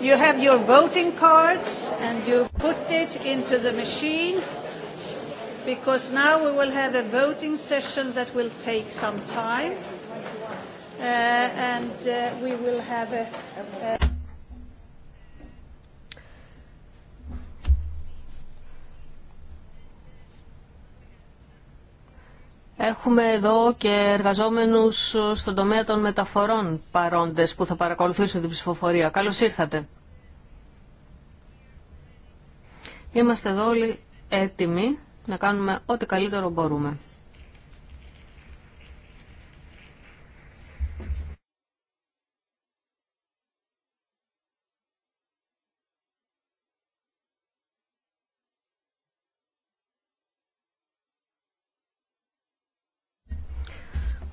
You have your voting cards and you put it into the machine because now we will have a voting session that will take some time and we will have a Έχουμε εδώ και εργαζόμενους στον τομέα των μεταφορών παρόντες που θα παρακολουθήσουν την ψηφοφορία. Καλώς ήρθατε. Είμαστε εδώ όλοι έτοιμοι να κάνουμε ό,τι καλύτερο μπορούμε.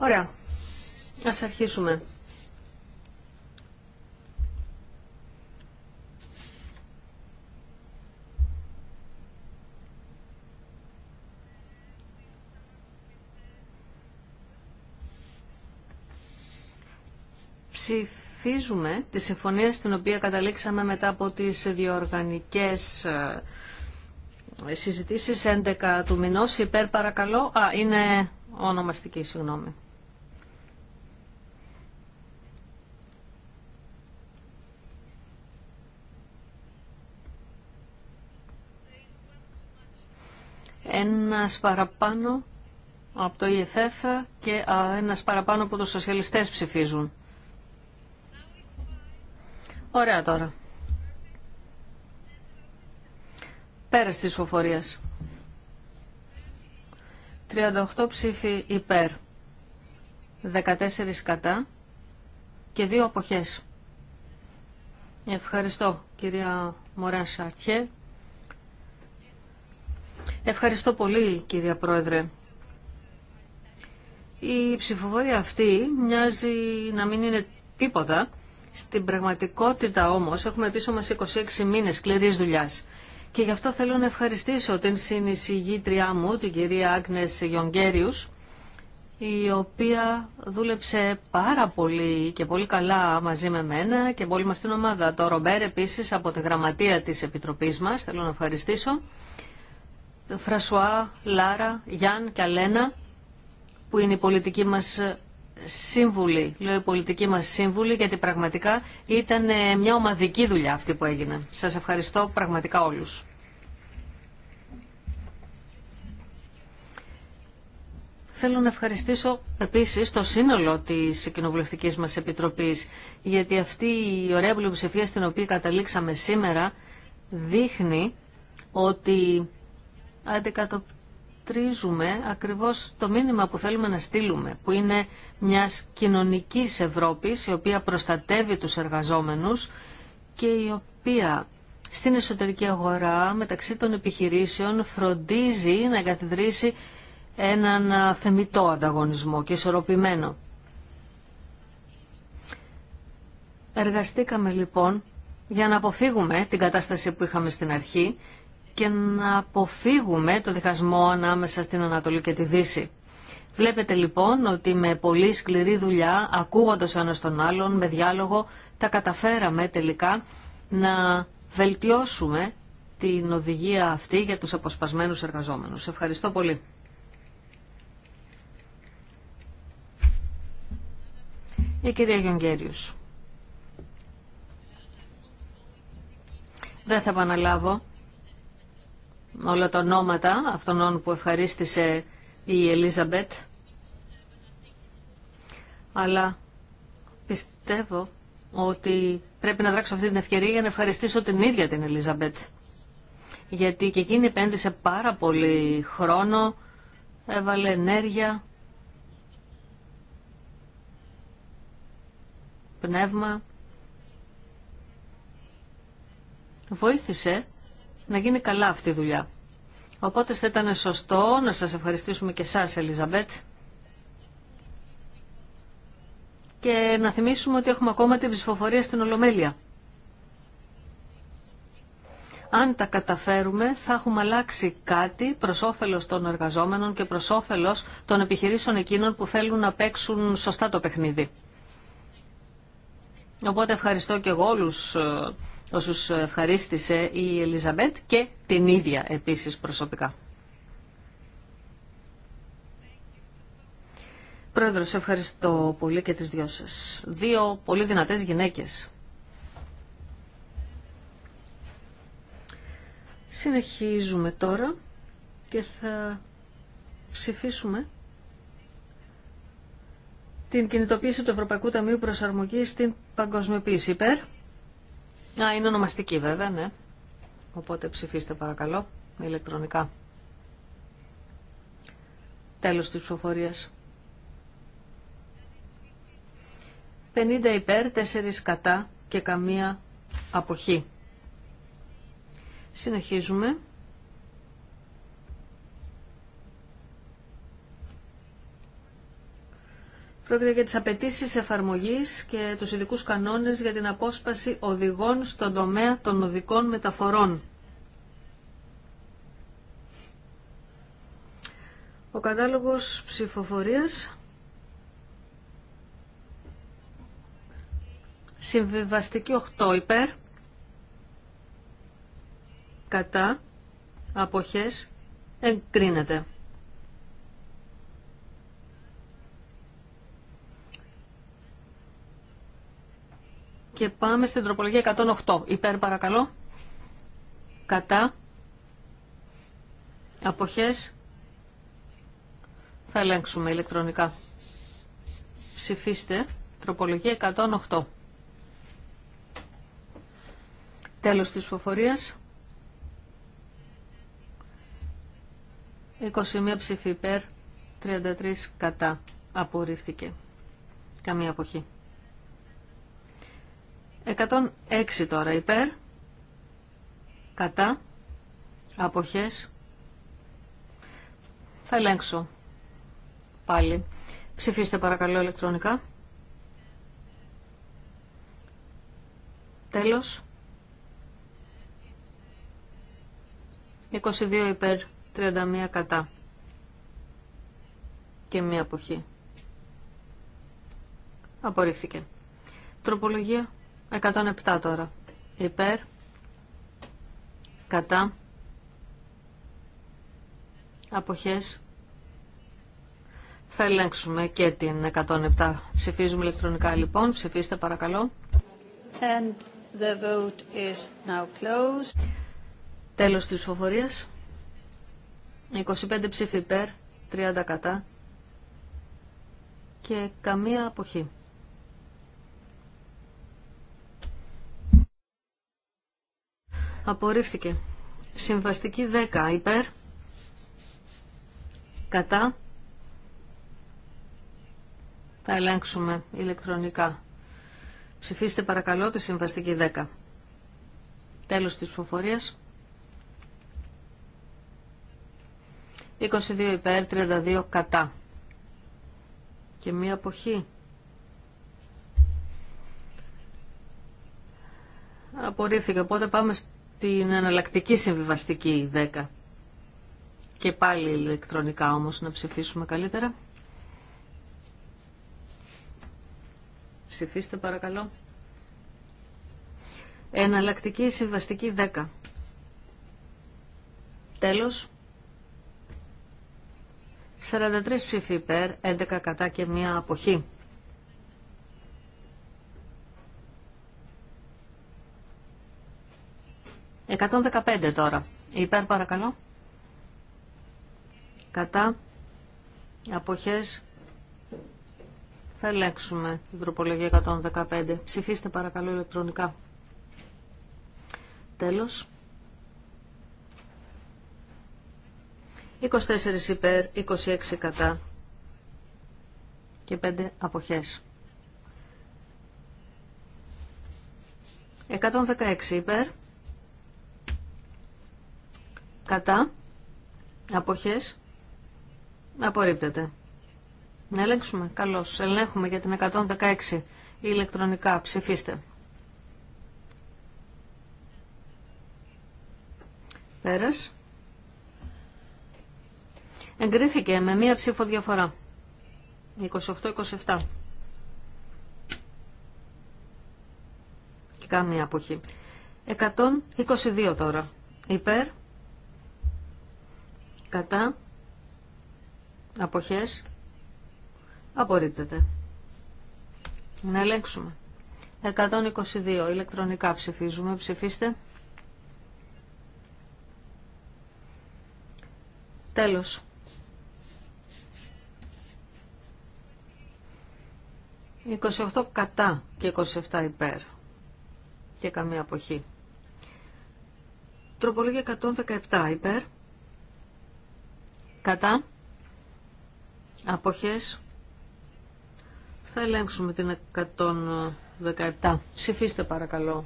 Ωραία. Ας αρχίσουμε. Ψηφίζουμε τη συμφωνία στην οποία καταλήξαμε μετά από τις διοργανικές ε, συζητήσεις 11 του μηνός υπέρ παρακαλώ. Α, είναι ονομαστική, συγγνώμη. ένας παραπάνω από το EFF και ένας παραπάνω που τους σοσιαλιστές ψηφίζουν. Ωραία τώρα. Πέρας της φοφορίας. 38 ψήφοι υπέρ, 14 κατά και 2 αποχές. Ευχαριστώ κυρία Μωράν Σαρτιέ. Ευχαριστώ πολύ κυρία Πρόεδρε. Η ψηφοφορία αυτή μοιάζει να μην είναι τίποτα. Στην πραγματικότητα όμως έχουμε πίσω μας 26 μήνες σκληρής δουλειάς. Και γι' αυτό θέλω να ευχαριστήσω την συνεισηγήτριά μου, την κυρία Άγνες Γιονγκέριους, η οποία δούλεψε πάρα πολύ και πολύ καλά μαζί με μένα και πολύ μας την ομάδα. Το Ρομπέρ επίσης από τη γραμματεία της Επιτροπής μας, θέλω να ευχαριστήσω. Φρασουά, Λάρα, Γιάν και Αλένα που είναι η πολιτική μας σύμβουλοι, λέω η πολιτική μας σύμβουλοι γιατί πραγματικά ήταν ε, μια ομαδική δουλειά αυτή που έγινε. Σας ευχαριστώ πραγματικά όλους. Θέλω να ευχαριστήσω επίσης το σύνολο της κοινοβουλευτική μας επιτροπής γιατί αυτή η ωραία πλειοψηφία στην οποία καταλήξαμε σήμερα δείχνει ότι αντικατοπτρίζουμε ακριβώς το μήνυμα που θέλουμε να στείλουμε, που είναι μιας κοινωνικής Ευρώπης, η οποία προστατεύει τους εργαζόμενους και η οποία στην εσωτερική αγορά μεταξύ των επιχειρήσεων φροντίζει να εγκαθιδρύσει έναν θεμητό ανταγωνισμό και ισορροπημένο. Εργαστήκαμε λοιπόν για να αποφύγουμε την κατάσταση που είχαμε στην αρχή και να αποφύγουμε το διχασμό ανάμεσα στην Ανατολή και τη Δύση. Βλέπετε λοιπόν ότι με πολύ σκληρή δουλειά, ακούγοντας ένα τον άλλον, με διάλογο, τα καταφέραμε τελικά να βελτιώσουμε την οδηγία αυτή για τους αποσπασμένους εργαζόμενους. Ευχαριστώ πολύ. Η κυρία Γιονγκέριους. Δεν θα επαναλάβω όλα τα ονόματα αυτών που ευχαρίστησε η Ελίζαμπετ. Αλλά πιστεύω ότι πρέπει να δράξω αυτή την ευκαιρία για να ευχαριστήσω την ίδια την Ελίζαμπετ. Γιατί και εκείνη επένδυσε πάρα πολύ χρόνο, έβαλε ενέργεια, πνεύμα. Βοήθησε να γίνει καλά αυτή η δουλειά. Οπότε θα ήταν σωστό να σας ευχαριστήσουμε και εσάς, Ελίζαμπετ. Και να θυμίσουμε ότι έχουμε ακόμα την ψηφοφορία στην Ολομέλεια. Αν τα καταφέρουμε, θα έχουμε αλλάξει κάτι προ όφελο των εργαζόμενων και προ όφελο των επιχειρήσεων εκείνων που θέλουν να παίξουν σωστά το παιχνίδι. Οπότε ευχαριστώ και εγώ όλους ε, όσους ευχαρίστησε η Ελιζαμπέτ και την ίδια επίσης προσωπικά. Πρόεδρος, ευχαριστώ πολύ και τις δυο σας. Δύο πολύ δυνατές γυναίκες. Συνεχίζουμε τώρα και θα ψηφίσουμε την κινητοποίηση του Ευρωπαϊκού Ταμείου Προσαρμογής στην παγκοσμιοποίηση υπέρ. Α, είναι ονομαστική βέβαια, ναι. Οπότε ψηφίστε παρακαλώ, ηλεκτρονικά. Τέλος της ψηφοφορίας. 50 υπέρ, 4 κατά και καμία αποχή. Συνεχίζουμε. Πρόκειται για τις απαιτήσει εφαρμογής και τους ειδικούς κανόνες για την απόσπαση οδηγών στον τομέα των οδικών μεταφορών. Ο κατάλογος ψηφοφορίας συμβιβαστική 8 υπέρ κατά αποχές εγκρίνεται. Και πάμε στην τροπολογία 108. Υπέρ παρακαλώ. Κατά. Αποχές. Θα ελέγξουμε ηλεκτρονικά. Ψηφίστε. Τροπολογία 108. Τέλος της ψηφοφορίας. 21 ψηφί. υπέρ, 33 κατά. Απορρίφθηκε. Καμία αποχή. 106 τώρα υπέρ, κατά, αποχές, θα ελέγξω πάλι. Ψηφίστε παρακαλώ ηλεκτρονικά. Τέλος. 22 υπέρ, 31 κατά και μία αποχή. Απορρίφθηκε. Τροπολογία 107 τώρα. Υπέρ. Κατά. Αποχές. Θα ελέγξουμε και την 107. Ψηφίζουμε ηλεκτρονικά λοιπόν. Ψηφίστε παρακαλώ. And the vote is now closed. Τέλος της ψηφοφορίας. 25 ψήφοι υπέρ, 30 κατά και καμία αποχή. Απορρίφθηκε. Συμβαστική 10 υπέρ. Κατά. Θα ελέγξουμε ηλεκτρονικά. Ψηφίστε παρακαλώ τη συμβαστική 10. Τέλος της ψηφοφορίας. 22 υπέρ, 32 κατά. Και μία αποχή. Απορρίφθηκε. Οπότε πάμε την εναλλακτική συμβιβαστική 10. Και πάλι ηλεκτρονικά όμως να ψηφίσουμε καλύτερα. Ψηφίστε παρακαλώ. Εναλλακτική συμβαστική 10. Τέλος. 43 ψηφί υπέρ, 11 κατά και μία αποχή. 115 τώρα. Υπέρ παρακαλώ. Κατά. Αποχές. Θα ελέγξουμε την τροπολογία 115. Ψηφίστε παρακαλώ ηλεκτρονικά. Τέλος. 24 υπέρ, 26 κατά και 5 αποχές. 116 υπέρ. Κατά. Αποχές. Απορρίπτεται. Να ελέγξουμε. Καλώς. Ελέγχουμε για την 116 ηλεκτρονικά. Ψηφίστε. Πέρας. Εγκρίθηκε με μία ψήφο διαφορά. 28-27. Και κάμια αποχή. 122 τώρα. Υπέρ κατά, αποχές, απορρίπτεται. Να ελέγξουμε. 122. Ηλεκτρονικά ψηφίζουμε. Ψηφίστε. Τέλος. «28 κατά και 27 υπέρ και καμία αποχή». Τροπολογία 117 υπέρ, Κατά. Αποχές. Θα ελέγξουμε την 117. Ψηφίστε παρακαλώ.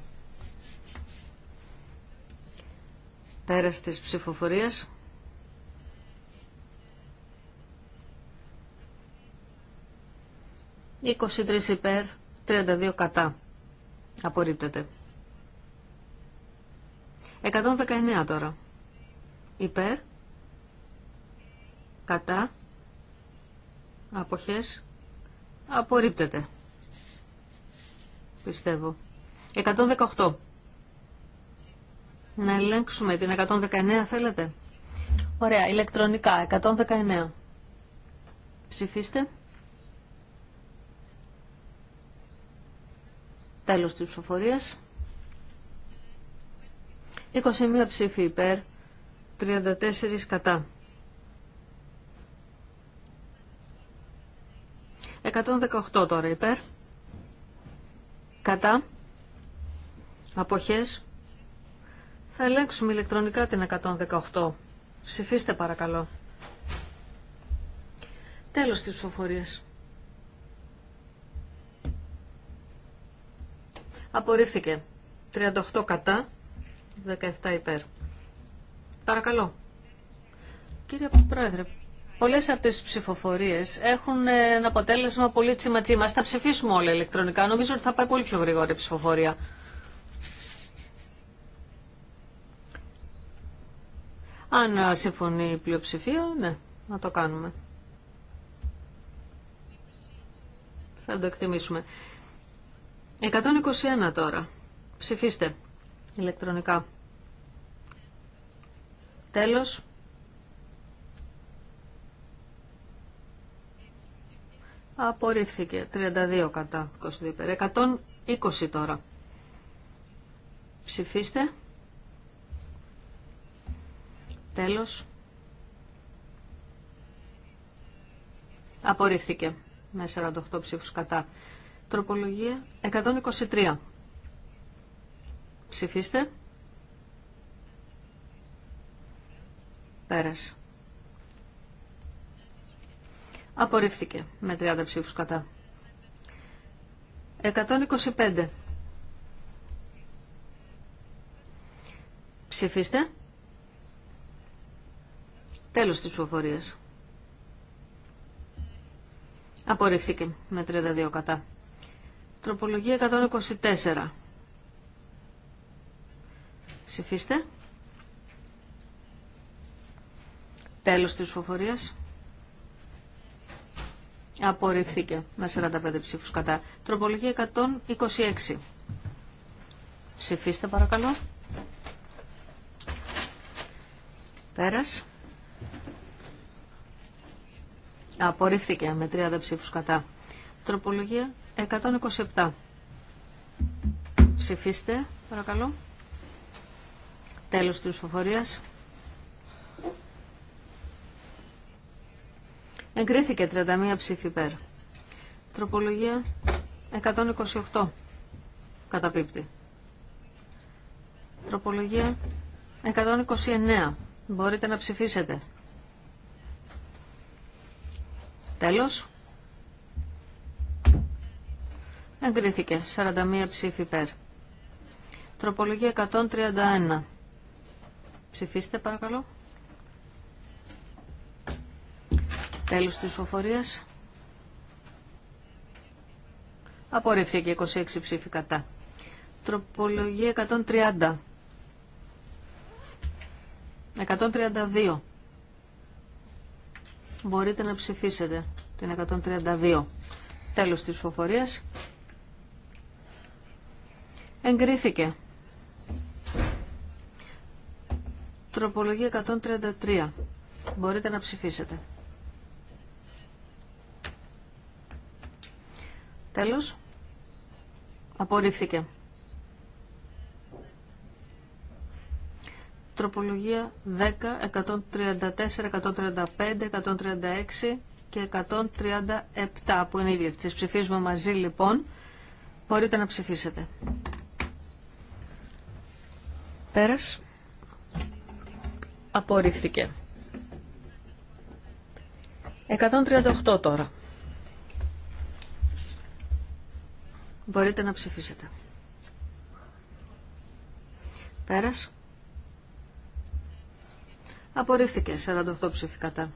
Πέρας της ψηφοφορίας. «23 υπέρ, 32 κατά». Απορρίπτεται. 119 τώρα. Υπέρ, κατά, αποχές, απορρίπτεται. Πιστεύω. 118. Να ελέγξουμε την 119 θέλετε. Ωραία, ηλεκτρονικά, 119. Ψηφίστε. Τέλος της ψηφοφορίας. 21 ψήφοι υπέρ, 34 κατά. 118 τώρα υπέρ. Κατά. Αποχές. Θα ελέγξουμε ηλεκτρονικά την 118. Ψηφίστε παρακαλώ. Τέλος της ψηφοφορίας. Απορρίφθηκε. 38 κατά, 17 υπέρ. Παρακαλώ. Κύριε Πρόεδρε, Πολλές από τις ψηφοφορίες έχουν ε, ένα αποτέλεσμα πολύ τσιματσίμα. μα. θα ψηφίσουμε όλα ηλεκτρονικά. Νομίζω ότι θα πάει πολύ πιο γρήγορα η ψηφοφορία. Αν ε, συμφωνεί η πλειοψηφία, ναι, να το κάνουμε. Θα το εκτιμήσουμε. 121 τώρα. Ψηφίστε ηλεκτρονικά. Τέλος. Απορρίφθηκε. 32 κατά. 22 120 τώρα. Ψηφίστε. Τέλος. Απορρίφθηκε. Με 48 ψήφους κατά. Τροπολογία 123. Ψηφίστε. Πέρασε. Απορρίφθηκε με 30 ψήφους κατά. 125. Ψηφίστε. Τέλος της ψηφοφορίας. Απορρίφθηκε με 32 κατά. Τροπολογία 124. Ψηφίστε. Τέλος της ψηφοφορίας. Απορριφθήκε με 45 ψήφους κατά. Τροπολογία 126. Ψηφίστε παρακαλώ. Πέρας. Απορρίφθηκε με 30 ψήφους κατά. Τροπολογία 127. Ψηφίστε παρακαλώ. Τέλος της ψηφοφορίας. Εγκρίθηκε 31 ψήφι υπέρ. Τροπολογία 128. Καταπίπτει. Τροπολογία 129. Μπορείτε να ψηφίσετε. Τέλος. Εγκρίθηκε. 41 ψήφι υπέρ. Τροπολογία 131. Ψηφίστε παρακαλώ. Τέλος της φοφορίας Απορρίφθηκε 26 ψήφοι κατά. Τροπολογία 130. 132. Μπορείτε να ψηφίσετε την 132. Τέλος της φοφορίας Εγκρίθηκε. Τροπολογία 133. Μπορείτε να ψηφίσετε. Τέλος. Απορρίφθηκε. Τροπολογία 10, 134, 135, 136 και 137 που είναι ίδιες. Τις ψηφίζουμε μαζί λοιπόν. Μπορείτε να ψηφίσετε. Πέρας. Απορρίφθηκε. 138 τώρα. Μπορείτε να ψηφίσετε. Πέρας. Απορρίφθηκε 48 ψηφικατά.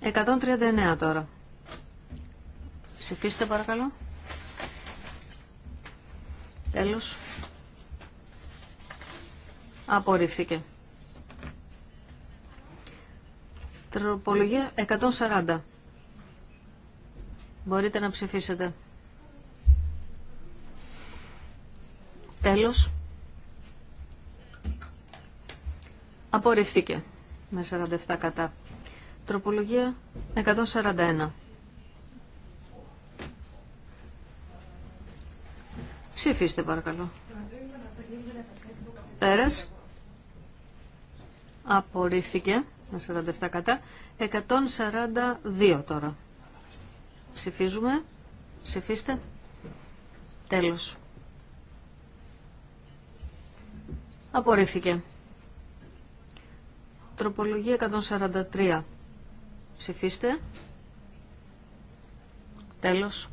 139 τώρα. Ψηφίστε παρακαλώ. Τέλος. Απορρίφθηκε. Τροπολογία 140. Μπορείτε να ψηφίσετε. Τέλος. Απορριφθήκε με 47 κατά. Τροπολογία 141. Ψηφίστε παρακαλώ. Πέρας. Απορρίφθηκε με 47 κατά. 142 τώρα. Ψηφίζουμε. Ψηφίστε. Τέλος. Απορρίφθηκε. Τροπολογία 143. Ψηφίστε. Τέλος.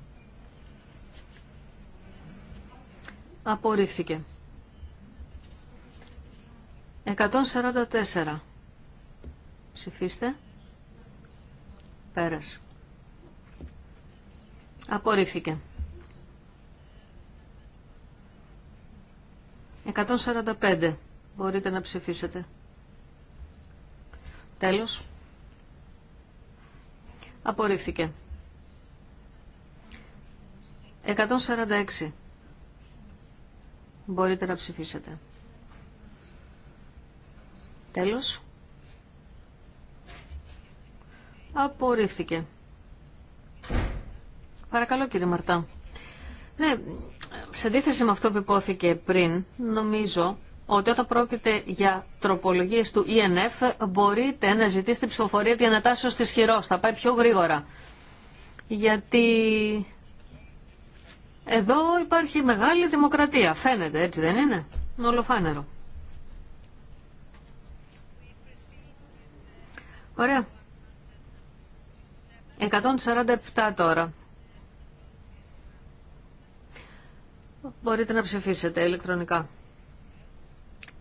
Απορρίφθηκε. 144. Ψηφίστε. Πέρας. Απορρίφθηκε. 145. Μπορείτε να ψηφίσετε. Τέλος. Απορρίφθηκε. 146. Μπορείτε να ψηφίσετε. Τέλος. Απορρίφθηκε. Παρακαλώ κύριε Μαρτά. Ναι, σε αντίθεση με αυτό που υπόθηκε πριν, νομίζω ότι όταν πρόκειται για τροπολογίες του ENF μπορείτε να ζητήσετε ψηφοφορία διανατάσσεως της χειρός. Θα πάει πιο γρήγορα. Γιατί εδώ υπάρχει μεγάλη δημοκρατία. Φαίνεται, έτσι δεν είναι. Ολοφάνερο. Ωραία. 147 τώρα. Μπορείτε να ψηφίσετε ηλεκτρονικά.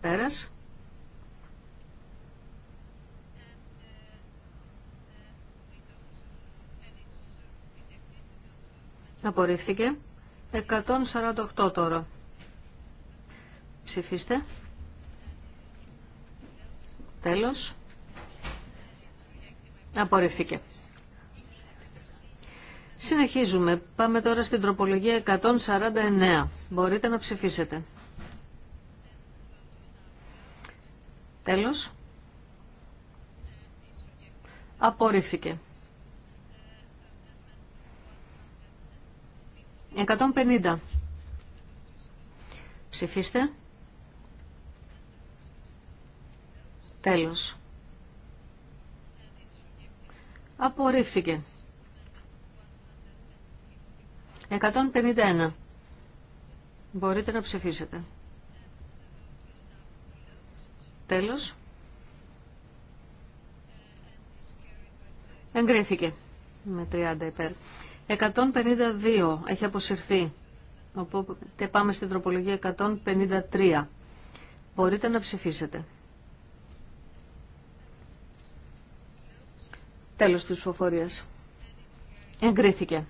Πέρας. Απορρίφθηκε. 148 τώρα. Ψηφίστε. Τέλος. Απορρίφθηκε. Συνεχίζουμε. Πάμε τώρα στην τροπολογία 149. Μπορείτε να ψηφίσετε. Τέλος. Απορρίφθηκε. 150. Ψηφίστε. Τέλος. Απορρίφθηκε. 151. Μπορείτε να ψηφίσετε. Τέλος. Εγκρίθηκε με 30 υπέρ. 152 έχει αποσυρθεί. Οπότε πάμε στην τροπολογία 153. Μπορείτε να ψηφίσετε. Τέλος της ψηφοφορίας. Εγκρίθηκε.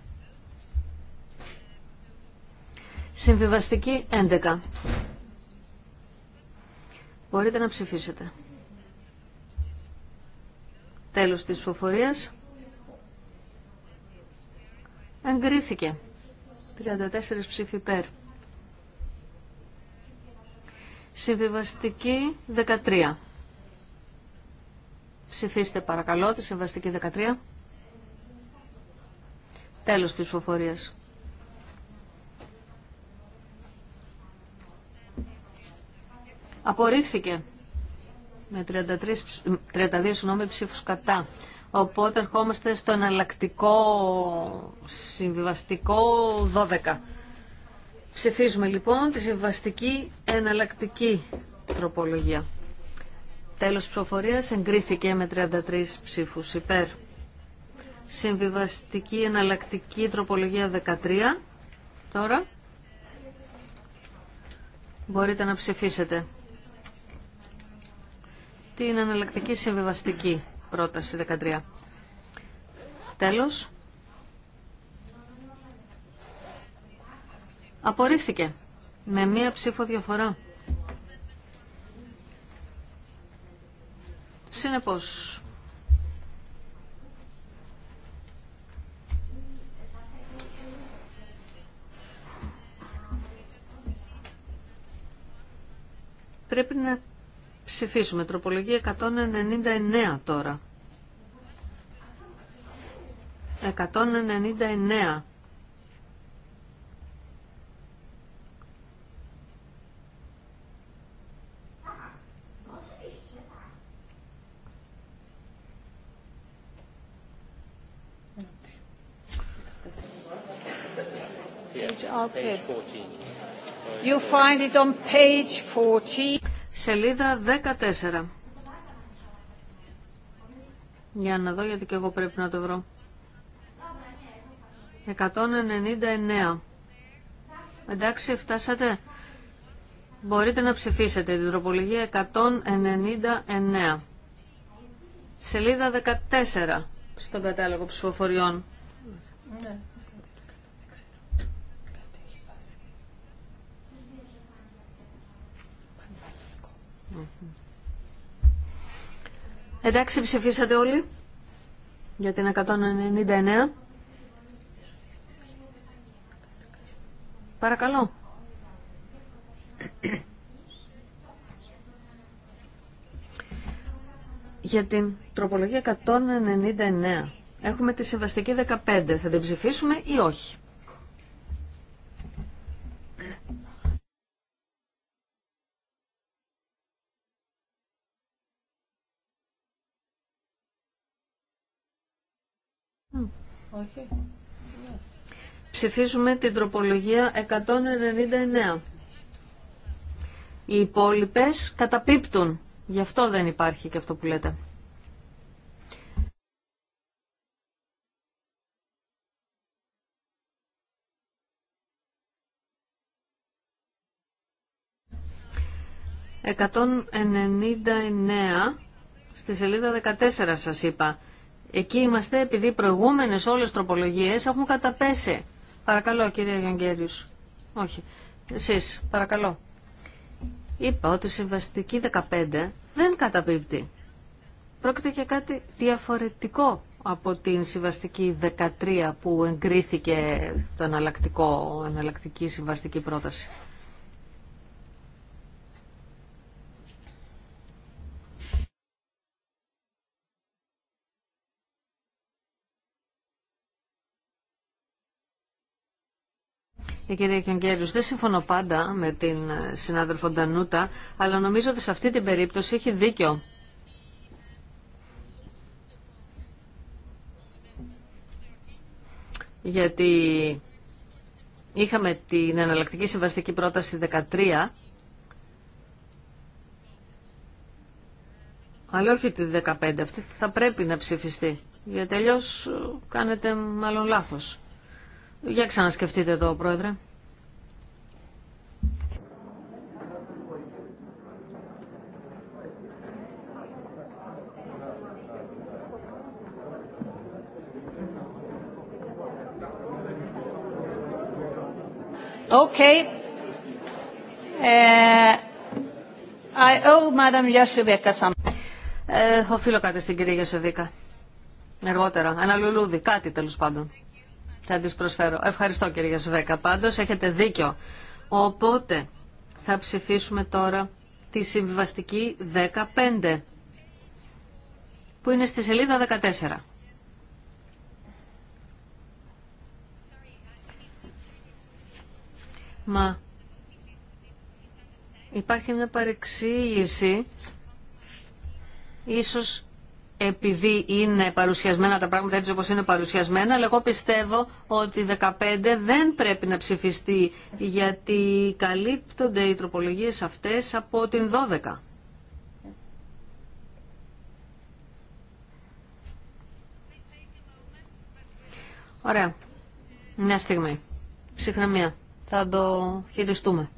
Συμβιβαστική 11. Μπορείτε να ψηφίσετε. Τέλος της ψηφοφορίας. Εγκρίθηκε. 34 ψήφοι υπέρ. Συμβιβαστική 13. Ψηφίστε παρακαλώ τη συμβαστική 13. Τέλος της ψηφοφορίας. Απορρίφθηκε με 33, 32 συγνώμη, ψήφους κατά. Οπότε ερχόμαστε στο εναλλακτικό συμβιβαστικό 12. Ψηφίζουμε λοιπόν τη συμβιβαστική εναλλακτική τροπολογία. Τέλος ψηφοφορίας εγκρίθηκε με 33 ψήφους υπέρ. Συμβιβαστική εναλλακτική τροπολογία 13. Τώρα μπορείτε να ψηφίσετε την εναλλακτική συμβιβαστική πρόταση 13. Τέλος. Απορρίφθηκε με μία ψήφο διαφορά. Συνεπώς, πρέπει να Ψηφίσουμε τροπολογία 199 τώρα. 199. Okay. You find it on page 14. Σελίδα 14. Για να δω γιατί και εγώ πρέπει να το βρω. 199. Εντάξει, φτάσατε. Μπορείτε να ψηφίσετε την τροπολογία 199. Σελίδα 14 στον κατάλογο ψηφοφοριών. Ναι. Εντάξει, ψηφίσατε όλοι για την 199. Παρακαλώ. Για την τροπολογία 199 έχουμε τη συμβαστική 15. Θα την ψηφίσουμε ή όχι. Ψηφίζουμε την τροπολογία 199. Οι υπόλοιπε καταπίπτουν. Γι' αυτό δεν υπάρχει και αυτό που λέτε. «199» στη σελίδα 14 σας είπα. Εκεί είμαστε επειδή οι προηγούμενες όλες τροπολογίες έχουν καταπέσει. Παρακαλώ κύριε Γιονγκέριους. Όχι. Εσείς, παρακαλώ. Είπα ότι η συμβαστική 15 δεν καταπίπτει. Πρόκειται για κάτι διαφορετικό από την συμβαστική 13 που εγκρίθηκε το εναλλακτικό, εναλλακτική συμβαστική πρόταση. Η ε, κυρία Κιονγκέριου, δεν συμφωνώ πάντα με την ε, συνάδελφο Ντανούτα, αλλά νομίζω ότι σε αυτή την περίπτωση έχει δίκιο. Γιατί είχαμε την εναλλακτική συμβαστική πρόταση 13, αλλά όχι τη 15. Αυτή θα πρέπει να ψηφιστεί. Γιατί αλλιώ ε, κάνετε μάλλον λάθος. Για ξανασκεφτείτε το, Πρόεδρε. Okay. Ε, I owe ε, οφείλω κάτι στην κυρία Γεσεβίκα. Εργότερα. Ένα λουλούδι, κάτι τέλος πάντων θα τις προσφέρω. Ευχαριστώ κύριε Σβέκα. Πάντως έχετε δίκιο. Οπότε θα ψηφίσουμε τώρα τη συμβιβαστική 15 που είναι στη σελίδα 14. Μα υπάρχει μια παρεξήγηση ίσως επειδή είναι παρουσιασμένα τα πράγματα έτσι όπως είναι παρουσιασμένα, αλλά εγώ πιστεύω ότι 15 δεν πρέπει να ψηφιστεί, γιατί καλύπτονται οι τροπολογίες αυτές από την 12. Ωραία. Μια στιγμή. Ψυχραιμία. Θα το χειριστούμε.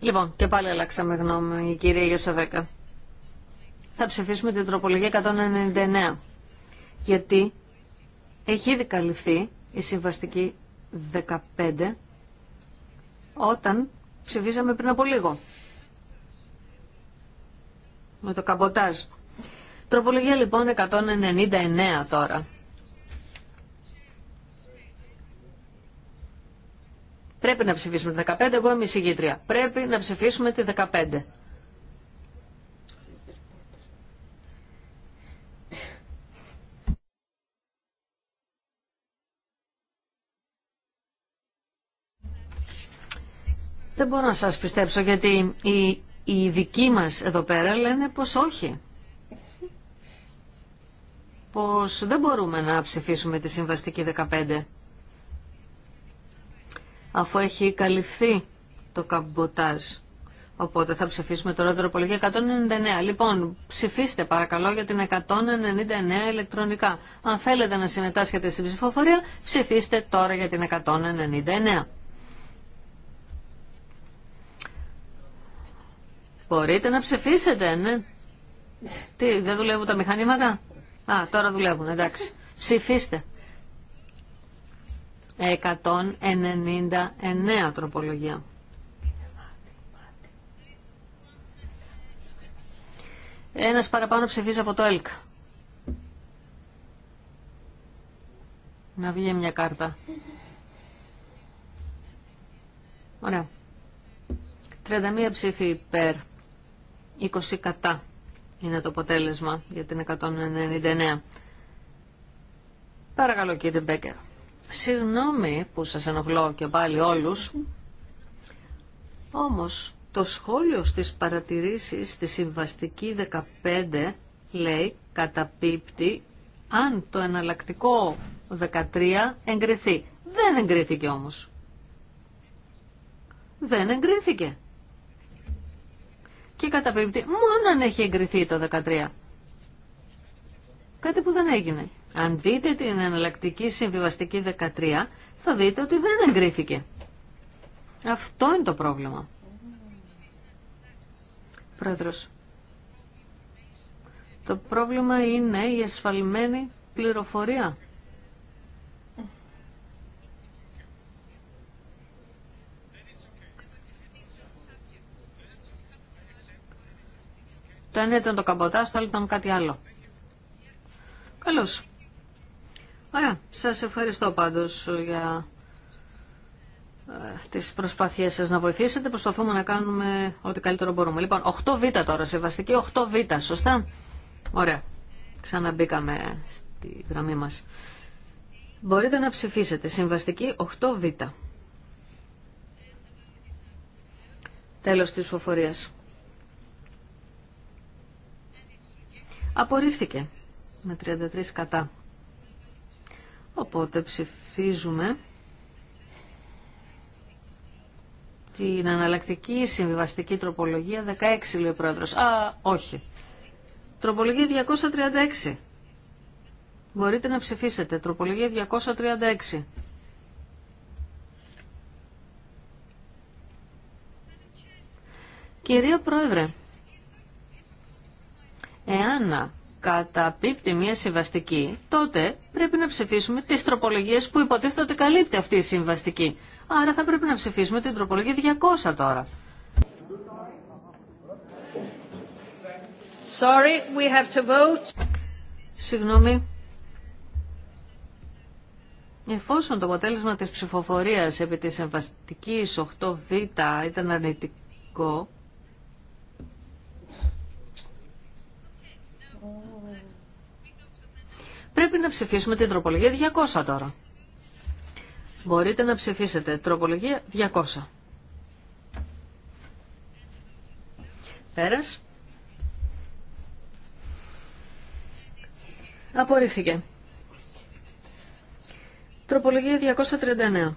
Λοιπόν, και πάλι αλλάξαμε γνώμη, η κυρία Γιωσοβέκα. Θα ψηφίσουμε την τροπολογία 199. Γιατί έχει ήδη καλυφθεί η συμβαστική 15 όταν ψηφίσαμε πριν από λίγο. Με το καμποτάζ. Τροπολογία λοιπόν 199 τώρα. Πρέπει να ψηφίσουμε τη 15, εγώ είμαι εισηγήτρια. Πρέπει να ψηφίσουμε τη 15. Δεν μπορώ να σας πιστέψω γιατί οι, οι δικοί μας εδώ πέρα λένε πως όχι. Πως δεν μπορούμε να ψηφίσουμε τη συμβαστική 15 αφού έχει καλυφθεί το καμποτάζ. Οπότε θα ψηφίσουμε τώρα την τροπολογία 199. Λοιπόν, ψηφίστε παρακαλώ για την 199 ηλεκτρονικά. Αν θέλετε να συμμετάσχετε στην ψηφοφορία, ψηφίστε τώρα για την 199. Μπορείτε να ψηφίσετε, ναι. Τι, δεν δουλεύουν τα μηχανήματα. Α, τώρα δουλεύουν, εντάξει. Ψηφίστε. 199 τροπολογία. Ένας παραπάνω ψηφίζει από το ΕΛΚ. Να βγει μια κάρτα. Ωραία. 31 ψηφί υπέρ, 20 κατά είναι το αποτέλεσμα για την 199. Παρακαλώ κύριε Μπέκερ. Συγγνώμη που σας ενοχλώ και πάλι όλους, όμως το σχόλιο στις παρατηρήσεις στη συμβαστική 15 λέει καταπίπτει αν το εναλλακτικό 13 εγκριθεί. Δεν εγκρίθηκε όμως. Δεν εγκρίθηκε. Και καταπίπτει μόνο αν έχει εγκριθεί το 13. Κάτι που δεν έγινε. Αν δείτε την εναλλακτική συμβιβαστική 13, θα δείτε ότι δεν εγκρίθηκε. Αυτό είναι το πρόβλημα. Πρόεδρος, το πρόβλημα είναι η ασφαλμένη πληροφορία. Το ένα ήταν το καμποτάστο, το άλλο ήταν κάτι άλλο. Καλώς. Ωραία. Σας ευχαριστώ πάντως για ε, τις προσπάθειές σας να βοηθήσετε. Προσπαθούμε να κάνουμε ό,τι καλύτερο μπορούμε. Λοιπόν, 8β τώρα, σεβαστική 8β, σωστά. Ωραία. Ξαναμπήκαμε στη γραμμή μας. Μπορείτε να ψηφίσετε. Συμβαστική 8β. Τέλος της φοφορίας. Απορρίφθηκε με 33 κατά. Οπότε ψηφίζουμε την αναλλακτική συμβιβαστική τροπολογία 16, λέει ο πρόεδρος. Α, όχι. Τροπολογία 236. Μπορείτε να ψηφίσετε. Τροπολογία 236. Κυρία Πρόεδρε, εάν καταπίπτει μια συμβαστική, τότε πρέπει να ψηφίσουμε τις τροπολογίες που υποτίθεται ότι καλύπτει αυτή η συμβαστική. Άρα θα πρέπει να ψηφίσουμε την τροπολογία 200 τώρα. Sorry, we have to vote. Συγγνώμη. Εφόσον το αποτέλεσμα της ψηφοφορίας επί της συμβαστικής 8β ήταν αρνητικό, Πρέπει να ψηφίσουμε την τροπολογία 200 τώρα. Μπορείτε να ψηφίσετε τροπολογία 200. Πέρας. Απορρίφθηκε. Τροπολογία 239.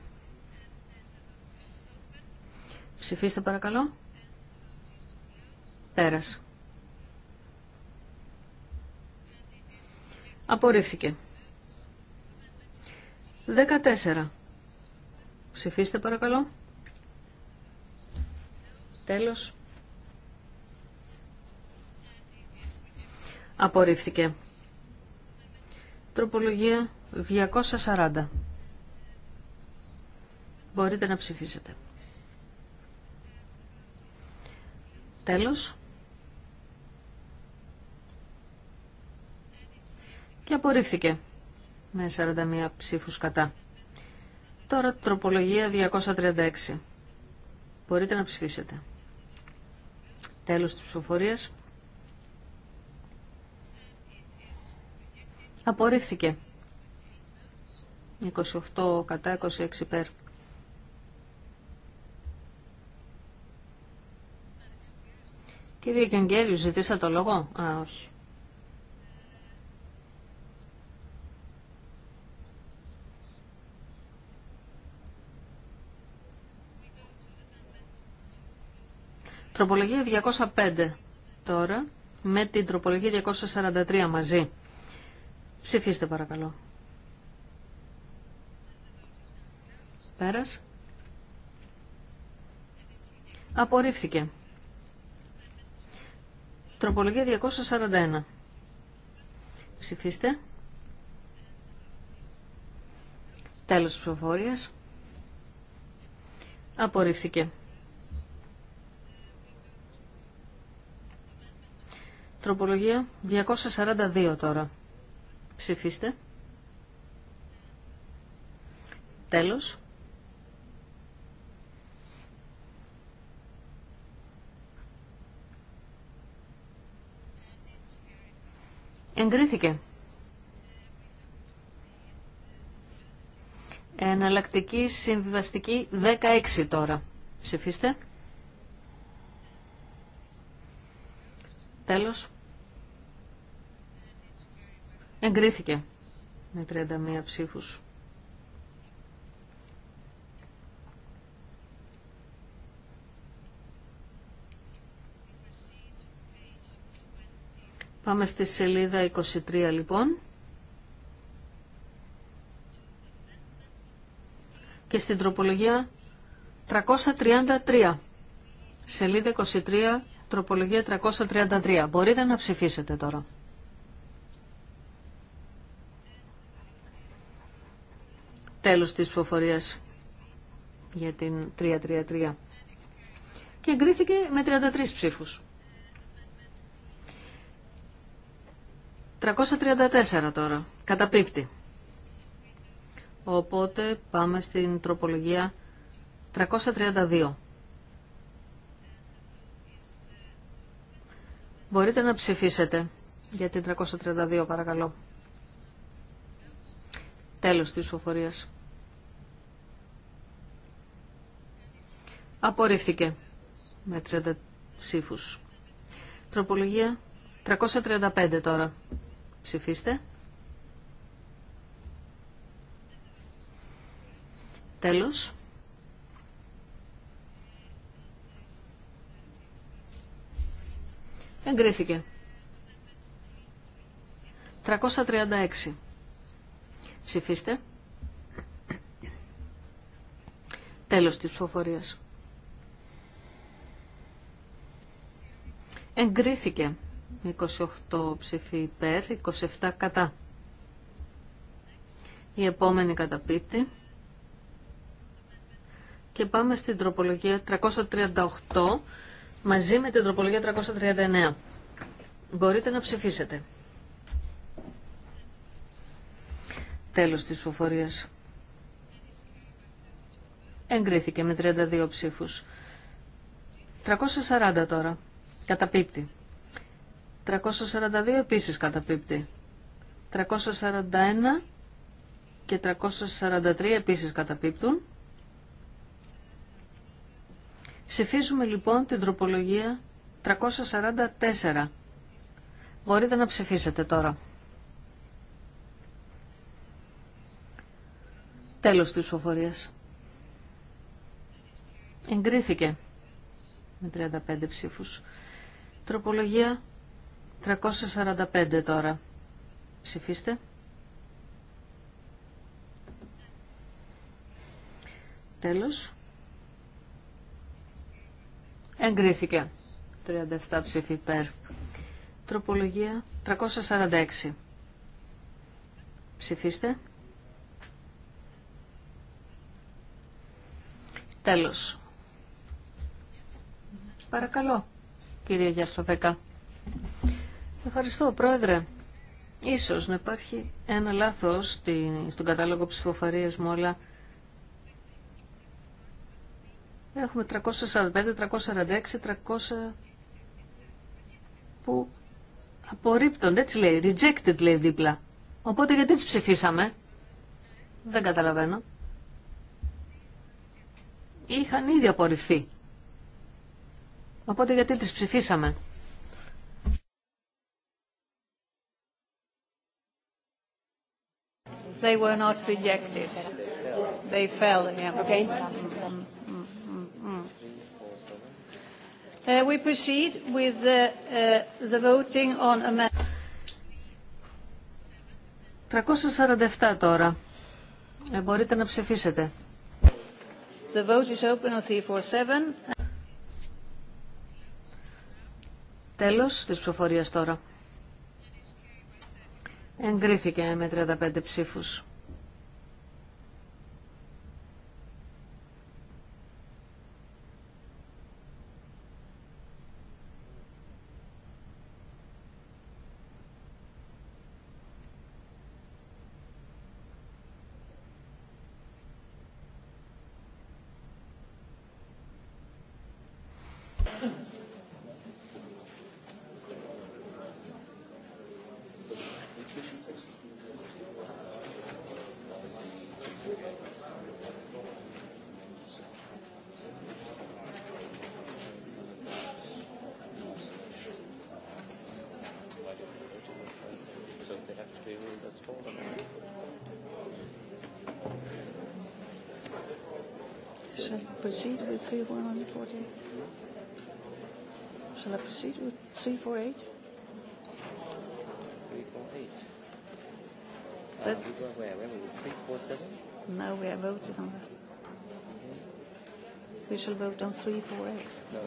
Ψηφίστε παρακαλώ. Πέρας. Απορρίφθηκε. 14. Ψηφίστε παρακαλώ. Τέλος. Απορρίφθηκε. Τροπολογία 240. Μπορείτε να ψηφίσετε. Τέλος. και απορρίφθηκε με 41 ψήφους κατά. Τώρα τροπολογία 236. Μπορείτε να ψηφίσετε. Τέλος της ψηφοφορίας. Απορρίφθηκε. 28 κατά 26 υπέρ. Κύριε Κιονγκέριου, ζητήσα το λόγο. Α, όχι. Τροπολογία 205 τώρα με την τροπολογία 243 μαζί. Ψηφίστε παρακαλώ. Πέρας. Απορρίφθηκε. Τροπολογία 241. Ψηφίστε. Τέλος της προφορίας. Απορρίφθηκε. Τροπολογία 242 τώρα. Ψηφίστε. Τέλος. Εγκρίθηκε. Εναλλακτική συμβιβαστική 16 τώρα. Ψηφίστε. Τέλος. Εγκρίθηκε με 31 ψήφους. Πάμε στη σελίδα 23 λοιπόν. Και στην τροπολογία 333. Σελίδα 23 τροπολογία 333. Μπορείτε να ψηφίσετε τώρα. Τέλος της ψηφοφορίας για την 333. Και εγκρίθηκε με 33 ψήφους. 334 τώρα. Καταπίπτει. Οπότε πάμε στην τροπολογία 332. Μπορείτε να ψηφίσετε για την 332 παρακαλώ. Τέλος της ψηφοφορίας. Απορρίφθηκε με 30 ψήφους. Τροπολογία 335 τώρα. Ψηφίστε. Τέλος. Εγκρίθηκε. 336. Ψηφίστε. Τέλος της ψηφοφορίας. Εγκρίθηκε. 28 ψηφί υπέρ, 27 κατά. Η επόμενη καταπίτη. Και πάμε στην τροπολογία 338 μαζί με την τροπολογία 339. Μπορείτε να ψηφίσετε. Τέλος της φοφορίας. Εγκρίθηκε με 32 ψήφους. 340 τώρα. Καταπίπτει. 342 επίσης καταπίπτει. 341 και 343 επίσης καταπίπτουν. Ψηφίζουμε λοιπόν την τροπολογία 344. Μπορείτε να ψηφίσετε τώρα. Τέλος της ψηφοφορίας. Εγκρίθηκε με 35 ψήφους. Τροπολογία 345 τώρα. Ψηφίστε. Τέλος. Εγκρίθηκε. 37 ψηφί υπέρ. Τροπολογία 346. Ψηφίστε. Τέλος. Παρακαλώ, κυρία Γιαστροβέκα. Ευχαριστώ, Πρόεδρε. Ίσως να υπάρχει ένα λάθος στον κατάλογο ψηφοφορίας μου, αλλά Έχουμε 345, 346, 300 που απορρίπτονται, έτσι λέει, rejected λέει δίπλα. Οπότε γιατί τις ψηφίσαμε. Δεν καταλαβαίνω. Είχαν ήδη απορριφθεί. Οπότε γιατί τις ψηφίσαμε. They were not rejected. They fell. Okay. Uh, we proceed with the uh, voting on amendment. 347 τώρα. Ε, μπορείτε να ψηφίσετε. The vote is open on 347. Τέλος της ψηφοφορίας τώρα. Εγκρίθηκε με 35 ψήφους. 3140. Shall I proceed with 348? 348. That's uh, where, where were we? 347? No, we have voted on that. We shall vote on 348. No.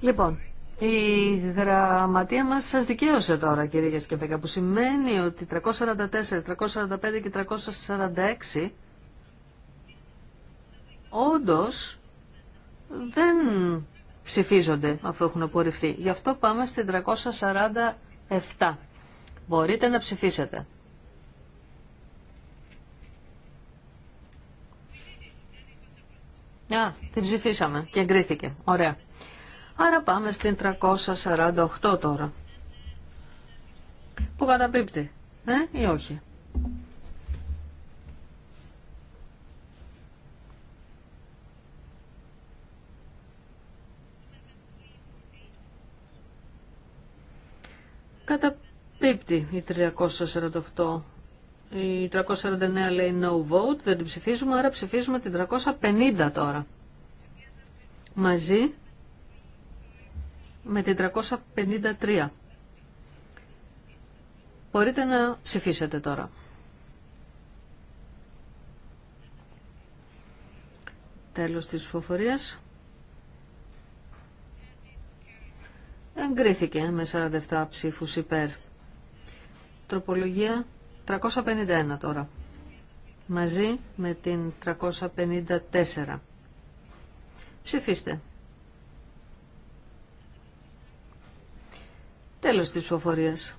Λοιπόν, η γραμματεία μας σας δικαίωσε τώρα, κύριε Γιασκεβέκα, που σημαίνει ότι 344, 345 και 346 όντως δεν ψηφίζονται αφού έχουν απορριφθεί. Γι' αυτό πάμε στην 347. Μπορείτε να ψηφίσετε. Α, την ψηφίσαμε και εγκρίθηκε. Ωραία. Άρα πάμε στην 348 τώρα. Που καταπίπτει. Ε, ή όχι. Καταπίπτει η 348. Η 349 λέει no vote, δεν την ψηφίζουμε, άρα ψηφίζουμε την 350 τώρα. Μαζί με την 353. Μπορείτε να ψηφίσετε τώρα. Τέλος της ψηφοφορίας. Εγκρίθηκε με 47 ψήφους υπέρ. Τροπολογία 351 τώρα. Μαζί με την 354. Ψηφίστε. Τέλος της ψηφοφορίας.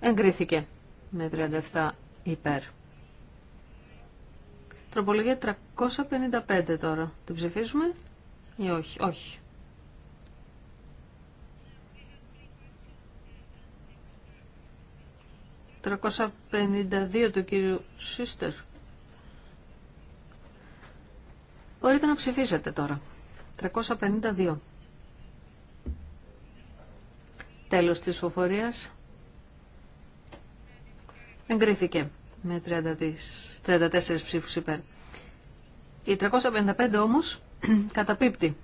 Εγκρίθηκε με 37 υπέρ. Τροπολογία 355 τώρα. Την ψηφίσουμε ή όχι. Όχι. 352 του κύριου Σίστερ. Μπορείτε να ψηφίσετε τώρα. 352. Τέλος της φοφορίας. Εγκρίθηκε με 34 ψήφους υπέρ. Η 355 όμως καταπίπτει.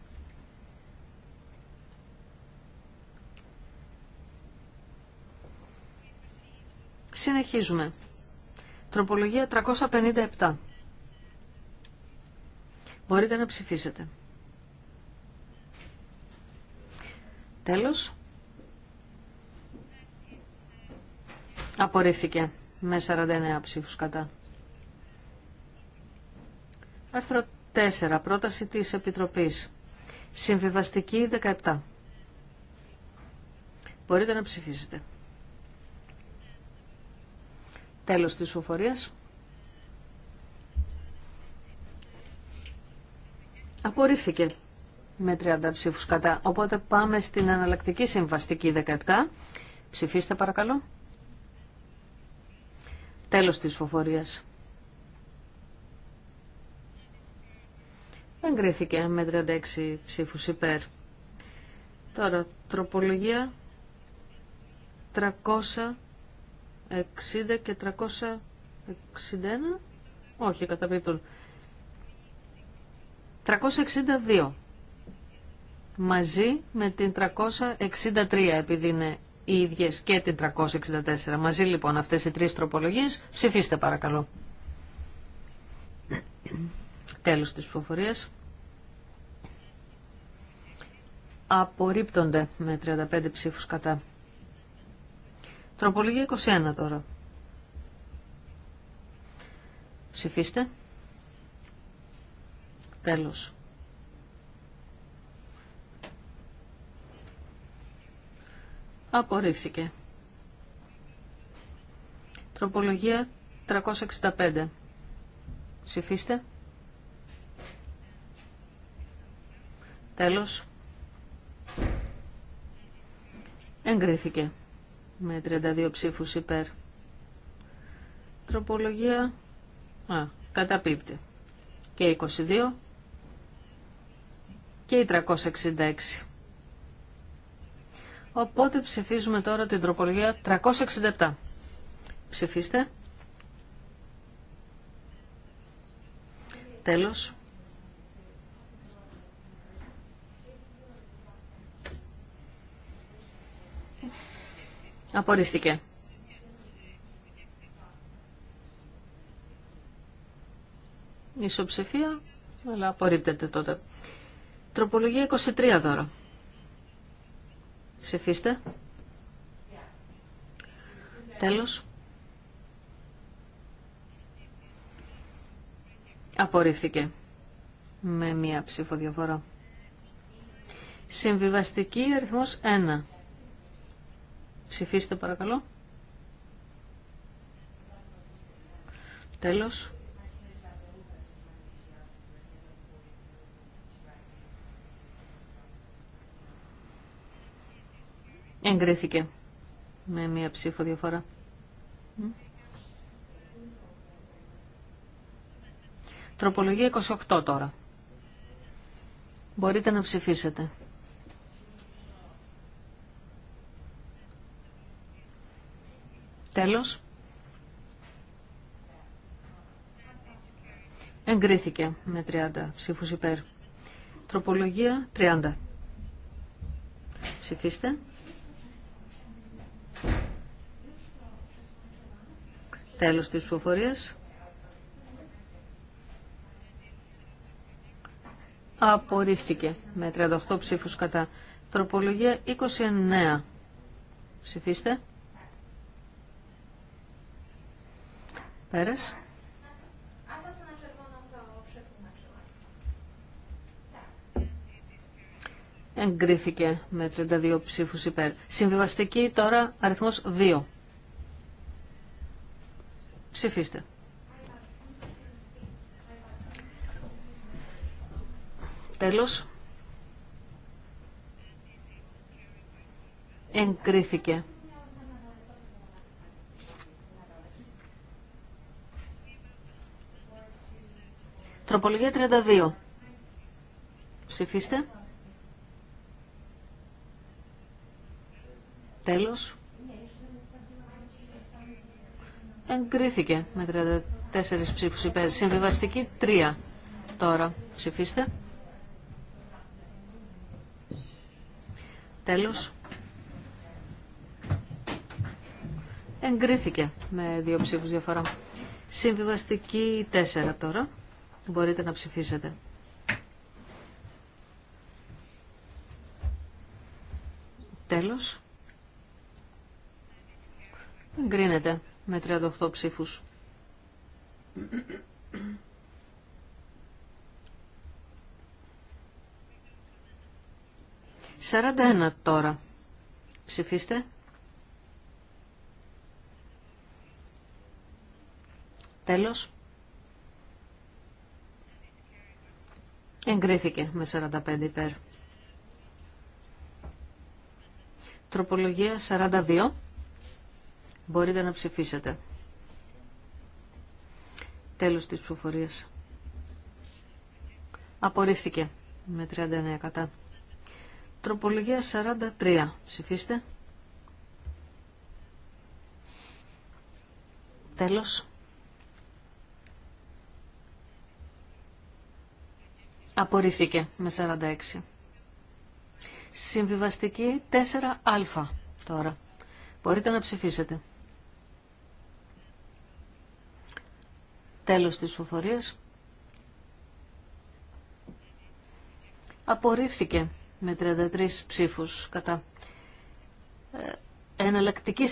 Συνεχίζουμε. Τροπολογία 357. Μπορείτε να ψηφίσετε. Τέλος. Απορρίφθηκε με 49 ψήφους κατά. Άρθρο 4. Πρόταση της Επιτροπής. Συμβιβαστική 17. Μπορείτε να ψηφίσετε. Τέλος της φοφορίας. Απορρίφθηκε με 30 ψήφους κατά. Οπότε πάμε στην αναλλακτική συμβαστική 17. Ψηφίστε παρακαλώ. Τέλος της φοφορίας. Εγκρίθηκε με 36 ψήφους υπέρ. Τώρα, τροπολογία 300. 60 και 361. Όχι, καταπίπτουν. 362. Μαζί με την 363, επειδή είναι οι ίδιες και την 364. Μαζί λοιπόν αυτές οι τρεις τροπολογίες. Ψηφίστε παρακαλώ. Τέλος της ψηφοφορίας. Απορρίπτονται με 35 ψήφους κατά. Τροπολογία 21 τώρα. Ψηφίστε. Τέλος. Απορρίφθηκε. Τροπολογία 365. Ψηφίστε. Τέλος. Εγκρίθηκε με 32 ψήφους υπέρ. Τροπολογία α, καταπίπτει. Και 22 και 366. Οπότε ψηφίζουμε τώρα την τροπολογία 367. Ψηφίστε. Τέλος. Απορρίφθηκε. Ισοψηφία, αλλά απορρίπτεται τότε. Τροπολογία 23 τώρα. Ψηφίστε. Τέλος. Απορρίφθηκε με μία ψηφοδιαφορά. Συμβιβαστική αριθμός 1. Ψηφίστε παρακαλώ. Τέλος. Εγκρίθηκε με μία ψήφο διαφορά. Τροπολογία 28 τώρα. Μπορείτε να ψηφίσετε. Τέλος. Εγκρίθηκε με 30 ψήφους υπέρ. Τροπολογία 30. Ψηφίστε. Τέλος της ψηφοφορίας. Απορρίφθηκε με 38 ψήφους κατά. Τροπολογία 29. Ψηφίστε. Πέρας. Εγκρίθηκε με 32 ψήφους υπέρ. Συμβιβαστική τώρα αριθμός 2. Ψηφίστε. Τέλος. Εγκρίθηκε Τροπολογία 32. Ψηφίστε. Τέλος. Εγκρίθηκε με 34 ψήφους υπέρ. Συμβιβαστική 3 τώρα. Ψηφίστε. Τέλος. Εγκρίθηκε με δύο ψήφους διαφορά. Συμβιβαστική 4 τώρα μπορείτε να ψηφίσετε. Τέλος. Εγκρίνεται με 38 ψήφους. Σαράντα ένα τώρα. Ψηφίστε. Τέλος. Εγκρίθηκε με 45 υπέρ. Τροπολογία 42. Μπορείτε να ψηφίσετε. Τέλος της ψηφοφορίας. Απορρίφθηκε με 39 κατά. Τροπολογία 43. Ψηφίστε. Τέλος. Απορρίφθηκε με 46. Συμβιβαστική 4α τώρα. Μπορείτε να ψηφίσετε. Τέλος της φοφορίας. Απορρίφθηκε με 33 ψήφους κατά. Ε, εναλλακτική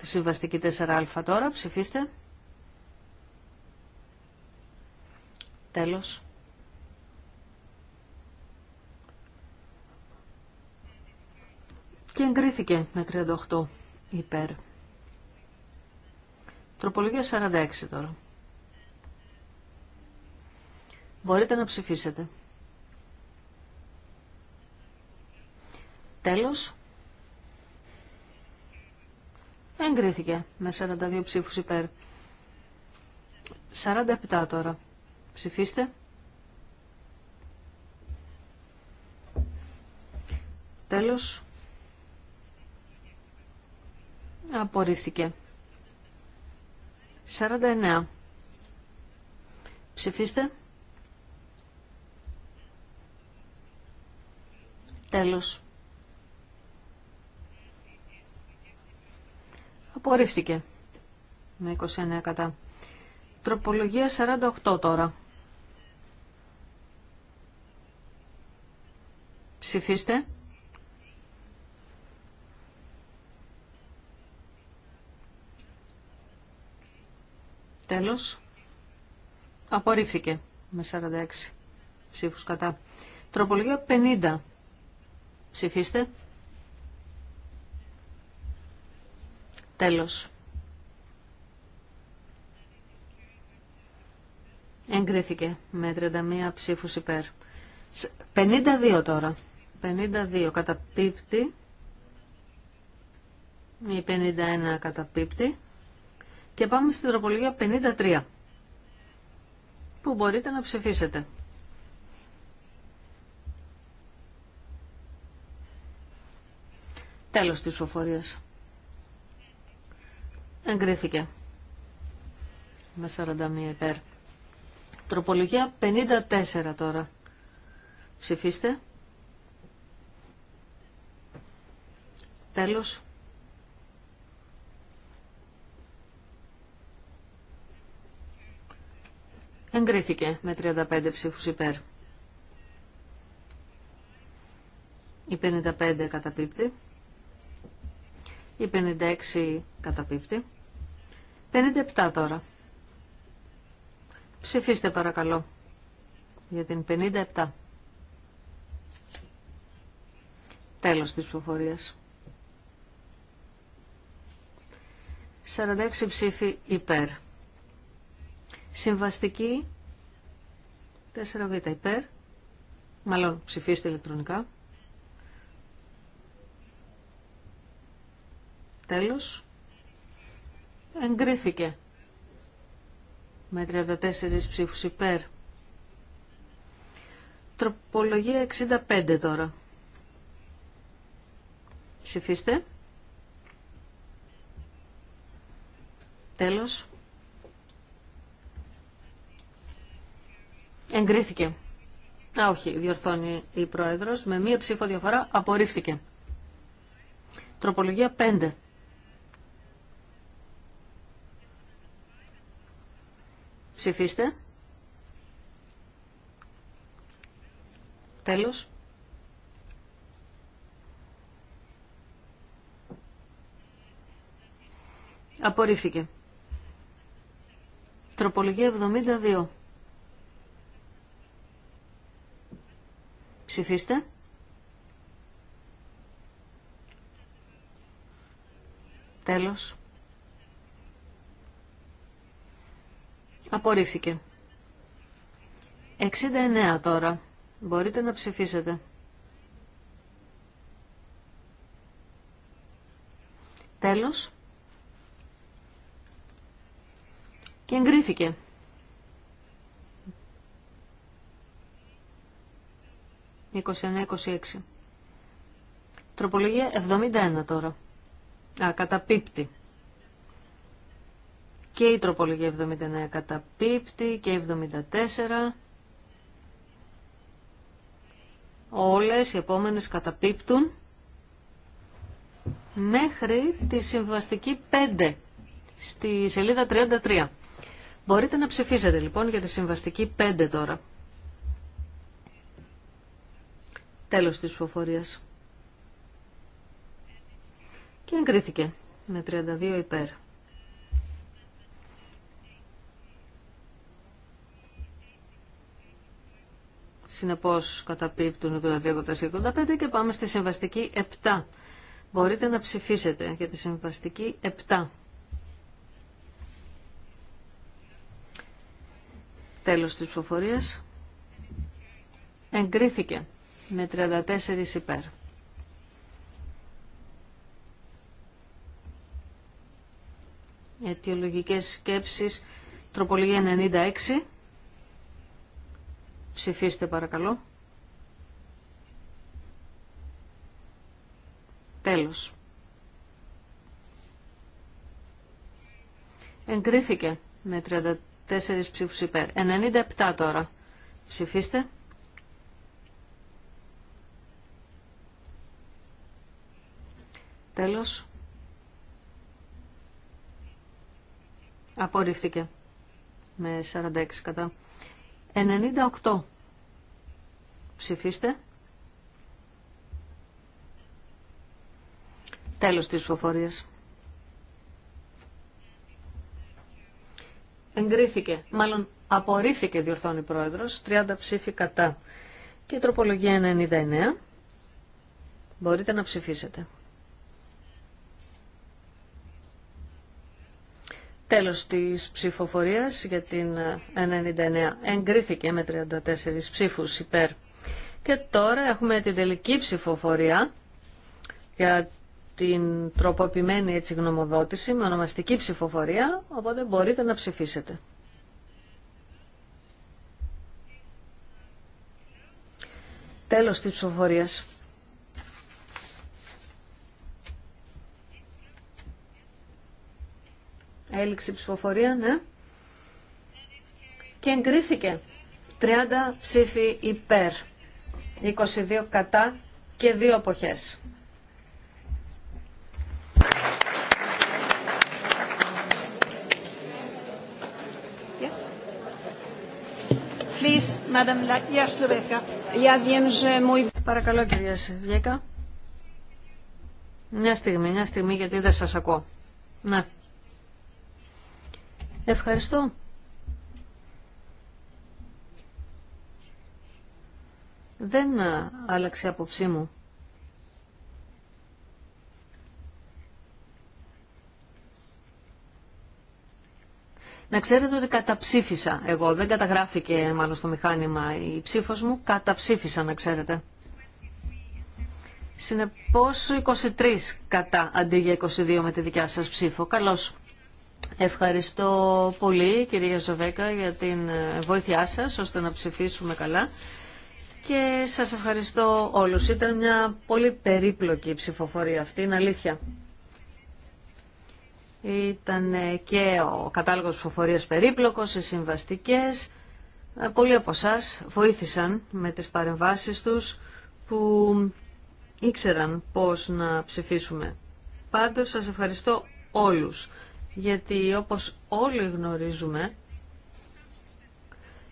συμβαστική 4α τώρα. Ψηφίστε. Τέλος. και εγκρίθηκε με 38 υπέρ. Τροπολογία 46 τώρα. Μπορείτε να ψηφίσετε. Τέλος. Εγκρίθηκε με 42 ψήφους υπέρ. 47 τώρα. Ψηφίστε. Τέλος. Απορρίφθηκε. 49. Ψηφίστε. Τέλος. Απορρίφθηκε. Με 29 κατά. Τροπολογία 48 τώρα. Ψηφίστε. Τέλος. Απορρίφθηκε με 46 ψήφους κατά. Τροπολογία 50. Ψηφίστε. Τέλος. Εγκρίθηκε με 31 ψήφους υπέρ. 52 τώρα. 52 καταπίπτει. Μη 51 καταπίπτει. Και πάμε στην τροπολογία 53 που μπορείτε να ψηφίσετε. Τέλος της οφόριας. Εγκρίθηκε. Με 41 υπέρ. Τροπολογία 54 τώρα. Ψηφίστε. Τέλος. εγκρίθηκε με 35 ψήφους υπέρ. Η 55 καταπίπτει. Η 56 καταπίπτει. 57 τώρα. Ψηφίστε παρακαλώ για την 57. Τέλος της προφορίας. 46 ψήφοι υπέρ. Συμβαστική 4β υπέρ. Μάλλον ψηφίστε ηλεκτρονικά. Τέλος. Εγκρίθηκε. Με 34 ψήφους υπέρ. Τροπολογία 65 τώρα. Ψηφίστε. Τέλος. Εγκρίθηκε. Α, όχι, διορθώνει η Πρόεδρος. Με μία ψήφο διαφορά απορρίφθηκε. Τροπολογία 5. Ψηφίστε. Τέλος. Απορρίφθηκε. Τροπολογία 72. Ψηφίστε. Τέλος. Απορρίφθηκε. 69 τώρα. Μπορείτε να ψηφίσετε. Τέλος. Και εγκρίθηκε. 29-26. Τροπολογία 71 τώρα. Α, καταπίπτει. Και η τροπολογία 79 καταπίπτει και 74. Όλες οι επόμενες καταπίπτουν μέχρι τη συμβαστική 5 στη σελίδα 33. Μπορείτε να ψηφίσετε λοιπόν για τη συμβαστική 5 τώρα. Τέλος της ψηφοφορίας. Και εγκρίθηκε με 32 υπέρ. Συνεπώ καταπίπτουν το 85 και πάμε στη συμβαστική 7. Μπορείτε να ψηφίσετε για τη συμβαστική 7. Τέλος της ψηφοφορίας. Εγκρίθηκε με 34 υπέρ. Αιτιολογικές σκέψεις, τροπολογία 96. Ψηφίστε παρακαλώ. Τέλος. Εγκρίθηκε με 34 ψήφους υπέρ. 97 τώρα. Ψηφίστε. Τέλος. Απορρίφθηκε με 46 κατά. 98. Ψηφίστε. Τέλος της ψηφοφορίας. Εγκρίθηκε, μάλλον απορρίφθηκε διορθώνει πρόεδρος, 30 ψήφοι κατά. Και η τροπολογία 99. Μπορείτε να ψηφίσετε. Τέλος της ψηφοφορίας για την 99 εγκρίθηκε με 34 ψήφους υπέρ. Και τώρα έχουμε την τελική ψηφοφορία για την τροποποιημένη έτσι γνωμοδότηση με ονομαστική ψηφοφορία, οπότε μπορείτε να ψηφίσετε. Τέλος της ψηφοφορίας. Έληξη ψηφοφορία, ναι. Και εγκρίθηκε. 30 ψήφοι υπέρ. 22 κατά και 2 αποχές. Παρακαλώ, κυρία Σεβιέκα. Μια στιγμή, μια στιγμή, γιατί δεν σας ακούω. Ναι. Ευχαριστώ. Δεν ε, άλλαξε απόψή μου. Να ξέρετε ότι καταψήφισα εγώ. Δεν καταγράφηκε μάλλον στο μηχάνημα η ψήφος μου. Καταψήφισα να ξέρετε. Συνεπώς 23 κατά αντί για 22 με τη δικιά σας ψήφο. Καλώς. Ευχαριστώ πολύ κυρία Ζοβέκα για την ε, βοήθειά σας ώστε να ψηφίσουμε καλά και σας ευχαριστώ όλους. Ήταν μια πολύ περίπλοκη ψηφοφορία αυτή, είναι αλήθεια. Ήταν ε, και ο κατάλογος ψηφοφορίας περίπλοκος, οι συμβαστικές. Ε, πολλοί από εσά βοήθησαν με τις παρεμβάσεις τους που ήξεραν πώς να ψηφίσουμε. Πάντως σας ευχαριστώ όλους γιατί όπως όλοι γνωρίζουμε,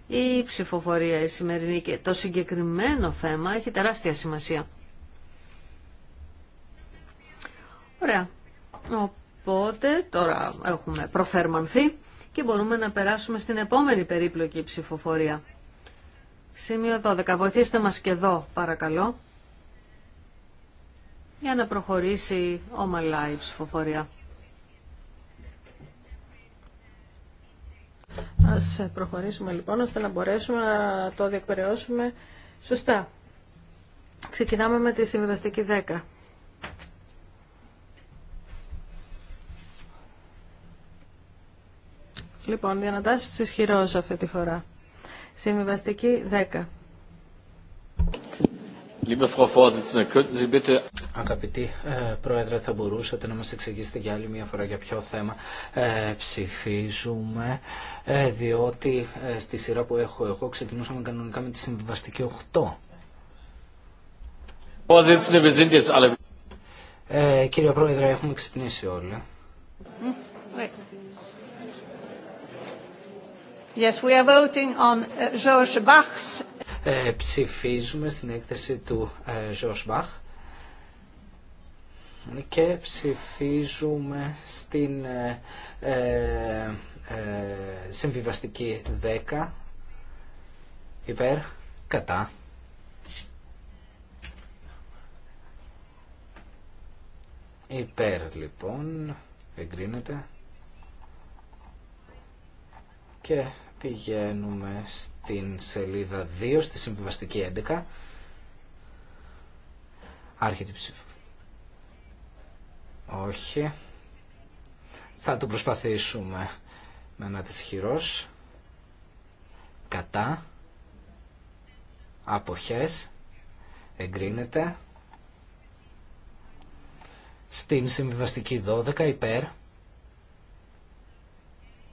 η ψηφοφορία η σημερινή και το συγκεκριμένο θέμα έχει τεράστια σημασία. Ωραία. Οπότε τώρα έχουμε προφερμανθεί και μπορούμε να περάσουμε στην επόμενη περίπλοκη ψηφοφορία. Σημείο 12. Βοηθήστε μας και εδώ παρακαλώ για να προχωρήσει ομαλά η ψηφοφορία. Ας ε, προχωρήσουμε λοιπόν ώστε να μπορέσουμε να το διεκπαιρεώσουμε σωστά. Ξεκινάμε με τη συμβιβαστική 10. Λοιπόν, διανατάσεις της ισχυρός αυτή τη φορά. Συμβιβαστική 10. Αγαπητοί ε, Πρόεδρε, θα μπορούσατε να μας εξηγήσετε για άλλη μια φορά για ποιο θέμα ε, ψηφίζουμε, ε, διότι στη σειρά που έχω εγώ ξεκινούσαμε κανονικά με τη συμβιβαστική 8. Ε, κύριε Πρόεδρε, έχουμε ξυπνήσει όλοι. Yes, we are voting on George Bach's ε, ψηφίζουμε στην έκθεση του Ζόσμπαχ. Ε, και ψηφίζουμε στην ε, συμβιβαστική 10 υπέρ κατά υπέρ λοιπόν εγκρίνεται και Πηγαίνουμε στην σελίδα 2, στη συμβιβαστική 11. Άρχεται η ψήφο. Όχι. Θα το προσπαθήσουμε με ένα της χειρός. Κατά. Αποχές. Εγκρίνεται. Στην συμβιβαστική 12 υπέρ.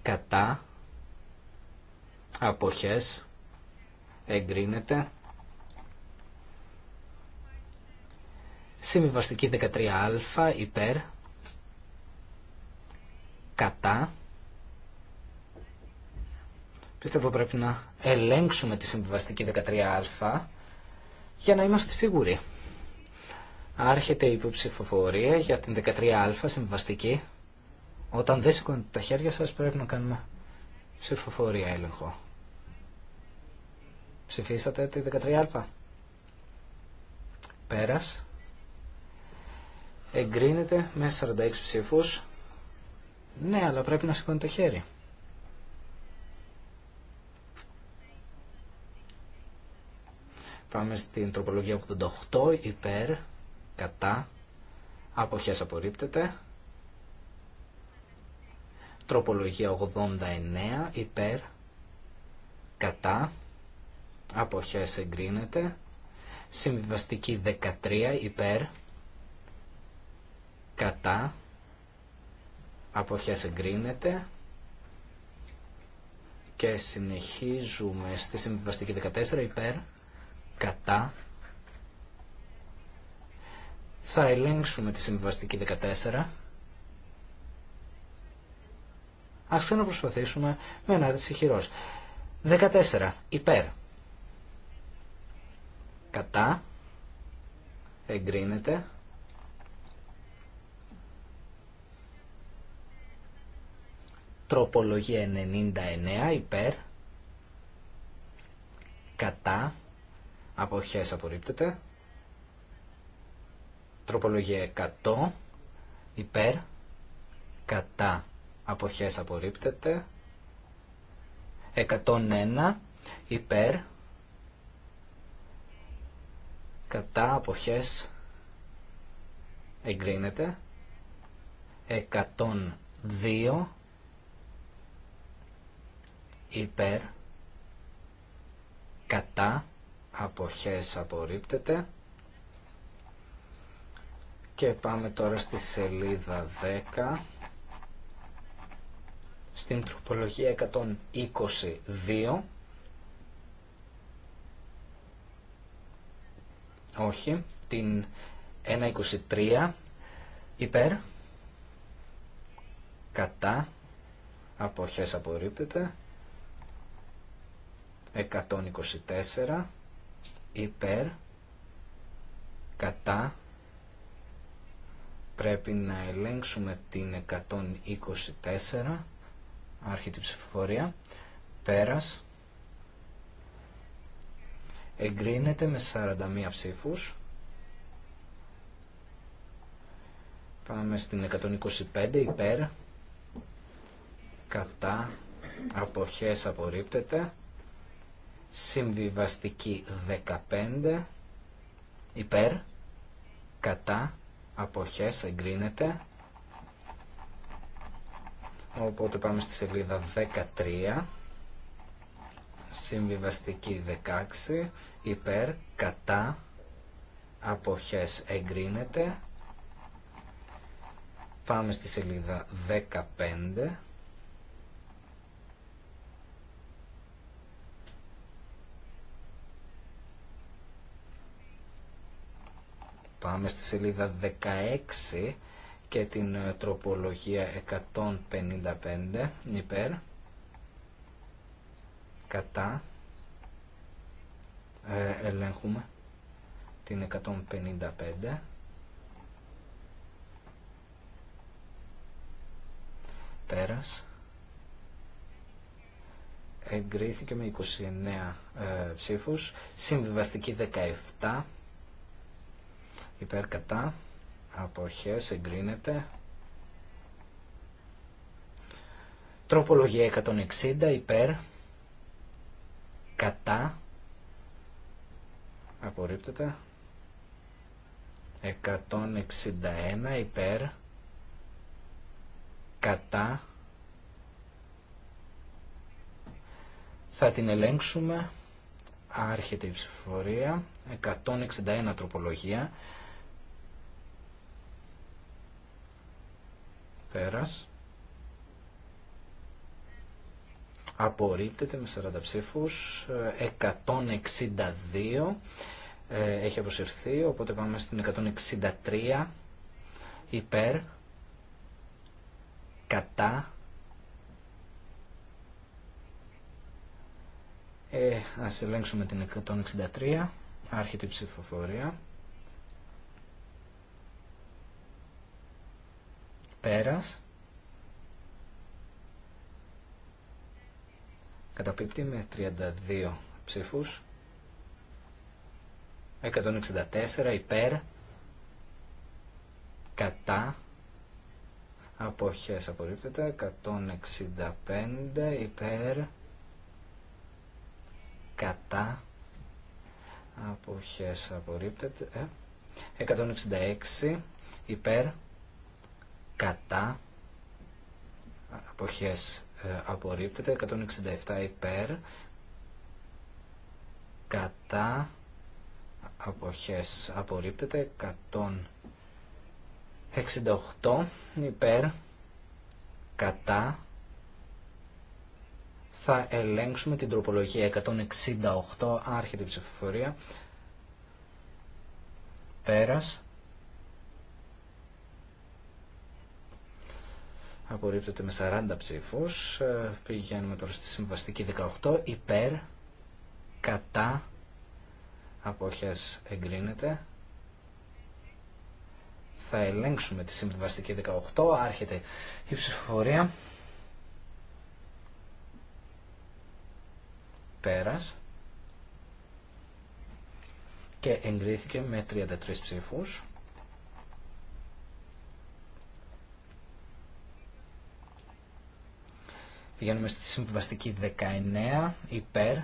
Κατά αποχές εγκρίνεται συμβιβαστική 13α υπέρ κατά πιστεύω πρέπει να ελέγξουμε τη συμβιβαστική 13α για να είμαστε σίγουροι άρχεται η υποψηφοφορία για την 13α συμβιβαστική όταν δεν σηκώνετε τα χέρια σας πρέπει να κάνουμε ψηφοφορία έλεγχο Ψηφίσατε τη 13α. Πέρας. Εγκρίνεται με 46 ψήφους. Ναι, αλλά πρέπει να σηκώνει το χέρι. Πάμε στην τροπολογία 88, υπέρ, κατά, αποχές απορρίπτεται. Τροπολογία 89, υπέρ, κατά, αποχές εγκρίνεται. Συμβιβαστική 13 υπέρ κατά αποχές εγκρίνεται. Και συνεχίζουμε στη συμβιβαστική 14 υπέρ κατά θα ελέγξουμε τη συμβιβαστική 14. Ας ξαναπροσπαθήσουμε με ένα χειρός 14. Υπέρ κατά εγκρίνεται τροπολογία 99 υπέρ κατά αποχές απορρίπτεται τροπολογία 100 υπέρ κατά αποχές απορρίπτεται 101 υπέρ κατά αποχές εγκρίνεται 102 υπέρ κατά αποχές απορρίπτεται και πάμε τώρα στη σελίδα 10 στην τροπολογία 122 Όχι. Την 1.23 υπέρ. Κατά. Αποχές απορρίπτεται. 124 υπέρ. Κατά. Πρέπει να ελέγξουμε την 124 άρχιτη ψηφοφορία. Πέρας εγκρίνεται με 41 ψήφους. Πάμε στην 125 υπέρ, κατά, αποχές απορρίπτεται, συμβιβαστική 15 υπέρ, κατά, αποχές εγκρίνεται. Οπότε πάμε στη σελίδα 13. Συμβιβαστική 16 υπέρ κατά αποχές εγκρίνεται. Πάμε στη σελίδα 15. Πάμε στη σελίδα 16 και την ε, τροπολογία 155 υπέρ κατά ε, ελέγχουμε την 155 πέρας εγκρίθηκε με 29 ε, ψήφους συμβιβαστική 17 υπέρ κατά αποχές εγκρίνεται τροπολογία 160 υπέρ κατά απορρίπτεται 161 υπέρ κατά θα την ελέγξουμε άρχεται η ψηφοφορία 161 τροπολογία πέρας απορρίπτεται με 40 ψήφους, 162 ε, έχει αποσυρθεί, οπότε πάμε στην 163 υπέρ, κατά, ε, ας ελέγξουμε την 163, άρχεται η ψηφοφορία, πέρας, καταπίπτει με 32 ψήφους 164 υπέρ κατά αποχές απορρίπτεται 165 υπέρ κατά αποχές απορρίπτεται 166 ε, υπέρ κατά αποχές ε, απορρίπτεται 167 υπέρ κατά αποχές απορρίπτεται 168 υπέρ κατά θα ελέγξουμε την τροπολογία 168 άρχεται η ψηφοφορία πέρας απορρίπτεται με 40 ψήφους. Ε, πηγαίνουμε τώρα στη συμβαστική 18. Υπέρ, κατά, αποχές εγκρίνεται. Θα ελέγξουμε τη συμβαστική 18. Άρχεται η ψηφοφορία. Πέρας. Και εγκρίθηκε με 33 ψήφους. Πηγαίνουμε στη συμβιβαστική 19 υπέρ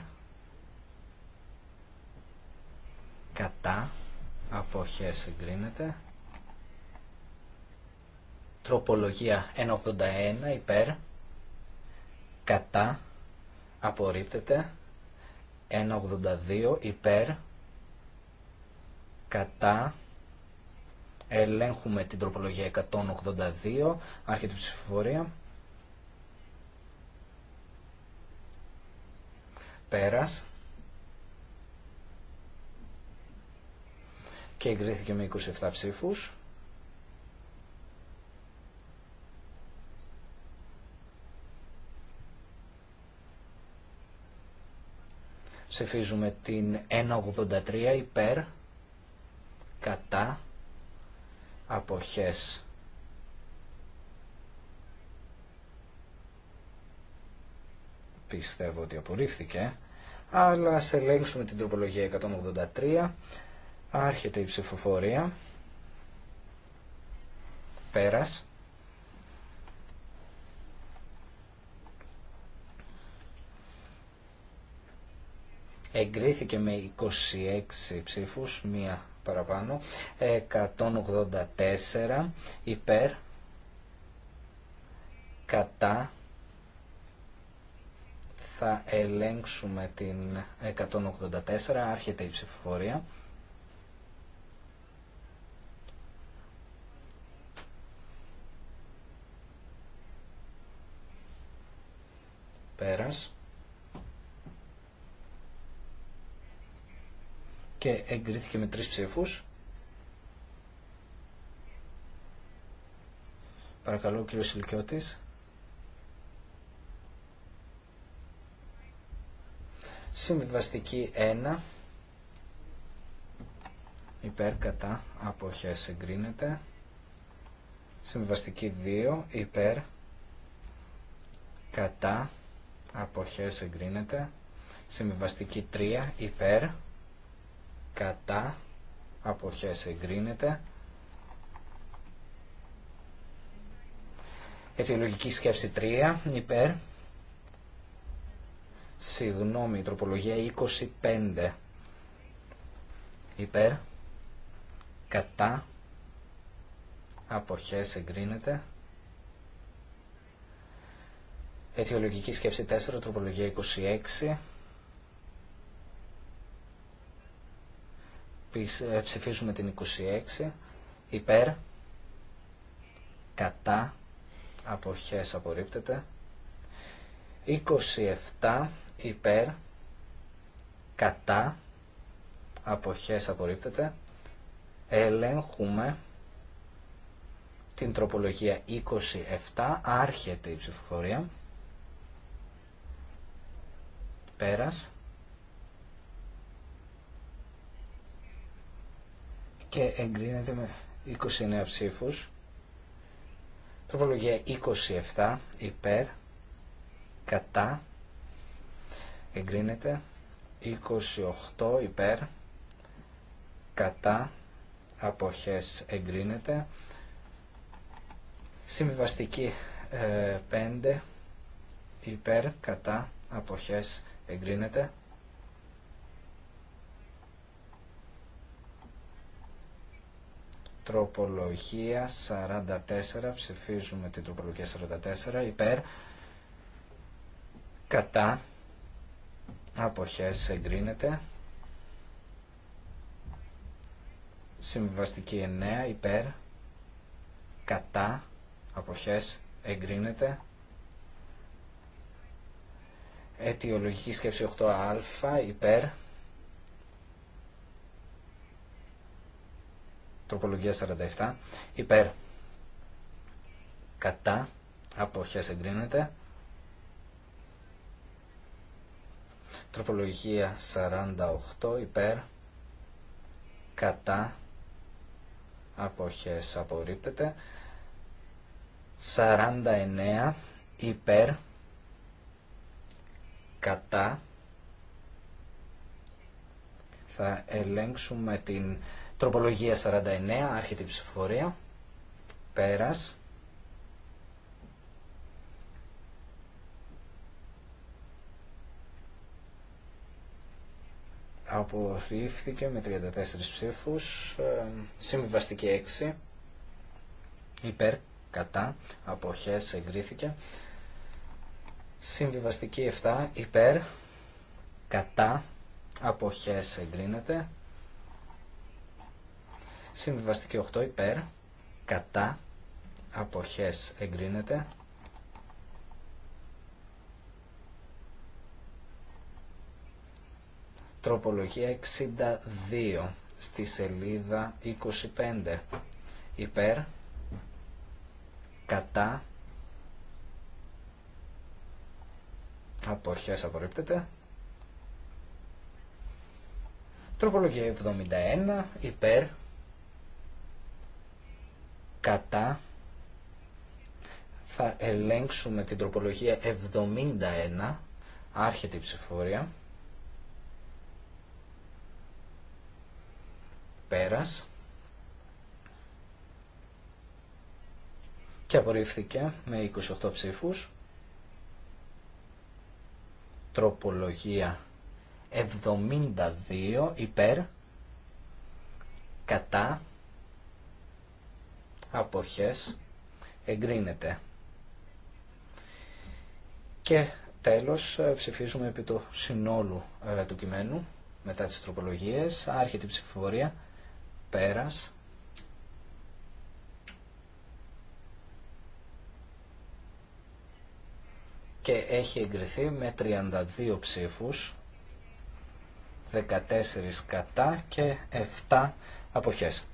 κατά αποχές συγκρίνεται. Τροπολογία 181 υπέρ κατά απορρίπτεται. 182 υπέρ κατά ελέγχουμε την τροπολογία 182 άρχεται η ψηφοφορία πέρας και εγκρίθηκε με 27 ψήφους. Ψηφίζουμε την 1.83 υπέρ, κατά, αποχές πιστεύω ότι απορρίφθηκε, αλλά σε ελέγξουμε την τροπολογία 183, άρχεται η ψηφοφορία, πέρας, εγκρίθηκε με 26 ψήφους, μία παραπάνω, 184 υπέρ, κατά, θα ελέγξουμε την 184, άρχεται η ψηφοφορία. Πέρας. Και εγκρίθηκε με τρεις ψήφους. Παρακαλώ κύριο Σιλκιώτης. Συμβιβαστική 1 υπέρ κατά αποχές εγκρίνεται. Συμβιβαστική 2 υπέρ κατά αποχές εγκρίνεται. Συμβιβαστική 3 υπέρ κατά αποχές εγκρίνεται. Αιτιολογική σκέψη 3 υπέρ Συγγνώμη, τροπολογία 25. Υπέρ. Κατά. Αποχές εγκρίνεται. Αιτιολογική σκέψη 4, τροπολογία 26. Ε, ψηφίζουμε την 26. Υπέρ. Κατά. Αποχές απορρίπτεται. 27 υπέρ, κατά, αποχές απορρίπτεται, ελέγχουμε την τροπολογία 27, άρχεται η ψηφοφορία, πέρας, και εγκρίνεται με 29 ψήφους, τροπολογία 27, υπέρ, κατά, εγκρίνεται 28 υπέρ κατά αποχές εγκρίνεται συμβιβαστική 5 ε, υπέρ κατά αποχές εγκρίνεται τροπολογία 44 ψηφίζουμε την τροπολογία 44 υπέρ κατά αποχές εγκρίνεται συμβιβαστική 9 υπέρ κατά αποχές εγκρίνεται αιτιολογική σκέψη 8α υπέρ τροπολογία 47 υπέρ κατά αποχές εγκρίνεται Τροπολογία 48 υπέρ κατά αποχές απορρίπτεται. 49 υπέρ κατά θα ελέγξουμε την τροπολογία 49 άρχεται η ψηφοφορία πέρας απορρίφθηκε με 34 ψήφους. Ε, συμβιβαστική 6 υπέρ, κατά, αποχές εγκρίθηκε. Συμβιβαστική 7 υπέρ, κατά, αποχές εγκρίνεται. Συμβιβαστική 8 υπέρ, κατά, αποχές εγκρίνεται. Τροπολογία 62 στη σελίδα 25. Υπέρ, κατά, αποχές απορρίπτεται. Τροπολογία 71, υπέρ, κατά, θα ελέγξουμε την τροπολογία 71, άρχεται η ψηφορία. πέρας και απορρίφθηκε με 28 ψήφους. Τροπολογία 72 υπέρ κατά αποχές εγκρίνεται. Και τέλος ε, ψηφίζουμε επί το συνόλου ε, του κειμένου μετά τις τροπολογίες, άρχεται η ψηφοφορία. Πέρας. Και έχει εγκριθεί με 32 ψήφους, 14 κατά και 7 αποχές.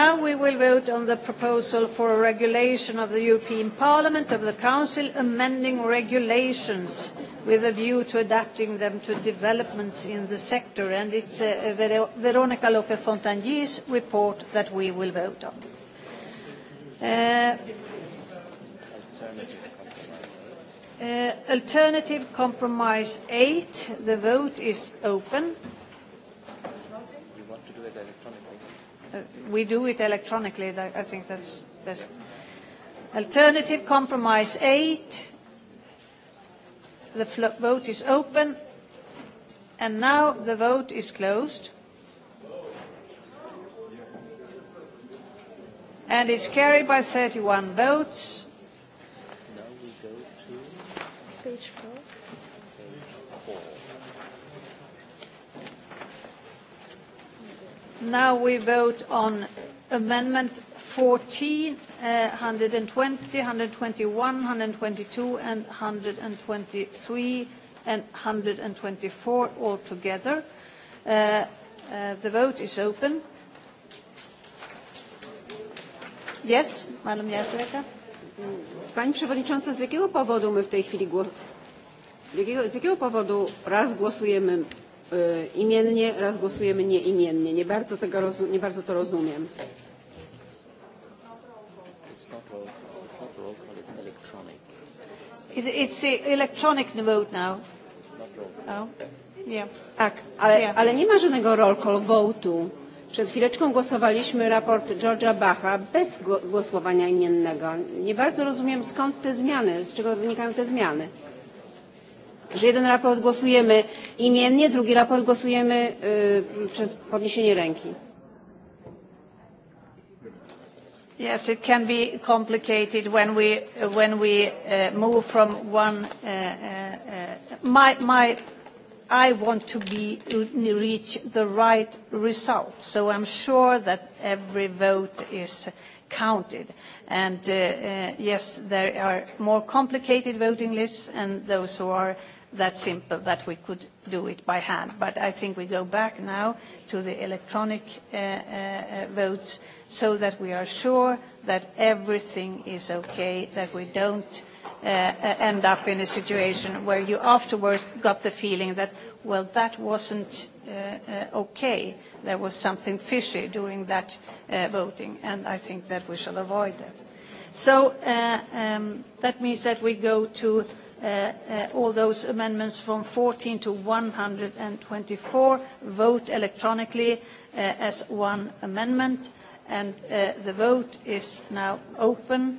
Now we will vote on the proposal for a regulation of the European Parliament of the Council amending regulations with a view to adapting them to developments in the sector. And it's Veronica Lope Fontanier's report that we will vote on. Alternative compromise 8. The vote is open. we do it electronically. I think that's best. Alternative compromise eight. The vote is open. And now the vote is closed. And it's carried by 31 votes. Now we go to page four Now we vote on amendment 14, 120, 121, 122 and 123 and 124 all together. The vote is open. Yes, Madam Jazlewska. Pani Przewodnicząca, z jakiego powodu my w tej chwili z jakiego powodu raz głosujemy imiennie, raz głosujemy nieimiennie. Nie bardzo, tego nie bardzo to rozumiem. It's electronic vote now. Tak, ale nie ma żadnego roll call vote'u. Przed chwileczką głosowaliśmy raport George'a Bacha bez głosowania imiennego. Nie bardzo rozumiem skąd te zmiany, z czego wynikają te zmiany że jeden raport głosujemy imiennie, drugi raport głosujemy przez podniesienie ręki. Yes, it can be complicated when we when we move from one. My my, I want to be reach the right result, so I'm sure that every vote is counted. And yes, there are more complicated voting lists and those who are that simple that we could do it by hand. But I think we go back now to the electronic votes so that we are sure that everything is okay, that we don't end up in a situation where you afterwards got the feeling that, well, that wasn't okay. There was something fishy during that voting, and I think that we shall avoid that. So that means that we go to all those amendments from 14 to 124 vote electronically as one amendment and the vote is now open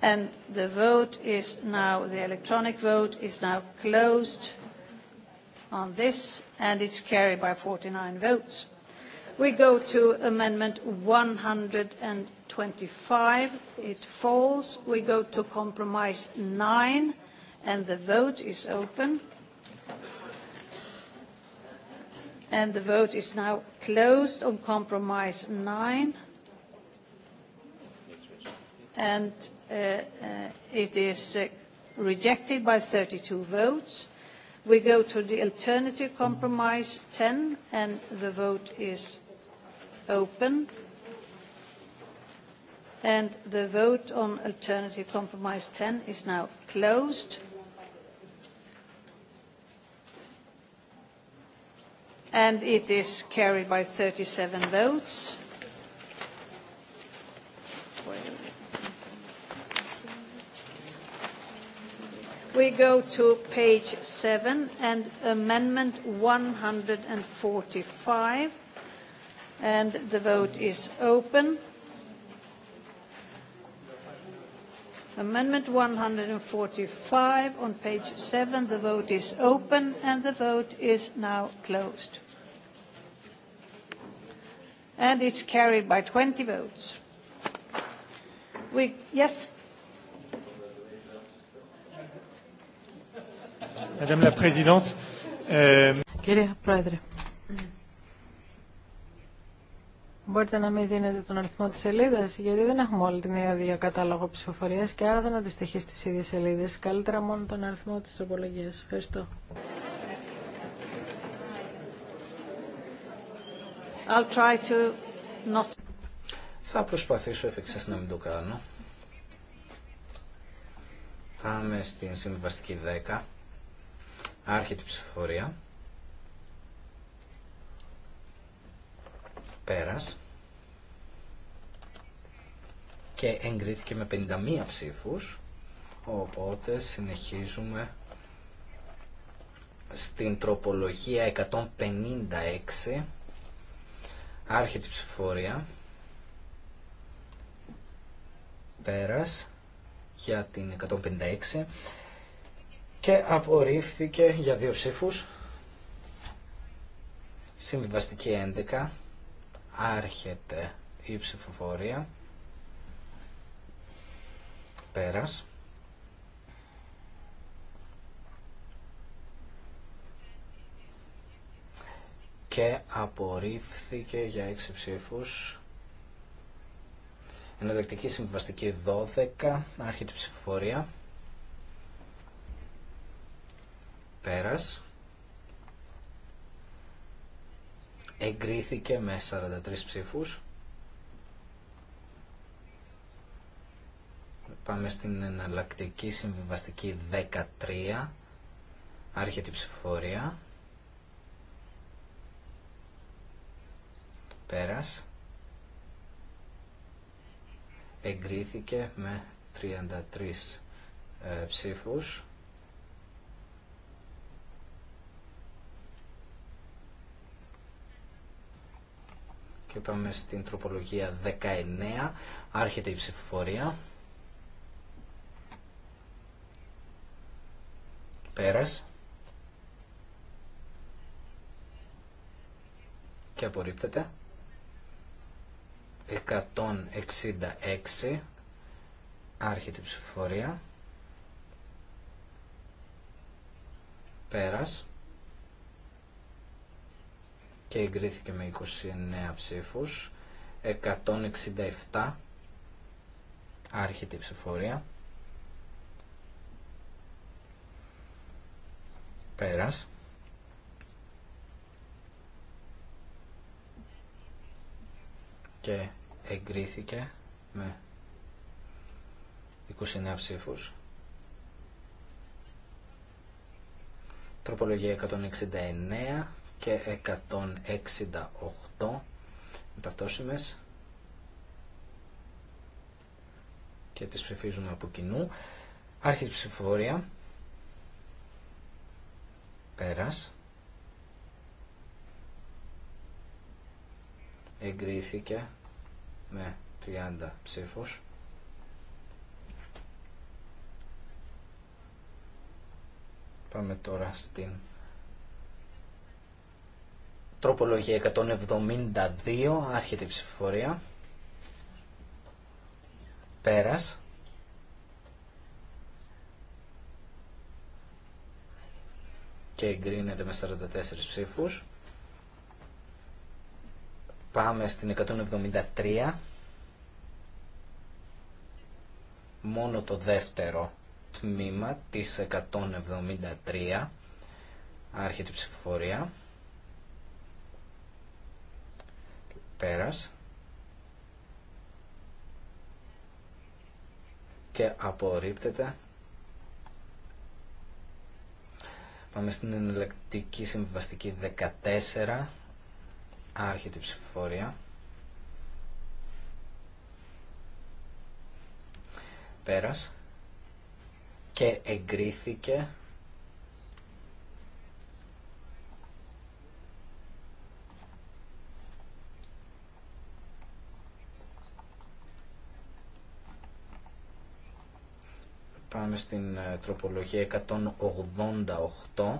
and the vote is now the electronic vote is now closed on this and it's carried by 49 votes We go to amendment 125. It falls. We go to compromise 9, and the vote is open. And the vote is now closed on compromise 9. And it is rejected by 32 votes. We go to the alternative compromise 10, and the vote is open and the vote on alternative compromise 10 is now closed and it is carried by 37 votes We go to page 7 and amendment 145 and the vote is open. Amendment 145 on page 7. The vote is open and the vote is now closed. And it's carried by 20 votes. We Yes. Madame la Présidente. Πρόεδρε. Μπορείτε να μην δίνετε τον αριθμό της σελίδα, γιατί δεν έχουμε όλη την ίδια κατάλογο ψηφοφορίας και άρα δεν αντιστοιχεί στις ίδιες σελίδες. Καλύτερα μόνο τον αριθμό της τροπολογίας. Ευχαριστώ. I'll try to not... Θα προσπαθήσω εφεξής να μην το κάνω. Πάμε στην συμβαστική 10. Άρχεται η ψηφοφορία. Πέρας. Και εγκρίθηκε με 51 ψήφους. Οπότε συνεχίζουμε στην τροπολογία 156 άρχεται η ψηφορία πέρας για την 156 και απορρίφθηκε για δύο ψήφους συμβιβαστική 11 Άρχεται η ψηφοφορία. Πέρας. Και απορρίφθηκε για 6 ψήφους. Εναλλακτική συμβαστική 12. Άρχεται η ψηφοφορία. Πέρας. εγκρίθηκε με 43 ψήφους. Πάμε στην εναλλακτική συμβιβαστική 13. Άρχεται η ψηφορία. Πέρας. Εγκρίθηκε με 33 ε, ψήφους. Και πάμε στην τροπολογία 19. Άρχεται η ψηφοφορία. Πέρας. Και απορρίπτεται. 166. Άρχεται η ψηφοφορία. Πέρας και εγκρίθηκε με 29 ψήφους 167 άρχιτη ψηφορία πέρας και εγκρίθηκε με 29 ψήφους τροπολογία 169 και 168 ταυτόσημες και τις ψηφίζουμε από κοινού. Άρχισε ψηφοφορία. Πέρας. Εγκρίθηκε με 30 ψήφους. Πάμε τώρα στην Τροπολογία 172, άρχεται η ψηφοφορία. Πέρας. Και εγκρίνεται με 44 ψήφους. Πάμε στην 173. Μόνο το δεύτερο τμήμα της 173. Άρχεται η ψηφοφορία. Πέρας. Και απορρίπτεται. Πάμε στην ενελεκτική συμβαστική 14. Άρχεται ψηφοφορία. Πέρας. Και εγκρίθηκε. Πάμε στην ε, τροπολογία 188.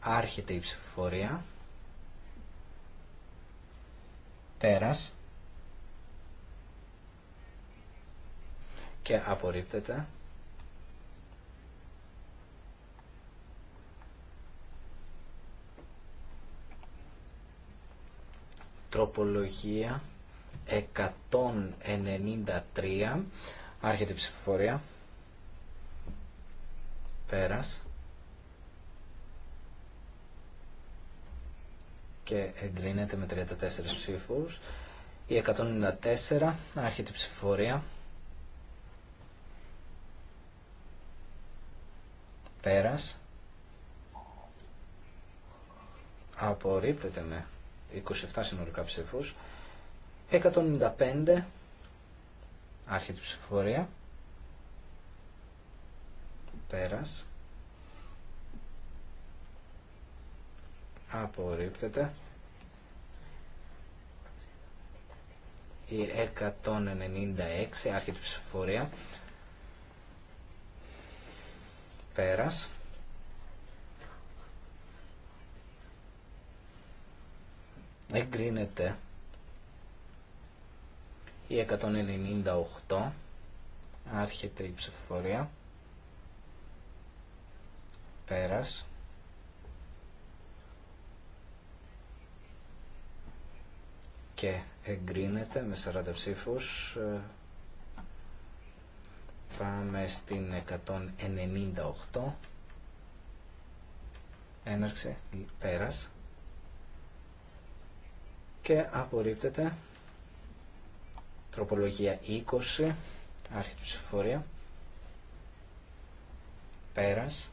Άρχεται η ψηφοφορία. Τέρας. Και απορρίπτεται. Τροπολογία 193. Άρχεται η ψηφοφορία πέρας και εγκρίνεται με 34 ψήφους η 194 άρχεται η ψηφοφορία πέρας απορρίπτεται με 27 συνολικά ψήφους 195 άρχεται ψηφορία ψηφοφορία πέρας απορρίπτεται η 196 άρχη του ψηφοφορία πέρας εγκρίνεται η 198 άρχεται η ψηφοφορία Πέρας. Και εγκρίνεται με 40 ψήφους. Ε, πάμε στην 198. Έναρξη. Πέρας. Και απορρίπτεται. Τροπολογία 20. Άρχη ψηφοφορία. Πέρας.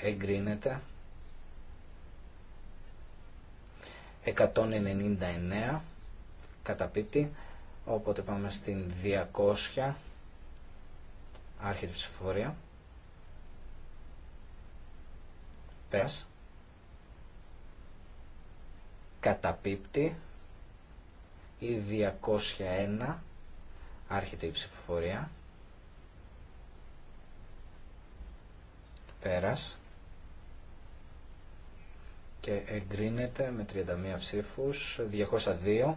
εγκρίνεται 199 καταπίπτει οπότε πάμε στην 200 άρχεται ψηφοφορία πες καταπίπτει ή 201 άρχεται η ψηφοφορία πέρας και εγκρίνεται με 31 ψήφους 202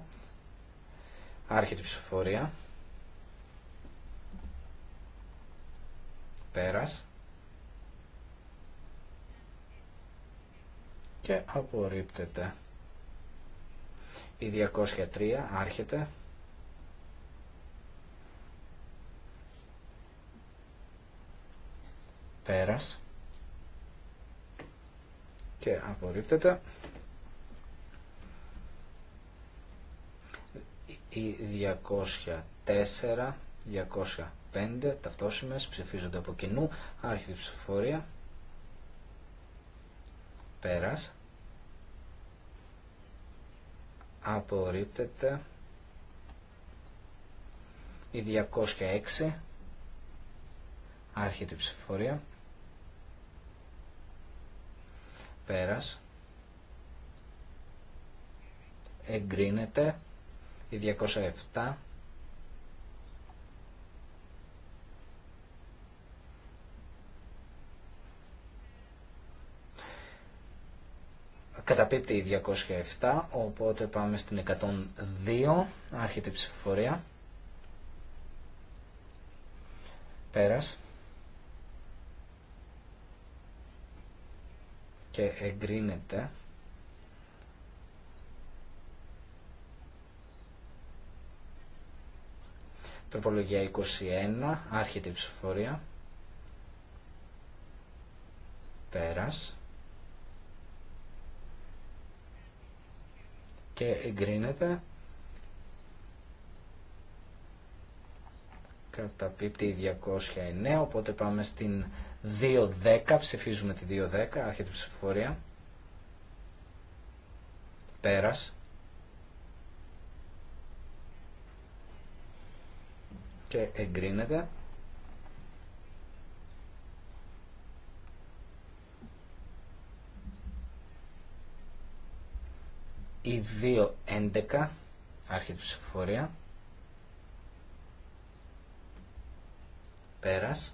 άρχιτη ψηφοφορία πέρας και απορρίπτεται η 203 άρχεται πέρας και απορρίπτεται. Οι 204, 205 ταυτόσημες ψηφίζονται από κοινού. Άρχιτη ψηφοφορία. Πέρας. Απορρίπτεται. Η 206. Άρχιτη ψηφοφορία. Πέρας. Εγκρίνεται. Η 207. Καταπίπτει η 207, οπότε πάμε στην 102, άρχεται η ψηφοφορία. Πέρας. και εγκρίνεται Τροπολογία 21, άρχεται η ψηφορία. Πέρας. Και εγκρίνεται. Καταπίπτει 209, οπότε πάμε στην 2.10, ψηφίζουμε τη 2.10, άρχεται η ψηφοφορία. Πέρας. Και εγκρίνεται. Η 2.11, άρχεται η ψηφοφορία. Πέρας.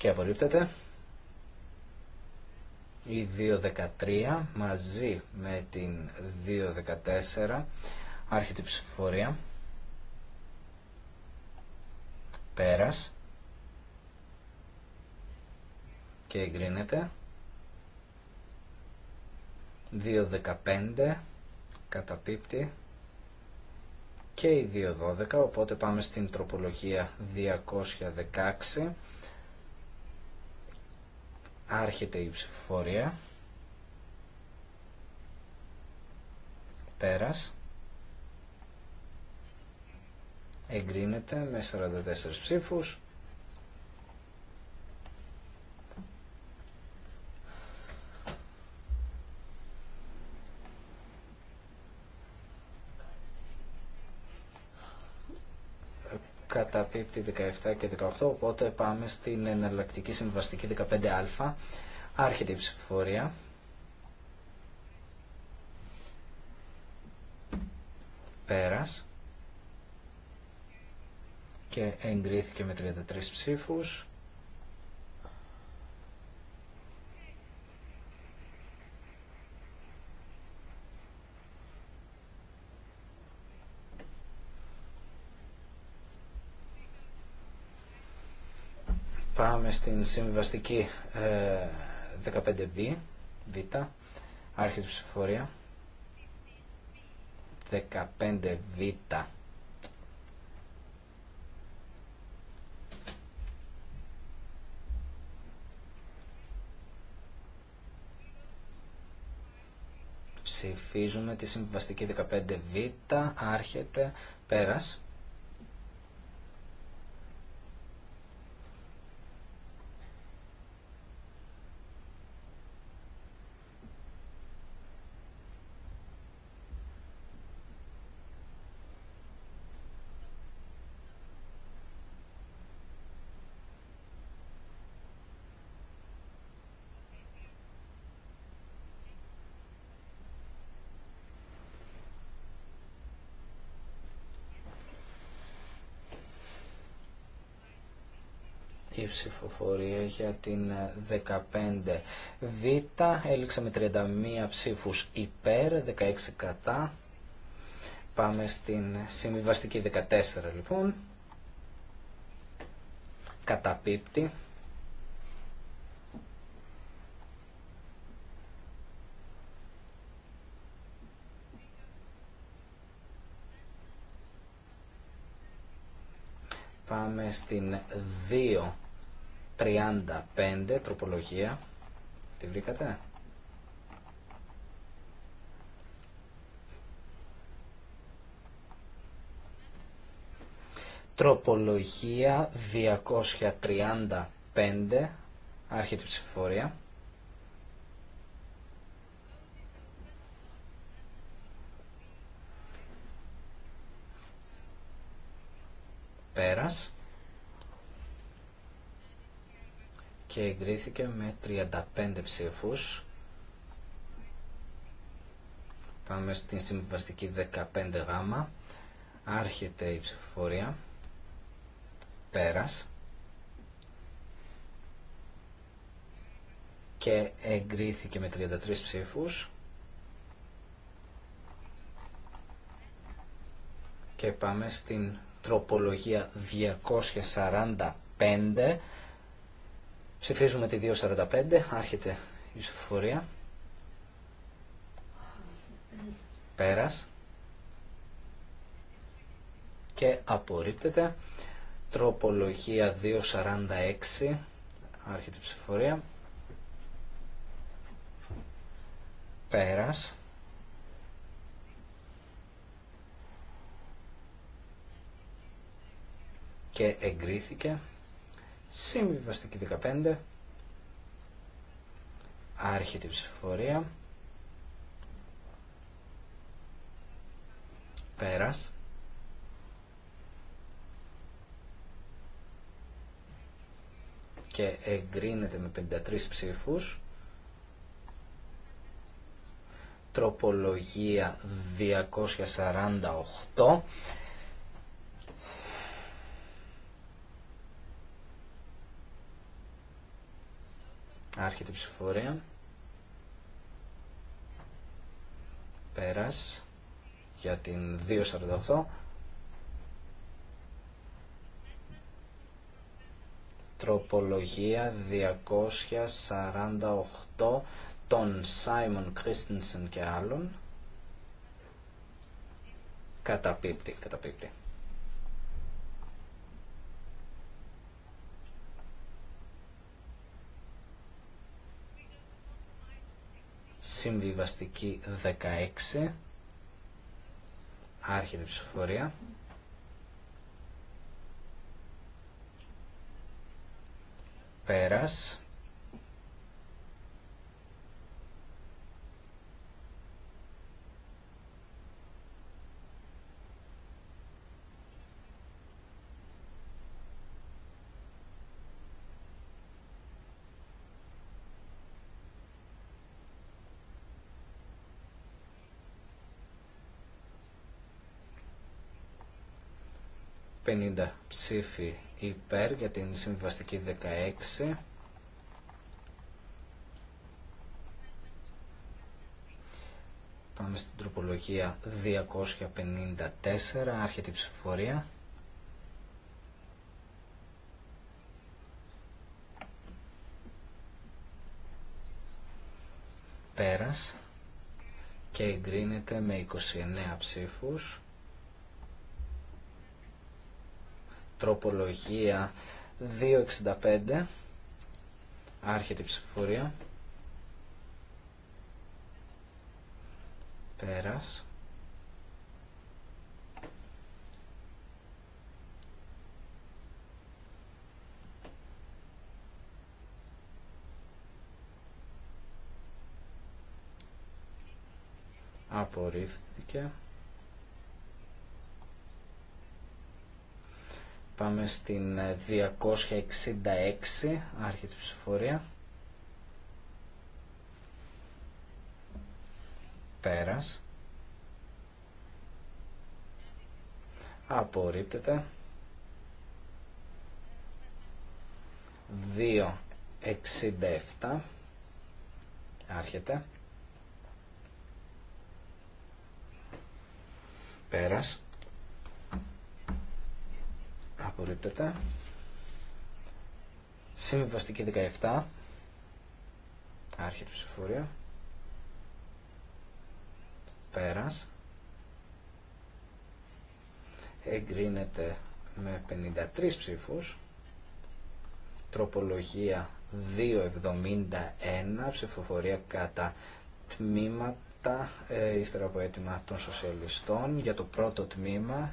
και απορρίπτεται. Η 2.13 μαζί με την 2.14 άρχεται η ψηφοφορία. Πέρας. Και εγκρίνεται. 2.15 καταπίπτει και η 2.12 οπότε πάμε στην τροπολογία 216 Άρχεται η ψηφοφορία. Πέρας. Εγκρίνεται με 44 ψήφους. Κατά πίπτη 17 και 18, οπότε πάμε στην εναλλακτική συμβαστική 15α, άρχεται η ψηφοφορία. Πέρας. Και εγκρίθηκε με 33 ψήφους. είναι στην συμβιβαστική 15B, ε, Β, η ψηφοφορία. 15 Β. Ψηφίζουμε τη συμβιβαστική 15 Β, άρχεται, πέρας. συνέχεια την 15 ε, Β. Έληξα με 31 ψήφους υπέρ, 16 κατά. Πάμε στην συμβιβαστική 14 λοιπόν. Καταπίπτει. Πάμε στην 2 35 τροπολογία. Τη βρήκατε. Τροπολογία 235 άρχη ψηφοφορία. Πέρας. και εγκρίθηκε με 35 ψήφους. Πάμε στην συμβαστική 15 γάμα. Άρχεται η ψηφοφορία. Πέρας. Και εγκρίθηκε με 33 ψήφους. Και πάμε στην τροπολογία 245 Ψηφίζουμε τη 245, άρχεται η ψηφοφορία. Πέρας. Και απορρίπτεται. Τροπολογία 246, άρχεται η ψηφοφορία. Πέρας. Και εγκρίθηκε. Συμβιβαστική 15. Άρχεται η ψηφοφορία. Πέρας. Και εγκρίνεται με 53 ψήφους. Τροπολογία 248 Άρχεται ψηφορία. Πέρας για την 248. Τροπολογία 248 των Σάιμον Κρίστινσεν και άλλων. Καταπίπτει, καταπίπτει. Συμβιβαστική 16. Άρχεται η ψηφοφορία. Πέρας. 50 ψήφοι υπέρ για την συμβαστική 16. Πάμε στην τροπολογία 254, άρχεται η ψηφοφορία. Πέρας και εγκρίνεται με 29 ψήφους. τροπολογία 265 άρχεται η ψηφορία πέρας απορρίφθηκε Πάμε στην 266, άρχη της ψηφορία. Πέρας. Απορρίπτεται. 267 άρχεται πέρας Απορρίπτεται. Συμβιβαστική 17. Άρχη ψηφοφόρια. Πέρας. Εγκρίνεται με 53 ψήφους. Τροπολογία 2.71. Ψηφοφορία κατά τμήματα. Ε, ύστερα από αίτημα των σοσιαλιστών. Για το πρώτο τμήμα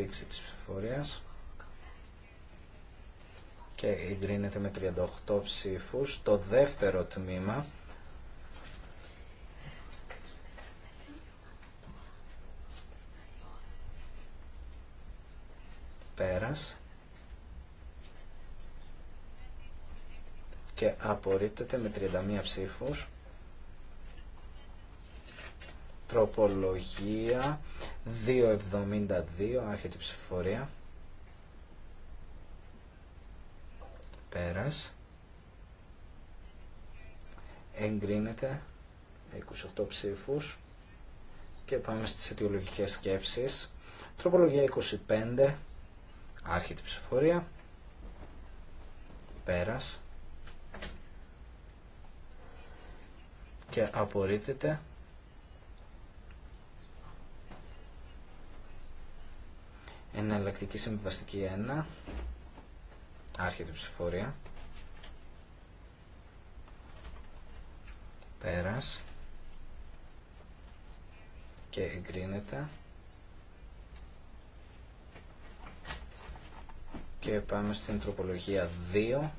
λήξη της ψηφοφορίας και εγκρίνεται με 38 ψήφους. Το δεύτερο τμήμα πέρας και απορρίπτεται με 31 ψήφους. Τροπολογία 272, άρχεται η ψηφορία. Πέρας. Εγκρίνεται 28 ψήφους. Και πάμε στις αιτιολογικές σκέψεις. Τροπολογία 25, άρχεται η ψηφορία. Πέρας. Και απορρίπτεται Εναλλακτική συμβαστική 1. Άρχεται ψηφορία. Πέρας. Και εγκρίνεται. Και πάμε στην τροπολογία 2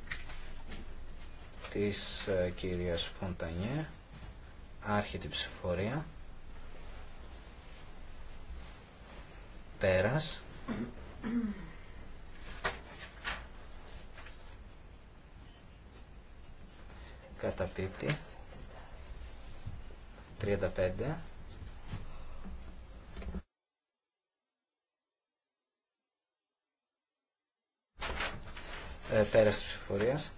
της ε, κυρίας Φοντανιέ. Άρχεται ψηφορία. Πέρας πίπτη 35. Ε, πέρας της ψηφορίας.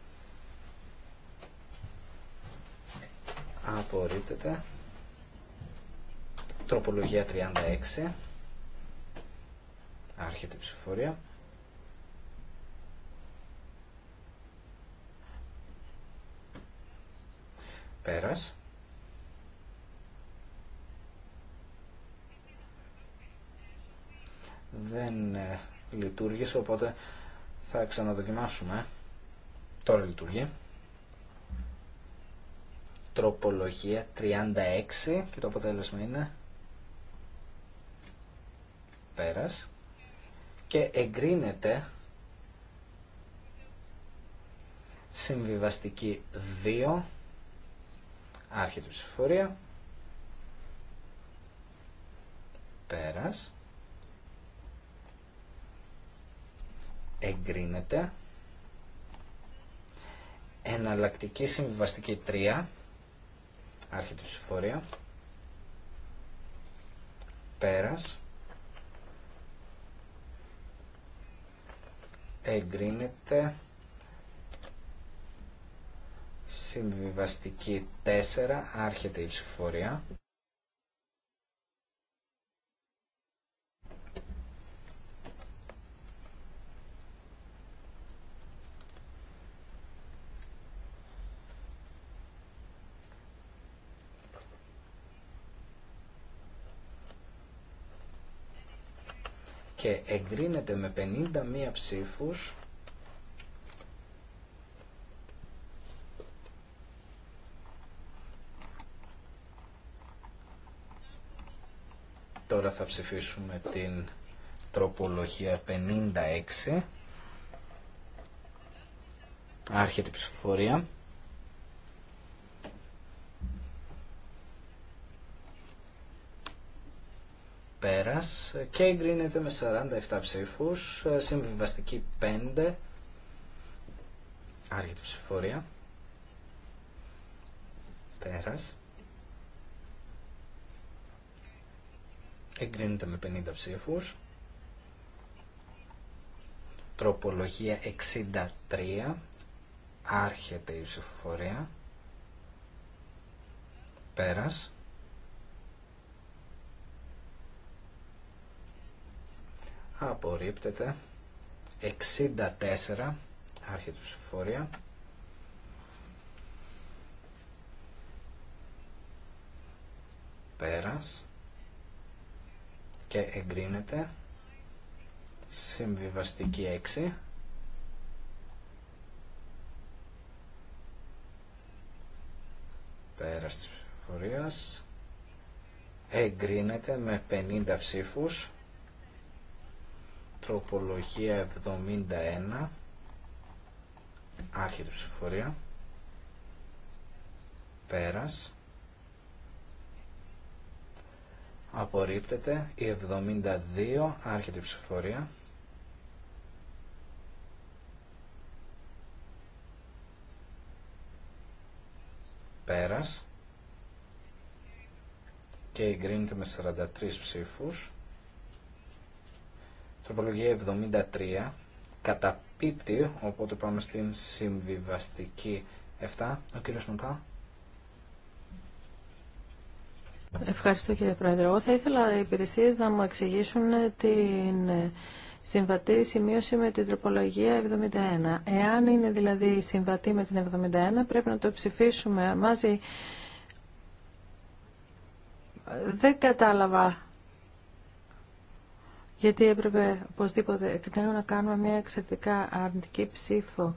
Απορρίπτεται. Τροπολογία 36. Άρχεται ψηφορία. Πέρας. Δεν ε, λειτουργήσε, οπότε θα ξαναδοκιμάσουμε. Τώρα λειτουργεί. Τροπολογία 36 και το αποτέλεσμα είναι πέρας και εγκρίνεται συμβιβαστική 2 του ψηφορία πέρας εγκρίνεται εναλλακτική συμβιβαστική 3 του ψηφορία πέρας εγκρίνεται συμβιβαστική 4 άρχεται η ψηφορία. και εγκρίνεται με 51 ψήφους Τώρα θα ψηφίσουμε την τροπολογία 56 Άρχεται η ψηφοφορία πέρας και εγκρίνεται με 47 ψήφου, συμβιβαστική 5, άρχεται ψηφορία, πέρας, εγκρίνεται με 50 ψήφου. τροπολογία 63, άρχεται η ψηφοφορία, πέρας, απορρίπτεται 64 του ψηφοφορία πέρας και εγκρίνεται συμβιβαστική 6 πέρας της ψηφορίας εγκρίνεται με 50 ψήφους Τροπολογία 71. Άρχεται ψηφορία. Πέρας. Απορρίπτεται η 72. Άρχεται ψηφορία. Πέρας. Και εγκρίνεται με 43 ψήφους. Τροπολογία 73 καταπίπτει, οπότε πάμε στην συμβιβαστική 7. Ο κύριος Μοντά. Ευχαριστώ κύριε Πρόεδρε. Εγώ θα ήθελα οι υπηρεσίε να μου εξηγήσουν την συμβατή σημείωση με την τροπολογία 71. Εάν είναι δηλαδή συμβατή με την 71 πρέπει να το ψηφίσουμε μαζί. Δεν κατάλαβα γιατί έπρεπε οπωσδήποτε εκ νέου να κάνουμε μια εξαιρετικά αρνητική ψήφο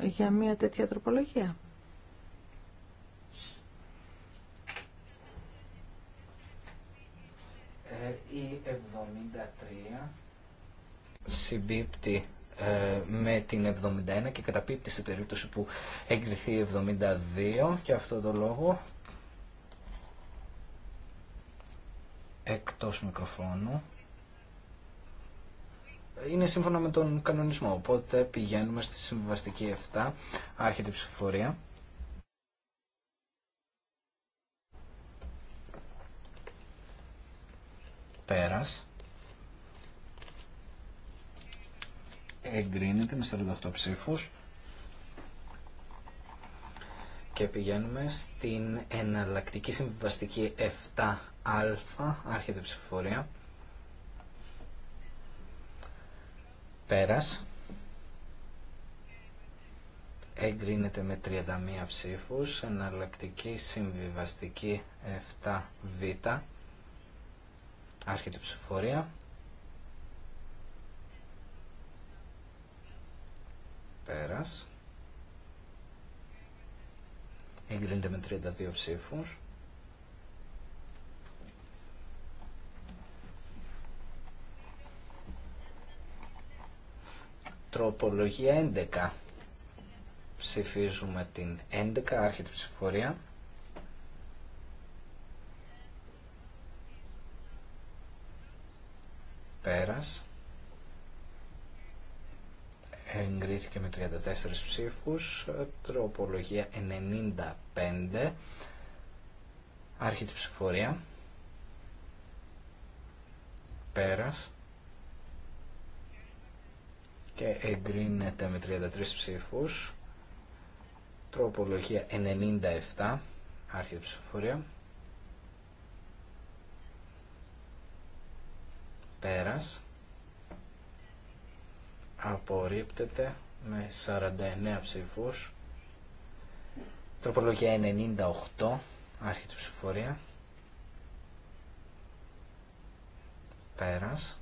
για μια τέτοια τροπολογία. Ε, η 73 συμπίπτει ε, με την 71 και καταπίπτει σε περίπτωση που εγκριθεί η 72 και αυτό το λόγο εκτός μικροφώνου είναι σύμφωνα με τον κανονισμό. Οπότε πηγαίνουμε στη συμβιβαστική 7, άρχεται η ψηφοφορία. Πέρας. Εγκρίνεται με 48 ψήφους. Και πηγαίνουμε στην εναλλακτική συμβιβαστική 7 α, άρχεται η ψηφοφορία. Πέρας. Εγκρίνεται με 31 ψήφους, εναλλακτική συμβιβαστική 7β, άρχεται η ψηφοφορία. Πέρας. Εγκρίνεται με 32 ψήφους. Τροπολογία 11. Ψηφίζουμε την 11, άρχεται ψηφορία. Πέρας. Εγκρίθηκε με 34 ψήφους. Τροπολογία 95. Άρχεται ψηφορία. Πέρας και εγκρίνεται με 33 ψήφους. Τροπολογία 97, άρχιε ψηφοφορία. Πέρας. Απορρίπτεται με 49 ψήφους. Τροπολογία 98, άρχιε ψηφοφορία. Πέρας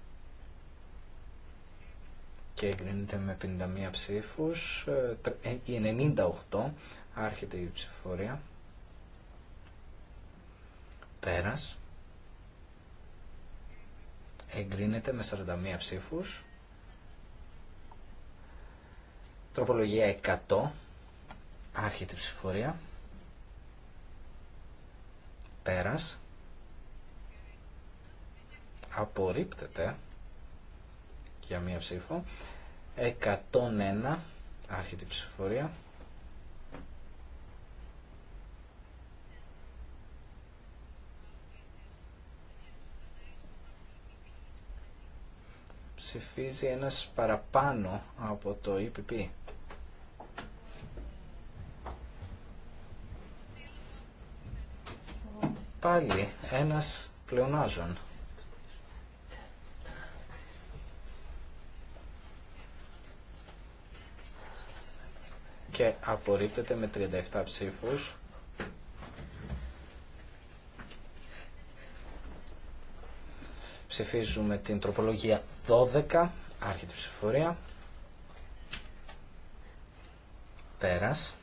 και εγκρίνεται με 51 ψήφους. Ε, ε, η 98 άρχεται η ψηφορία. Πέρας. Εγκρίνεται με 41 ψήφους. Τροπολογία 100. Άρχεται η ψηφορία. Πέρας. Απορρίπτεται για μία ψήφο. 101 άρχεται η ψηφοφορία. Ψηφίζει ένας παραπάνω από το EPP. Πάλι ένας πλεονάζων. και απορρίπτεται με 37 ψήφους. Ψηφίζουμε την τροπολογία 12, άρχεται ψηφορία. Πέρας.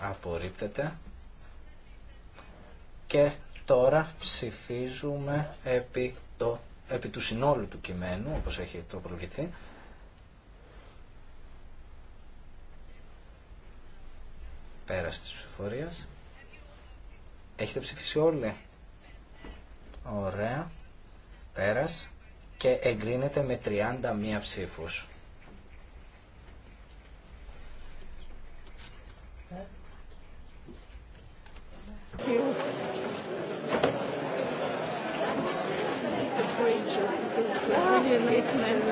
Απορρίπτεται. Και τώρα ψηφίζουμε επί, το, επί του συνόλου του κειμένου, όπως έχει τροπολογηθεί. Πέρας της ψηφορίας. Έχετε ψηφίσει όλοι. Ωραία. Πέρας. Και εγκρίνεται με 31 ψήφους. It's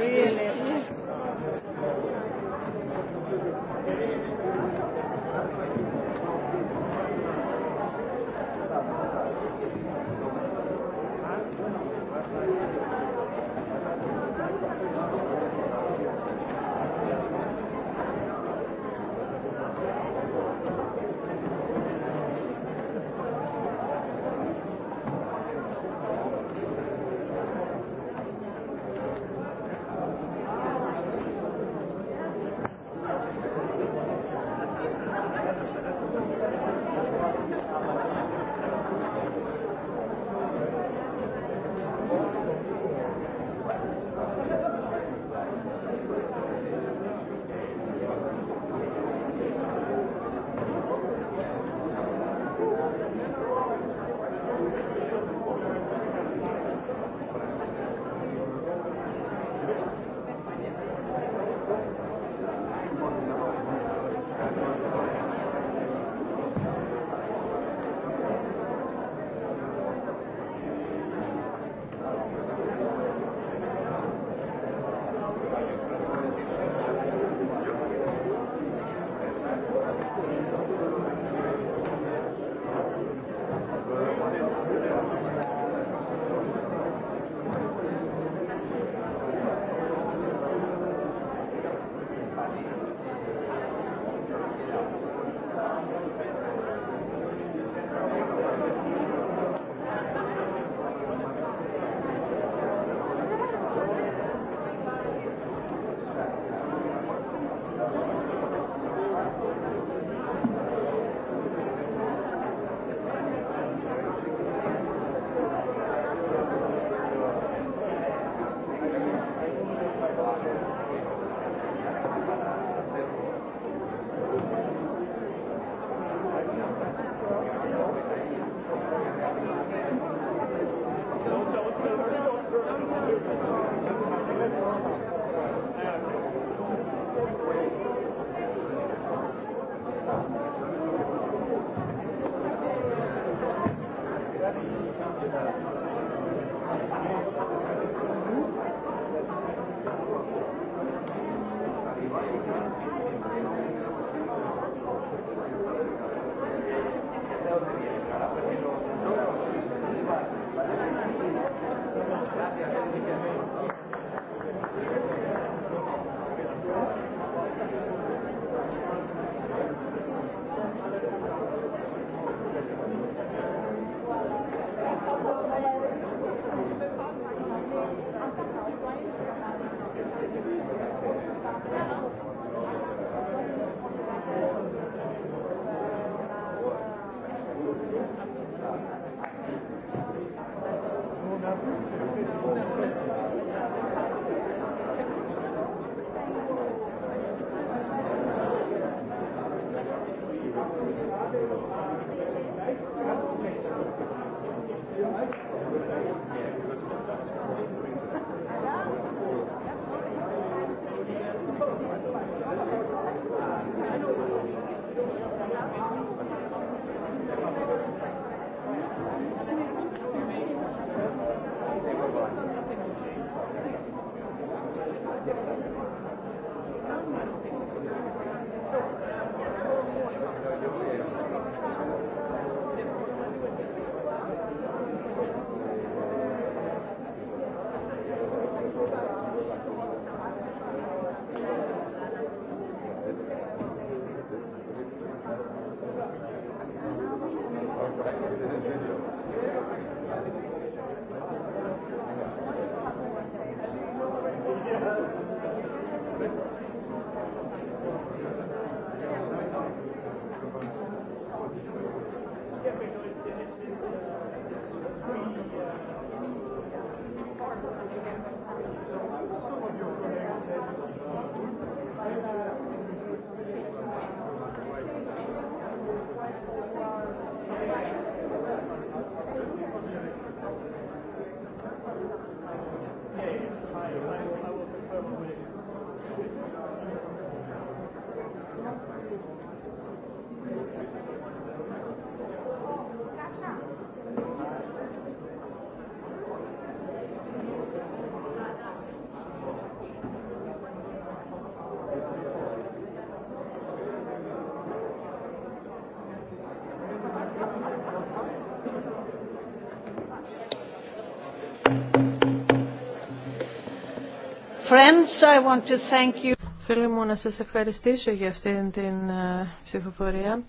Φίλοι μου, να σας ευχαριστήσω για αυτήν την ε, ψηφοφορία.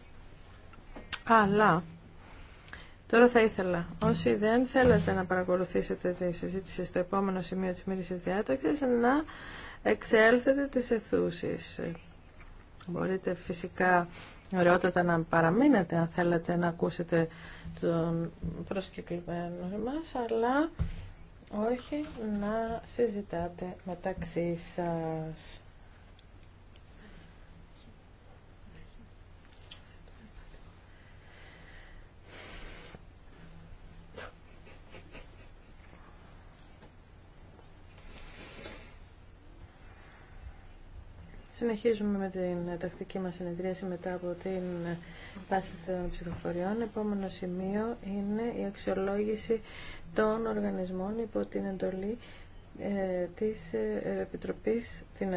Αλλά τώρα θα ήθελα, όσοι δεν θέλετε να παρακολουθήσετε τη συζήτηση στο επόμενο σημείο της Μύρισης διάταξης, να εξέλθετε τις αιθούσεις. Μπορείτε φυσικά ωραιότατα να παραμείνετε αν θέλετε να ακούσετε τον προσκεκλημένο μας, αλλά όχι να συζητάτε μεταξύ σας. Συνεχίζουμε με την ε, τακτική μας συνεδρίαση μετά από την ε, πάση των ψηφοφοριών. Επόμενο σημείο είναι η αξιολόγηση των οργανισμών υπό την εντολή ε, της ε, Επιτροπής, την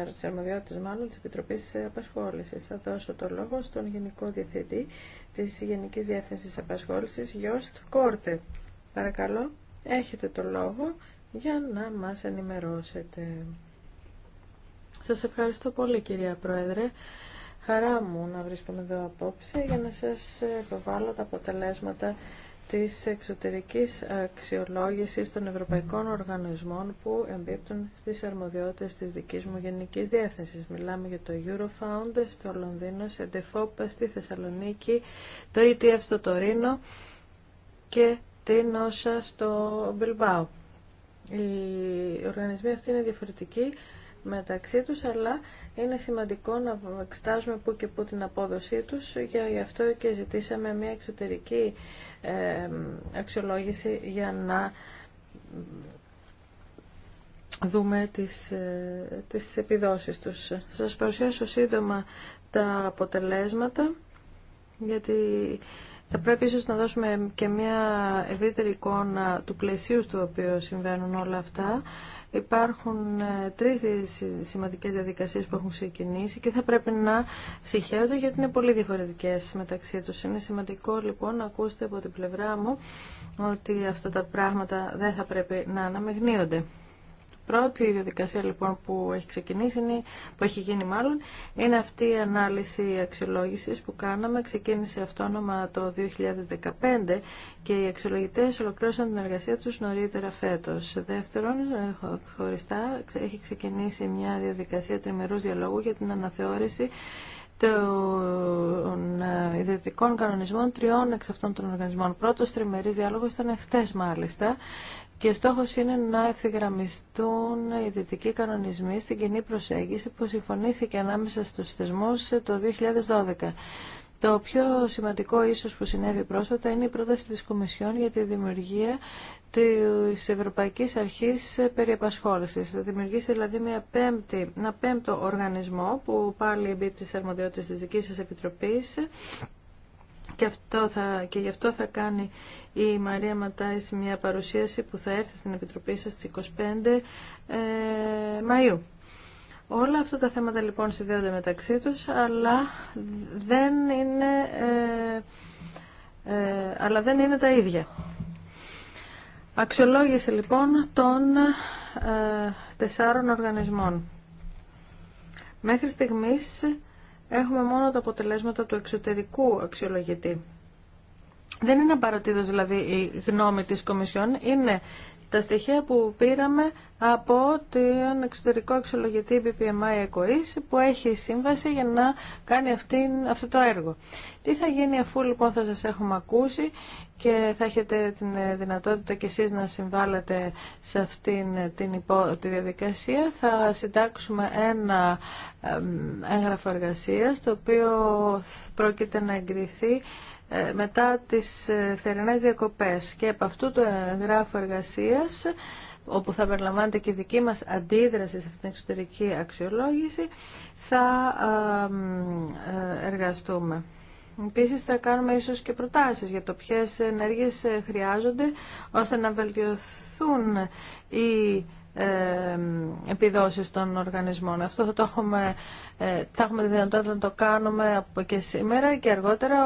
μάλλον, της Επιτροπής Απασχόλησης. Θα δώσω το λόγο στον Γενικό Διευθυντή της Γενικής Διεύθυνσης Απασχόλησης, Γιώστ Κόρτε. Παρακαλώ, έχετε το λόγο για να μας ενημερώσετε. Σας ευχαριστώ πολύ κυρία Πρόεδρε. Χαρά μου να βρίσκομαι εδώ απόψε για να σας προβάλλω τα αποτελέσματα της εξωτερικής αξιολόγησης των ευρωπαϊκών οργανισμών που εμπίπτουν στις αρμοδιότητες της δικής μου γενικής διεύθυνσης. Μιλάμε για το Eurofound στο Λονδίνο, σε DeFop στη Θεσσαλονίκη, το ETF στο Τωρίνο και την όσα στο Μπιλμπάου. Οι οργανισμοί αυτοί είναι διαφορετικοί, μεταξύ τους, αλλά είναι σημαντικό να εξετάζουμε πού και πού την απόδοσή τους. Γι' αυτό και ζητήσαμε μια εξωτερική ε, αξιολόγηση για να δούμε τις, ε, τις επιδόσεις τους. Σας παρουσιάσω σύντομα τα αποτελέσματα, γιατί θα πρέπει ίσως να δώσουμε και μια ευρύτερη εικόνα του πλαισίου στο οποίο συμβαίνουν όλα αυτά. Υπάρχουν ε, τρεις σημαντικές διαδικασίες που έχουν ξεκινήσει και θα πρέπει να συγχαίονται γιατί είναι πολύ διαφορετικές μεταξύ τους. Είναι σημαντικό λοιπόν να ακούσετε από την πλευρά μου ότι αυτά τα πράγματα δεν θα πρέπει να αναμειγνύονται. Πρώτη διαδικασία λοιπόν που έχει ξεκινήσει, που έχει γίνει μάλλον, είναι αυτή η ανάλυση αξιολόγησης που κάναμε. Ξεκίνησε αυτόνομα το 2015 και οι αξιολογητές ολοκλήρωσαν την εργασία τους νωρίτερα φέτος. Δεύτερον, χωριστά έχει ξεκινήσει μια διαδικασία τριμερούς διαλόγου για την αναθεώρηση των ιδιωτικών κανονισμών τριών εξ αυτών των οργανισμών. Πρώτο τριμερή διάλογο ήταν χτε μάλιστα και στόχο είναι να ευθυγραμμιστούν οι δυτικοί κανονισμοί στην κοινή προσέγγιση που συμφωνήθηκε ανάμεσα στους θεσμούς το 2012. Το πιο σημαντικό ίσως που συνέβη πρόσφατα είναι η πρόταση της Κομισιόν για τη δημιουργία της Ευρωπαϊκής Αρχής Περιεπασχόλησης. Δημιουργήσε δηλαδή μια ένα πέμπτο οργανισμό που πάλι εμπίπτει στις αρμοδιότητες της δικής σα Επιτροπής και, θα, και γι' αυτό θα κάνει η Μαρία Ματάης μια παρουσίαση που θα έρθει στην Επιτροπή σας στις 25 ε, Μαΐου. Όλα αυτά τα θέματα λοιπόν συνδέονται μεταξύ τους, αλλά δεν είναι, ε, ε, αλλά δεν είναι τα ίδια. Αξιολόγηση λοιπόν των ε, τεσσάρων οργανισμών. Μέχρι στιγμής έχουμε μόνο τα αποτελέσματα του εξωτερικού αξιολογητή. Δεν είναι απαραίτητο δηλαδή η γνώμη της Κομισιόν, είναι τα στοιχεία που πήραμε από τον εξωτερικό αξιολογητή BPMI ΕΚΟΗΣ που έχει σύμβαση για να κάνει αυτή, αυτό το έργο. Τι θα γίνει αφού λοιπόν θα σας έχουμε ακούσει και θα έχετε την ε, δυνατότητα κι εσείς να συμβάλλετε σε αυτήν ε, την υπό, τη διαδικασία. Θα συντάξουμε ένα έγγραφο εργασίας, το οποίο πρόκειται να εγκριθεί ε, μετά τις θερινές διακοπές και από αυτού το έγγραφο εργασίας όπου θα περιλαμβάνεται και η δική μας αντίδραση σε αυτήν την εξωτερική αξιολόγηση, θα εργαστούμε. Επίση, θα κάνουμε ίσω και προτάσει για το ποιε ενέργειε ε, χρειάζονται ώστε να βελτιωθούν οι ε, επιδόσεις των οργανισμών. Αυτό θα το έχουμε, ε, θα έχουμε τη δυνατότητα να το κάνουμε και σήμερα και αργότερα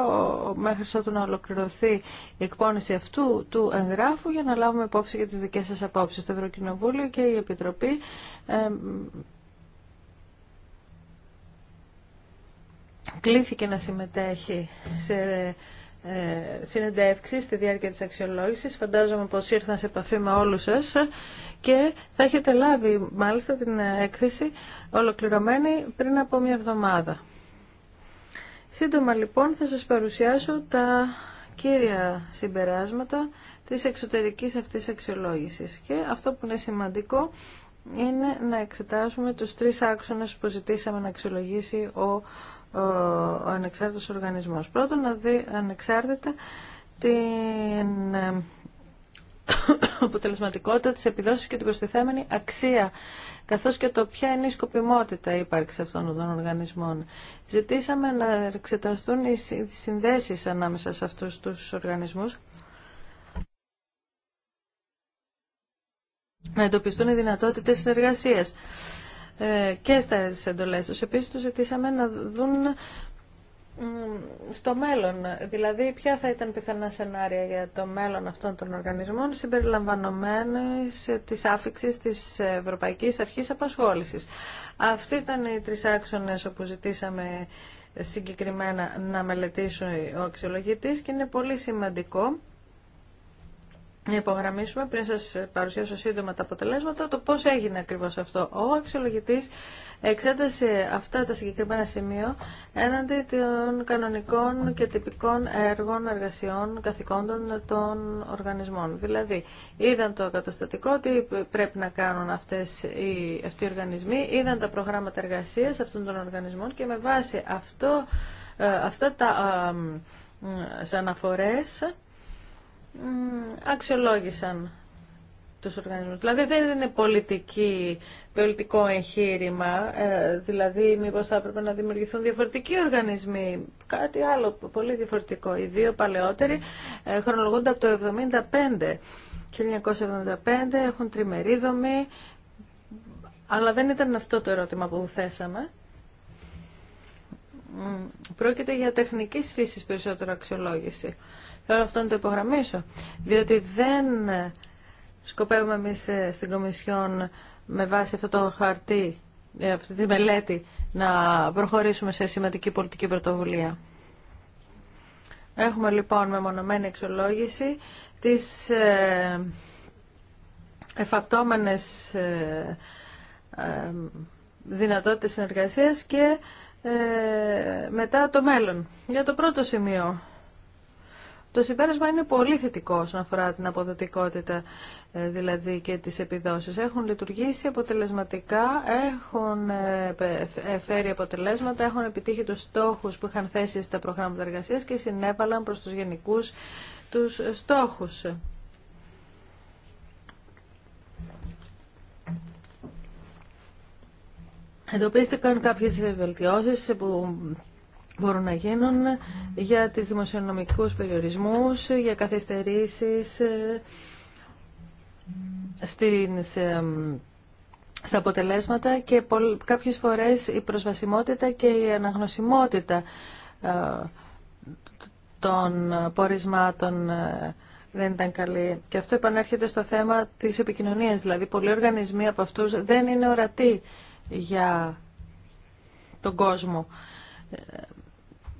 μέχρι ότου να ολοκληρωθεί η εκπόνηση αυτού του εγγράφου για να λάβουμε υπόψη για τι δικέ σα απόψει Το Ευρωκοινοβούλιο και η Επιτροπή κλήθηκε να συμμετέχει σε ε, συνεντεύξει στη διάρκεια της αξιολόγησης. Φαντάζομαι πως ήρθαν σε επαφή με όλους σας και θα έχετε λάβει μάλιστα την έκθεση ολοκληρωμένη πριν από μια εβδομάδα. Σύντομα λοιπόν θα σας παρουσιάσω τα κύρια συμπεράσματα της εξωτερικής αυτής αξιολόγησης και αυτό που είναι σημαντικό είναι να εξετάσουμε τους τρεις άξονες που ζητήσαμε να αξιολογήσει ο ο ανεξάρτητος οργανισμός. Πρώτον, να δει ανεξάρτητα την ε, αποτελεσματικότητα της επιδόσης και την προστιθέμενη αξία, καθώς και το ποια είναι η σκοπιμότητα ύπαρξη αυτών των οργανισμών. Ζητήσαμε να εξεταστούν οι συνδέσεις ανάμεσα σε αυτούς τους οργανισμούς, να εντοπιστούν οι δυνατότητες συνεργασίας. Ε, και στα εντολές τους. Επίσης τους ζητήσαμε να δουν στο μέλλον, δηλαδή ποια θα ήταν πιθανά σενάρια για το μέλλον αυτών των οργανισμών συμπεριλαμβανομένης της άφηξης της Ευρωπαϊκής Αρχής Απασχόλησης. Αυτοί ήταν οι τρεις άξονες όπου ζητήσαμε συγκεκριμένα να μελετήσουν ο αξιολογητής και είναι πολύ σημαντικό να υπογραμμίσουμε πριν σας παρουσιάσω σύντομα τα αποτελέσματα το πώς έγινε ακριβώς αυτό. Ο αξιολογητής εξέτασε αυτά τα συγκεκριμένα σημεία έναντι των κανονικών και τυπικών έργων, εργασιών, καθηκόντων των οργανισμών. Δηλαδή, είδαν το καταστατικό, τι πρέπει να κάνουν αυτές οι, αυτοί οι οργανισμοί, είδαν τα προγράμματα εργασίας αυτών των οργανισμών και με βάση αυτό, ε, αυτά τα ε, ε, αναφορές αξιολόγησαν τους οργανισμούς. Δηλαδή δεν είναι πολιτική, πολιτικό εγχείρημα, ε, δηλαδή μήπως θα έπρεπε να δημιουργηθούν διαφορετικοί οργανισμοί, κάτι άλλο πολύ διαφορετικό. Οι δύο παλαιότεροι ε, χρονολογούνται από το 1975. 1975 έχουν τριμερή δομή, αλλά δεν ήταν αυτό το ερώτημα που θέσαμε. Πρόκειται για τεχνικής φύσης περισσότερο αξιολόγηση. Θέλω αυτό να το υπογραμμίσω, διότι δεν σκοπεύουμε εμεί ε, στην Κομισιόν με βάση αυτό το χαρτί, ε, αυτή τη μελέτη, να προχωρήσουμε σε σημαντική πολιτική πρωτοβουλία. Έχουμε λοιπόν μεμονωμένη εξολόγηση της ε, εφαπτώμενες δυνατότητες συνεργασίας και μετά το μέλλον. Για το πρώτο σημείο το συμπέρασμα είναι πολύ θετικό όσον αφορά την αποδοτικότητα ε, δηλαδή και τις επιδόσεις. Έχουν λειτουργήσει αποτελεσματικά, έχουν ε, ε, φέρει αποτελέσματα, έχουν επιτύχει τους στόχους που είχαν θέσει στα προγράμματα εργασίας και συνέβαλαν προς τους γενικούς τους στόχους. Εντοπίστηκαν κάποιες βελτιώσεις που μπορούν να γίνουν για τις δημοσιονομικούς περιορισμούς, για καθυστερήσεις ε, στη ε, στα αποτελέσματα και κάποιες φορές η προσβασιμότητα και η αναγνωσιμότητα ε, των πορισμάτων δεν ήταν καλή. Και αυτό επανέρχεται στο θέμα της επικοινωνίας. Δηλαδή, πολλοί οργανισμοί από αυτούς δεν είναι ορατοί για τον κόσμο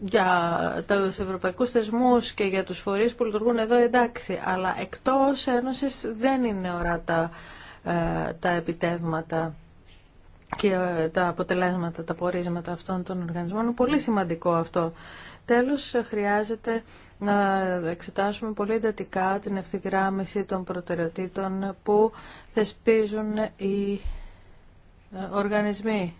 για τους ευρωπαϊκούς θεσμούς και για τους φορείς που λειτουργούν εδώ εντάξει, αλλά εκτός Ένωσης δεν είναι ορατά ε, τα επιτεύγματα και ε, τα αποτελέσματα, τα πορίσματα αυτών των οργανισμών. Είναι πολύ σημαντικό αυτό. Τέλος, χρειάζεται να εξετάσουμε πολύ εντατικά την ευθυγράμμιση των προτεραιοτήτων που θεσπίζουν οι ε, οργανισμοί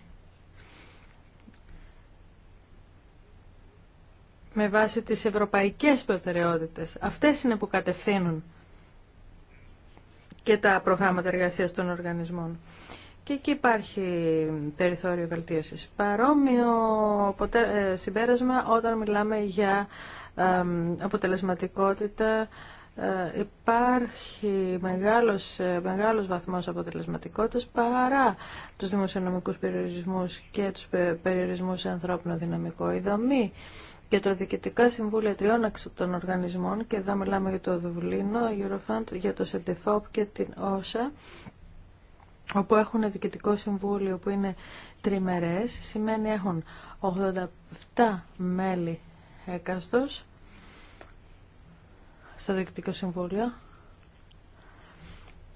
με βάση τις ευρωπαϊκές προτεραιότητες. Αυτές είναι που κατευθύνουν και τα προγράμματα εργασίας των οργανισμών. Και εκεί υπάρχει περιθώριο βελτίωσης. Παρόμοιο ε, συμπέρασμα όταν μιλάμε για αποτελεσματικότητα ε, υπάρχει μεγάλος, ε, μεγάλος βαθμός αποτελεσματικότητας παρά τους δημοσιονομικούς περιορισμούς και τους περιορισμούς σε ανθρώπινο δυναμικό. Η δομή για τα διοικητικά συμβούλια τριών των οργανισμών και εδώ μιλάμε για το Δουβλίνο, Eurofund, για το ΣΕΝΤΕΦΟΠ και την ΩΣΑ όπου έχουν διοικητικό συμβούλιο που είναι τριμερές, σημαίνει έχουν 87 μέλη έκαστος στο διοικητικό συμβούλιο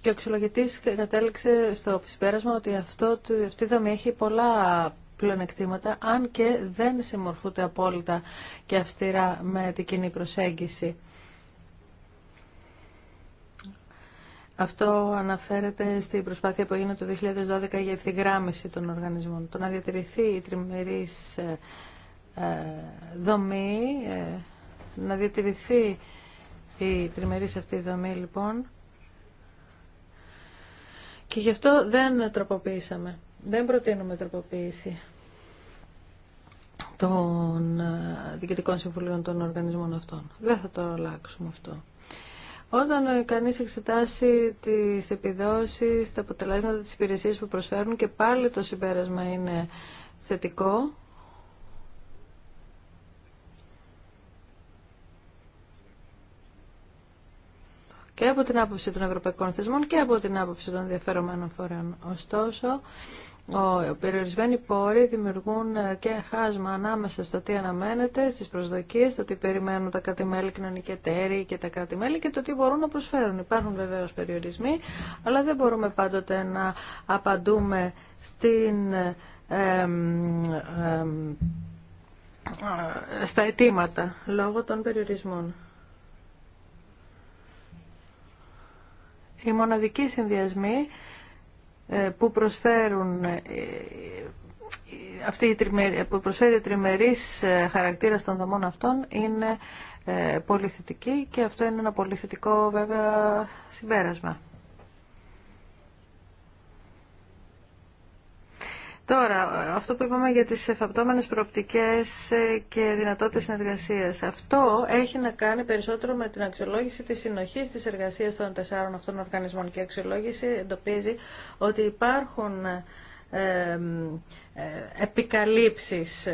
και ο αξιολογητής κατέληξε στο συμπέρασμα ότι αυτό, αυτή η δομή έχει πολλά πλεονεκτήματα, αν και δεν συμμορφούνται απόλυτα και αυστηρά με την κοινή προσέγγιση. Αυτό αναφέρεται στην προσπάθεια που έγινε το 2012 για ευθυγράμμιση των οργανισμών. Το να διατηρηθεί η τριμερής ε, ε, δομή, ε, να διατηρηθεί η τριμερής αυτή δομή λοιπόν και γι' αυτό δεν τροποποιήσαμε. Δεν προτείνουμε τροποποίηση των ε, διοικητικών συμβουλίων των οργανισμών αυτών. Δεν θα το αλλάξουμε αυτό. Όταν ε, κανείς εξετάσει τις επιδόσεις, τα αποτελέσματα της υπηρεσίας που προσφέρουν και πάλι το συμπέρασμα είναι θετικό, και από την άποψη των ευρωπαϊκών θεσμών και από την άποψη των ενδιαφερομένων φορέων. Ωστόσο, οι περιορισμένοι πόροι δημιουργούν ε, και χάσμα ανάμεσα στο τι αναμένεται, στι προσδοκίε, στο τι περιμένουν τα κράτη-μέλη, κοινωνικοί και τα κράτη-μέλη και το τι μπορούν να προσφέρουν. Υπάρχουν βεβαίω περιορισμοί, αλλά δεν μπορούμε πάντοτε να απαντούμε στην. Ε, ε, στα αιτήματα λόγω των περιορισμών. Οι μοναδικοί συνδυασμοί ε, που προσφέρουν ε, αυτή η που προσφέρει ο τριμερής ε, χαρακτήρας των δομών αυτών είναι πολυθετική και αυτό είναι ένα πολυθετικό βέβαια συμπέρασμα. Τώρα, αυτό που είπαμε για τις εφαπτώμενες προοπτικές ε, και δυνατότητες συνεργασίας. Αυτό έχει να κάνει περισσότερο με την αξιολόγηση της συνοχής της εργασίας των τεσσάρων αυτών οργανισμών και η αξιολόγηση εντοπίζει ότι υπάρχουν ε, ε, επικαλύψεις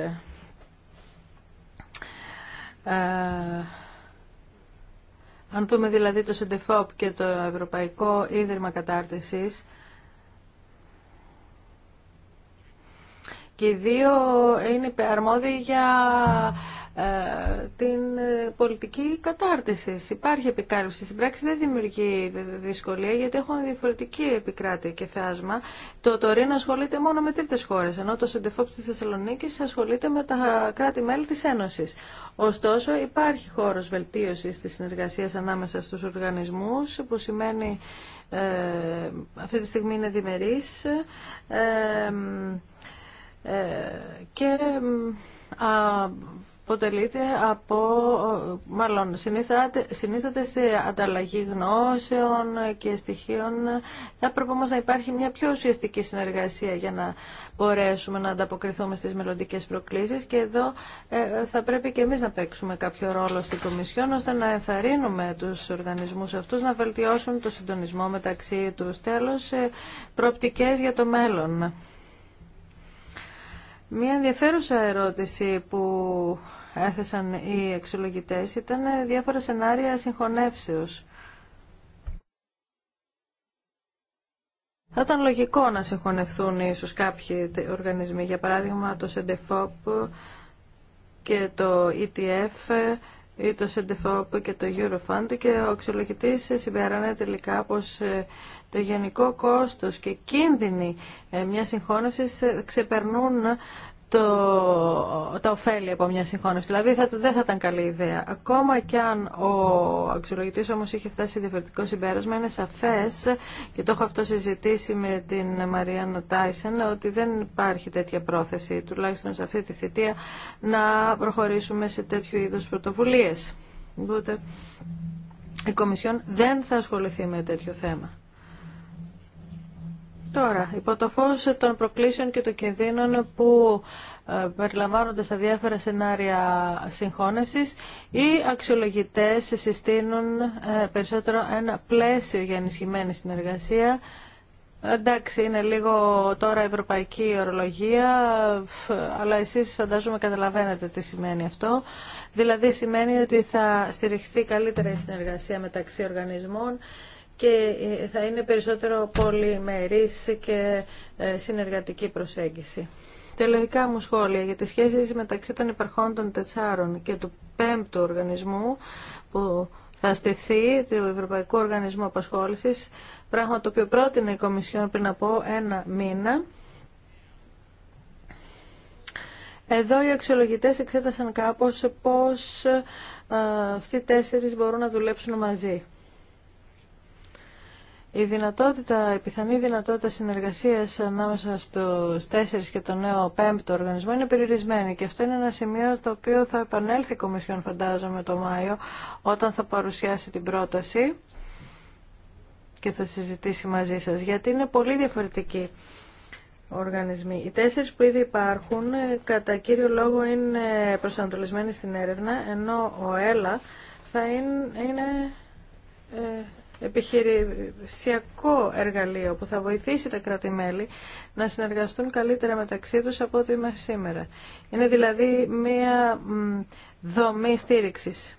αν δούμε δηλαδή το ΣΕΝΤΕΦΟΠ και το Ευρωπαϊκό Ίδρυμα Κατάρτισης, και οι δύο είναι αρμόδιοι για ε, την πολιτική κατάρτιση. Υπάρχει επικάλυψη. Στην πράξη δεν δημιουργεί δυσκολία γιατί έχουν διαφορετική επικράτη και φάσμα. Το Τωρίνο ασχολείται μόνο με τρίτε χώρε, ενώ το Σεντεφόπ τη Θεσσαλονίκη ασχολείται με τα κράτη-μέλη τη Ένωση. Ωστόσο, υπάρχει χώρο βελτίωση τη συνεργασία ανάμεσα στου οργανισμού, που σημαίνει ε, αυτή τη στιγμή είναι διμερής. Ε, ε, και αποτελείται από, μάλλον συνίσταται, σε ανταλλαγή γνώσεων και στοιχείων. Θα έπρεπε όμως να υπάρχει μια πιο ουσιαστική συνεργασία για να μπορέσουμε να ανταποκριθούμε στις μελλοντικέ προκλήσεις και εδώ ε, θα πρέπει και εμείς να παίξουμε κάποιο ρόλο στην Κομισιόν ώστε να ενθαρρύνουμε τους οργανισμούς αυτούς να βελτιώσουν το συντονισμό μεταξύ τους. Τέλος, ε, προοπτικές για το μέλλον. Μία ενδιαφέρουσα ερώτηση που έθεσαν οι αξιολογητές ήταν διάφορα σενάρια συγχωνεύσεως. Θα ήταν λογικό να συγχωνευθούν ίσως κάποιοι οργανισμοί, για παράδειγμα το ΣΕΝΤΕΦΟΠ και το ETF ή το ΣΕΝΤΕΦΟΠ και το Eurofund και ο αξιολογητής συμπεράνε τελικά πως ε, το γενικό κόστος και κίνδυνοι ε, μια συγχώνευσης ε, ξεπερνούν το, τα ωφέλη από μια συγχώνευση. Δηλαδή θα, δεν θα ήταν καλή ιδέα. Ακόμα και αν ο αξιολογητή όμω είχε φτάσει σε διαφορετικό συμπέρασμα, είναι σαφέ και το έχω αυτό συζητήσει με την Μαρία Τάισεν ότι δεν υπάρχει τέτοια πρόθεση, τουλάχιστον σε αυτή τη θητεία, να προχωρήσουμε σε τέτοιου είδου πρωτοβουλίε. Οπότε η Κομισιόν δεν θα ασχοληθεί με τέτοιο θέμα. Τώρα, υπό το φως των προκλήσεων και των κινδύνων που ε, περιλαμβάνονται στα διάφορα σενάρια συγχώνευσης, οι αξιολογητές συστήνουν ε, περισσότερο ένα πλαίσιο για ενισχυμένη συνεργασία. Εντάξει, είναι λίγο τώρα ευρωπαϊκή ορολογία, αλλά εσείς φαντάζομαι καταλαβαίνετε τι σημαίνει αυτό. Δηλαδή σημαίνει ότι θα στηριχθεί καλύτερα η συνεργασία μεταξύ οργανισμών, και ε, θα είναι περισσότερο πολυμερής και ε, συνεργατική προσέγγιση. Τελευταία μου σχόλια για τις σχέσεις μεταξύ των υπαρχών των τετσάρων και του πέμπτου οργανισμού που θα στηθεί του Ευρωπαϊκού Οργανισμού Απασχόλησης, πράγμα το οποίο πρότεινε η Κομισιόν πριν από ένα μήνα. Εδώ οι αξιολογητές εξέτασαν κάπως πώς ε, αυτοί οι τέσσερις μπορούν να δουλέψουν μαζί. Η δυνατότητα, η πιθανή δυνατότητα συνεργασίας ανάμεσα στους τέσσερις και το νέο πέμπτο οργανισμό είναι περιορισμένη και αυτό είναι ένα σημείο στο οποίο θα επανέλθει η Κομισιόν φαντάζομαι το Μάιο όταν θα παρουσιάσει την πρόταση και θα συζητήσει μαζί σας γιατί είναι πολύ διαφορετική οργανισμοί. Οι τέσσερις που ήδη υπάρχουν ε, κατά κύριο λόγο είναι προσανατολισμένοι στην έρευνα ενώ ο ΕΛΑ θα είναι, είναι επιχειρησιακό εργαλείο που θα βοηθήσει τα κράτη-μέλη να συνεργαστούν καλύτερα μεταξύ τους από ό,τι μέχρι σήμερα. Είναι δηλαδή μία δομή στήριξης.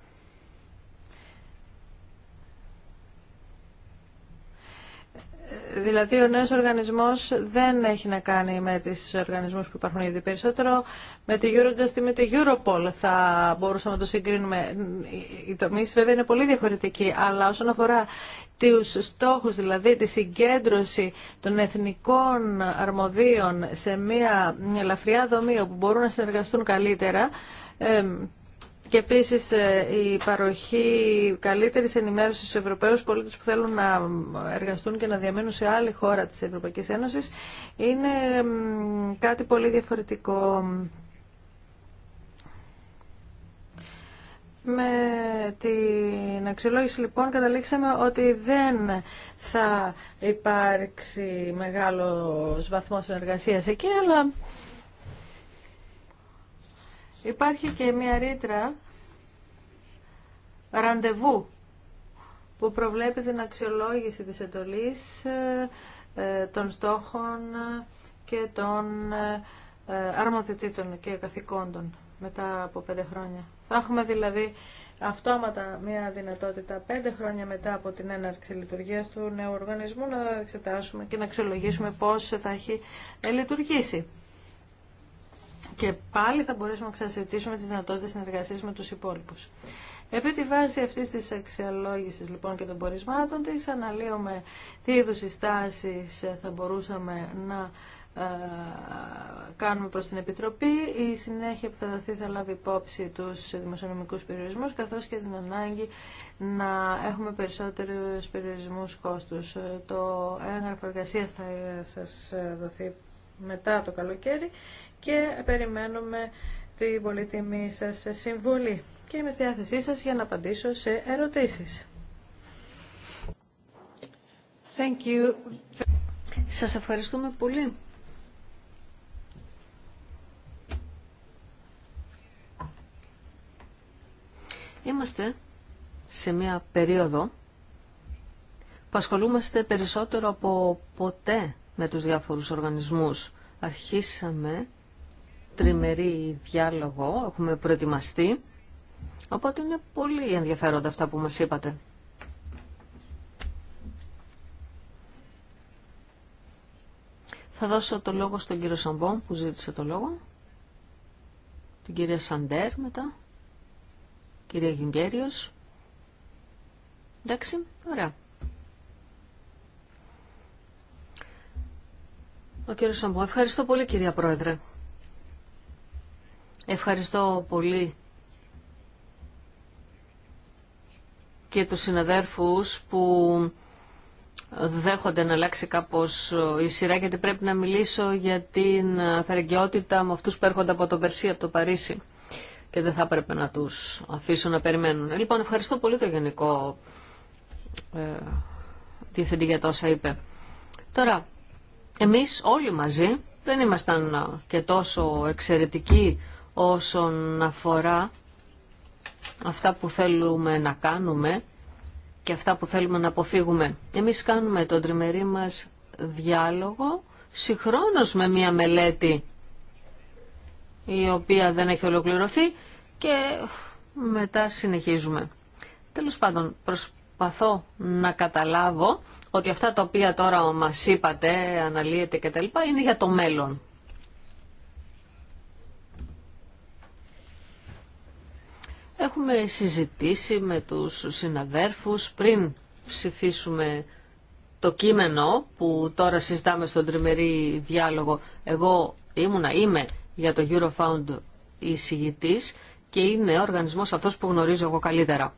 Δηλαδή ο νέος οργανισμός δεν έχει να κάνει με τις οργανισμούς που υπάρχουν ήδη περισσότερο. Με τη Eurojust ή με τη Europol θα μπορούσαμε να το συγκρίνουμε. Οι τομείς βέβαια είναι πολύ διαφορετική αλλά όσον αφορά τους στόχους, δηλαδή τη συγκέντρωση των εθνικών αρμοδίων σε μια ελαφριά δομή όπου μπορούν να συνεργαστούν καλύτερα, και επίση ε, η παροχή καλύτερης ενημέρωσης στου ευρωπαίου πολίτε που θέλουν να εργαστούν και να διαμένουν σε άλλη χώρα της Ευρωπαϊκή Ένωση είναι κάτι πολύ διαφορετικό. Με την αξιολόγηση λοιπόν καταλήξαμε ότι δεν θα υπάρξει μεγάλος βαθμός συνεργασίας εκεί, αλλά Υπάρχει και μια ρήτρα ραντεβού που προβλέπει την αξιολόγηση της εντολής ε, των στόχων και των ε, αρμοθετήτων και καθηκόντων μετά από πέντε χρόνια. Θα έχουμε δηλαδή αυτόματα μια δυνατότητα πέντε χρόνια μετά από την έναρξη λειτουργίας του νέου οργανισμού να εξετάσουμε και να αξιολογήσουμε πώς θα έχει ε, λειτουργήσει και πάλι θα μπορέσουμε να ξανασυζητήσουμε τις δυνατότητες συνεργασίας με τους υπόλοιπους. Επί τη βάση αυτή τη αξιολόγηση λοιπόν και των πορισμάτων τη, αναλύουμε τι είδου συστάσει θα μπορούσαμε να ε, κάνουμε προ την Επιτροπή. Η συνέχεια που θα δοθεί θα λάβει υπόψη του δημοσιονομικού περιορισμού, καθώ και την ανάγκη να έχουμε περισσότερου περιορισμού κόστου. Το έγγραφο εργασία θα σα δοθεί μετά το καλοκαίρι και περιμένουμε την πολύτιμή σας συμβουλή και είμαι στη διάθεσή σας για να απαντήσω σε ερωτήσεις. Thank you. Σας ευχαριστούμε πολύ. Είμαστε σε μια περίοδο που ασχολούμαστε περισσότερο από ποτέ με τους διάφορους οργανισμούς. Αρχίσαμε τριμερή διάλογο, έχουμε προετοιμαστεί, οπότε είναι πολύ ενδιαφέροντα αυτά που μας είπατε. Θα δώσω το λόγο στον κύριο Σαμπόν που ζήτησε το λόγο, την κυρία Σαντέρ μετά, κυρία Γιουγκέριος. Εντάξει, ωραία. Ο κύριος Σαμπόν, ευχαριστώ πολύ κυρία Πρόεδρε. Ευχαριστώ πολύ και τους συναδέρφους που δέχονται να αλλάξει κάπως η σειρά γιατί πρέπει να μιλήσω για την αφαιρεγγιότητα με αυτούς που έρχονται από το Περσί, από το Παρίσι και δεν θα έπρεπε να τους αφήσω να περιμένουν. Ε, λοιπόν, ευχαριστώ πολύ το Γενικό ε, Διευθυντή για τόσα είπε. Τώρα, εμείς όλοι μαζί δεν ήμασταν και τόσο εξαιρετικοί όσον αφορά αυτά που θέλουμε να κάνουμε και αυτά που θέλουμε να αποφύγουμε. Εμείς κάνουμε τον τριμερή μας διάλογο συγχρόνως με μία μελέτη η οποία δεν έχει ολοκληρωθεί και μετά συνεχίζουμε. Τέλος πάντων, προσπαθώ να καταλάβω ότι αυτά τα οποία τώρα μας είπατε, αναλύεται κτλ. είναι για το μέλλον. Έχουμε συζητήσει με τους συναδέρφους πριν ψηφίσουμε το κείμενο που τώρα συζητάμε στον τριμερή διάλογο. Εγώ ήμουνα, είμαι για το Eurofound εισηγητής και είναι ο οργανισμός αυτός που γνωρίζω εγώ καλύτερα.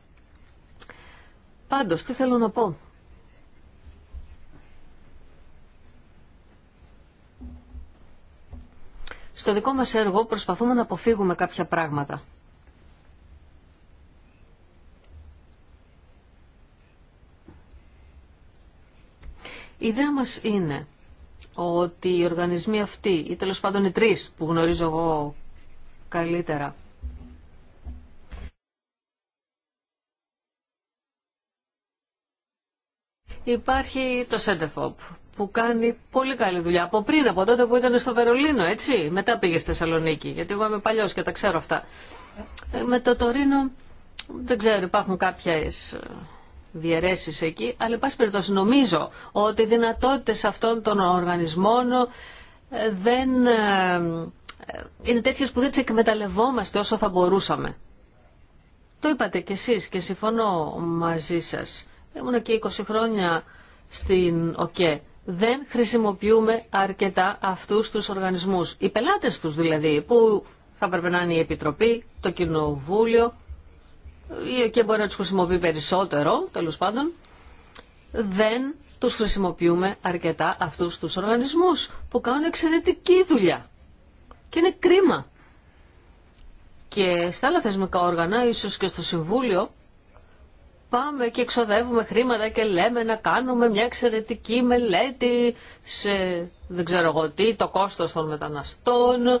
Πάντως, τι θέλω να πω. Στο δικό μας έργο προσπαθούμε να αποφύγουμε κάποια πράγματα. Η ιδέα μας είναι ότι οι οργανισμοί αυτοί, ή τέλο πάντων οι τρεις που γνωρίζω εγώ καλύτερα, Υπάρχει το Σέντεφοπ που κάνει πολύ καλή δουλειά. Από πριν, από τότε που ήταν στο Βερολίνο, έτσι. Μετά πήγε στη Θεσσαλονίκη, γιατί εγώ είμαι παλιό και τα ξέρω αυτά. Ε, με το Τωρίνο δεν ξέρω, υπάρχουν κάποιες ε, διαιρέσει εκεί, αλλά εν πάση περιπτώσει νομίζω ότι οι δυνατότητε αυτών των οργανισμών ε, δεν, ε, είναι τέτοιες που δεν τι εκμεταλλευόμαστε όσο θα μπορούσαμε. Το είπατε κι εσείς και συμφωνώ μαζί σας. Ήμουν και 20 χρόνια στην ΟΚΕ. Δεν χρησιμοποιούμε αρκετά αυτούς τους οργανισμούς. Οι πελάτες τους δηλαδή, που θα έπρεπε η Επιτροπή, το Κοινοβούλιο, ε, και μπορεί να τους χρησιμοποιεί περισσότερο, τέλος πάντων, δεν τους χρησιμοποιούμε αρκετά αυτούς τους οργανισμούς που κάνουν εξαιρετική δουλειά. Και είναι κρίμα. Και στα άλλα θεσμικά όργανα, ίσως και στο Συμβούλιο, πάμε και εξοδεύουμε χρήματα και λέμε να κάνουμε μια εξαιρετική μελέτη σε δεν ξέρω εγώ τι, το κόστος των μεταναστών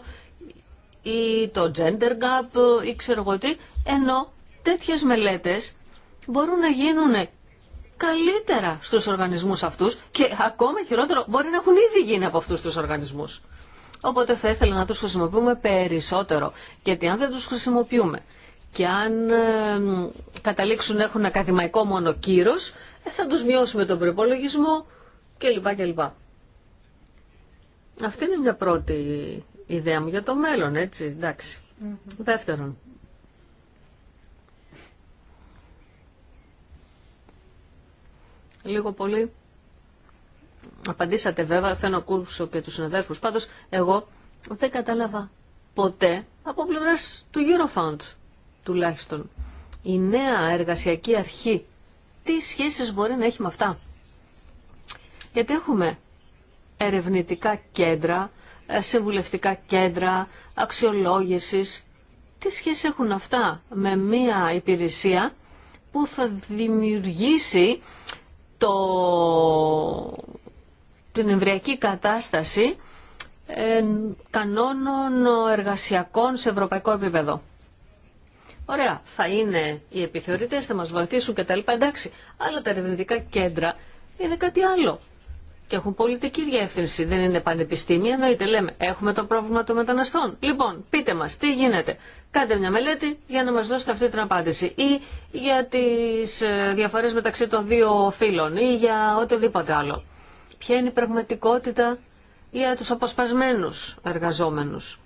ή το gender gap ή ξέρω εγώ τι, ενώ τέτοιες μελέτες μπορούν να γίνουν καλύτερα στους οργανισμούς αυτούς και ακόμα χειρότερο μπορεί να έχουν ήδη γίνει από αυτούς τους οργανισμούς. Οπότε θα ήθελα να τους χρησιμοποιούμε περισσότερο, γιατί αν δεν τους χρησιμοποιούμε και αν καταλήξουν να έχουν ακαδημαϊκό μόνο κύρος, ε, θα τους μειώσουμε τον προπολογισμό κλπ. κλπ. Αυτή είναι μια πρώτη ιδέα μου για το μέλλον, έτσι, εντάξει. Δεύτερον, λίγο πολύ απαντήσατε βέβαια, θέλω να ακούσω και τους συναδέλφους. Πάντως εγώ δεν κατάλαβα ποτέ από πλευρά του Eurofound τουλάχιστον. Η νέα εργασιακή αρχή τι σχέσεις μπορεί να έχει με αυτά. Γιατί έχουμε ερευνητικά κέντρα, συμβουλευτικά κέντρα, αξιολόγησης. Τι σχέση έχουν αυτά με μία υπηρεσία που θα δημιουργήσει το, την εμβριακή κατάσταση ε, κανόνων εργασιακών σε ευρωπαϊκό επίπεδο. Ωραία, θα είναι οι επιθεωρητές, θα μας βοηθήσουν κτλ. Εντάξει, αλλά τα ερευνητικά κέντρα είναι κάτι άλλο. Και έχουν πολιτική διεύθυνση, δεν είναι πανεπιστήμια, εννοείται. Λέμε, έχουμε το πρόβλημα των μεταναστών. Λοιπόν, πείτε μας, τι γίνεται κάντε μια μελέτη για να μας δώσετε αυτή την απάντηση ή για τις ε, διαφορές μεταξύ των δύο φύλων ή για οτιδήποτε άλλο. Ποια είναι η πραγματικότητα για τους αποσπασμένους εργαζόμενους.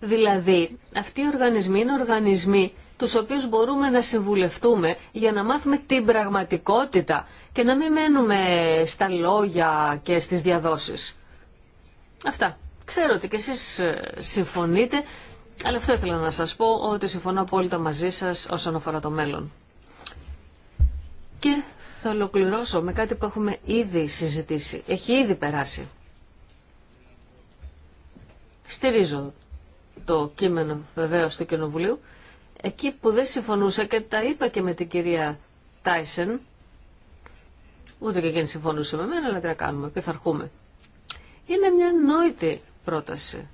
Δηλαδή, αυτοί οι οργανισμοί είναι οργανισμοί τους οποίους μπορούμε να συμβουλευτούμε για να μάθουμε την πραγματικότητα και να μην μένουμε στα λόγια και στις διαδόσεις. Αυτά. Ξέρω ότι και εσείς ε, συμφωνείτε αλλά αυτό ήθελα να σας πω ότι συμφωνώ απόλυτα μαζί σας όσον αφορά το μέλλον. Και θα ολοκληρώσω με κάτι που έχουμε ήδη συζητήσει. Έχει ήδη περάσει. Στηρίζω το κείμενο βεβαίως του Κοινοβουλίου. Εκεί που δεν συμφωνούσα και τα είπα και με την κυρία Τάισεν, ούτε και εκείνη συμφωνούσε με μένα, αλλά τι να κάνουμε, πειθαρχούμε. Είναι μια νόητη πρόταση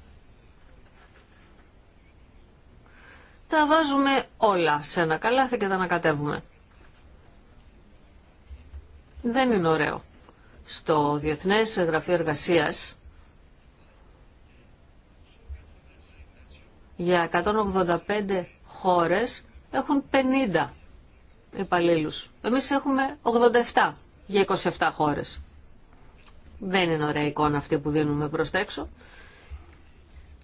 τα βάζουμε όλα σε ένα καλάθι και τα ανακατεύουμε. Δεν είναι ωραίο. Στο Διεθνές Γραφείο Εργασίας για 185 χώρες έχουν 50 υπαλλήλους. Εμείς έχουμε 87 για 27 χώρες. Δεν είναι ωραία εικόνα αυτή που δίνουμε προς τα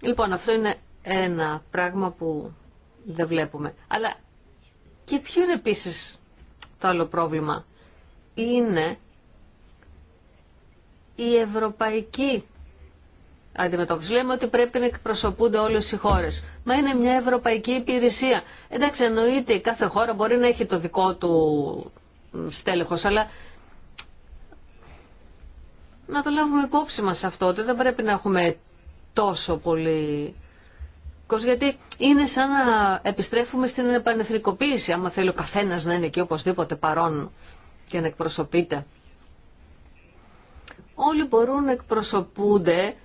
Λοιπόν, αυτό είναι ένα πράγμα που δεν βλέπουμε. Αλλά και ποιο είναι επίσης το άλλο πρόβλημα. Είναι η ευρωπαϊκή αντιμετώπιση. Λέμε ότι πρέπει να εκπροσωπούνται όλες οι χώρες. Μα είναι μια ευρωπαϊκή υπηρεσία. Εντάξει, εννοείται κάθε χώρα μπορεί να έχει το δικό του στέλεχος, αλλά να το λάβουμε υπόψη μας αυτό, ότι δεν πρέπει να έχουμε τόσο πολύ γιατί είναι σαν να επιστρέφουμε στην επανεθνικοποίηση, άμα θέλει ο καθένα να είναι εκεί οπωσδήποτε παρόν και να εκπροσωπείται. Όλοι μπορούν να εκπροσωπούνται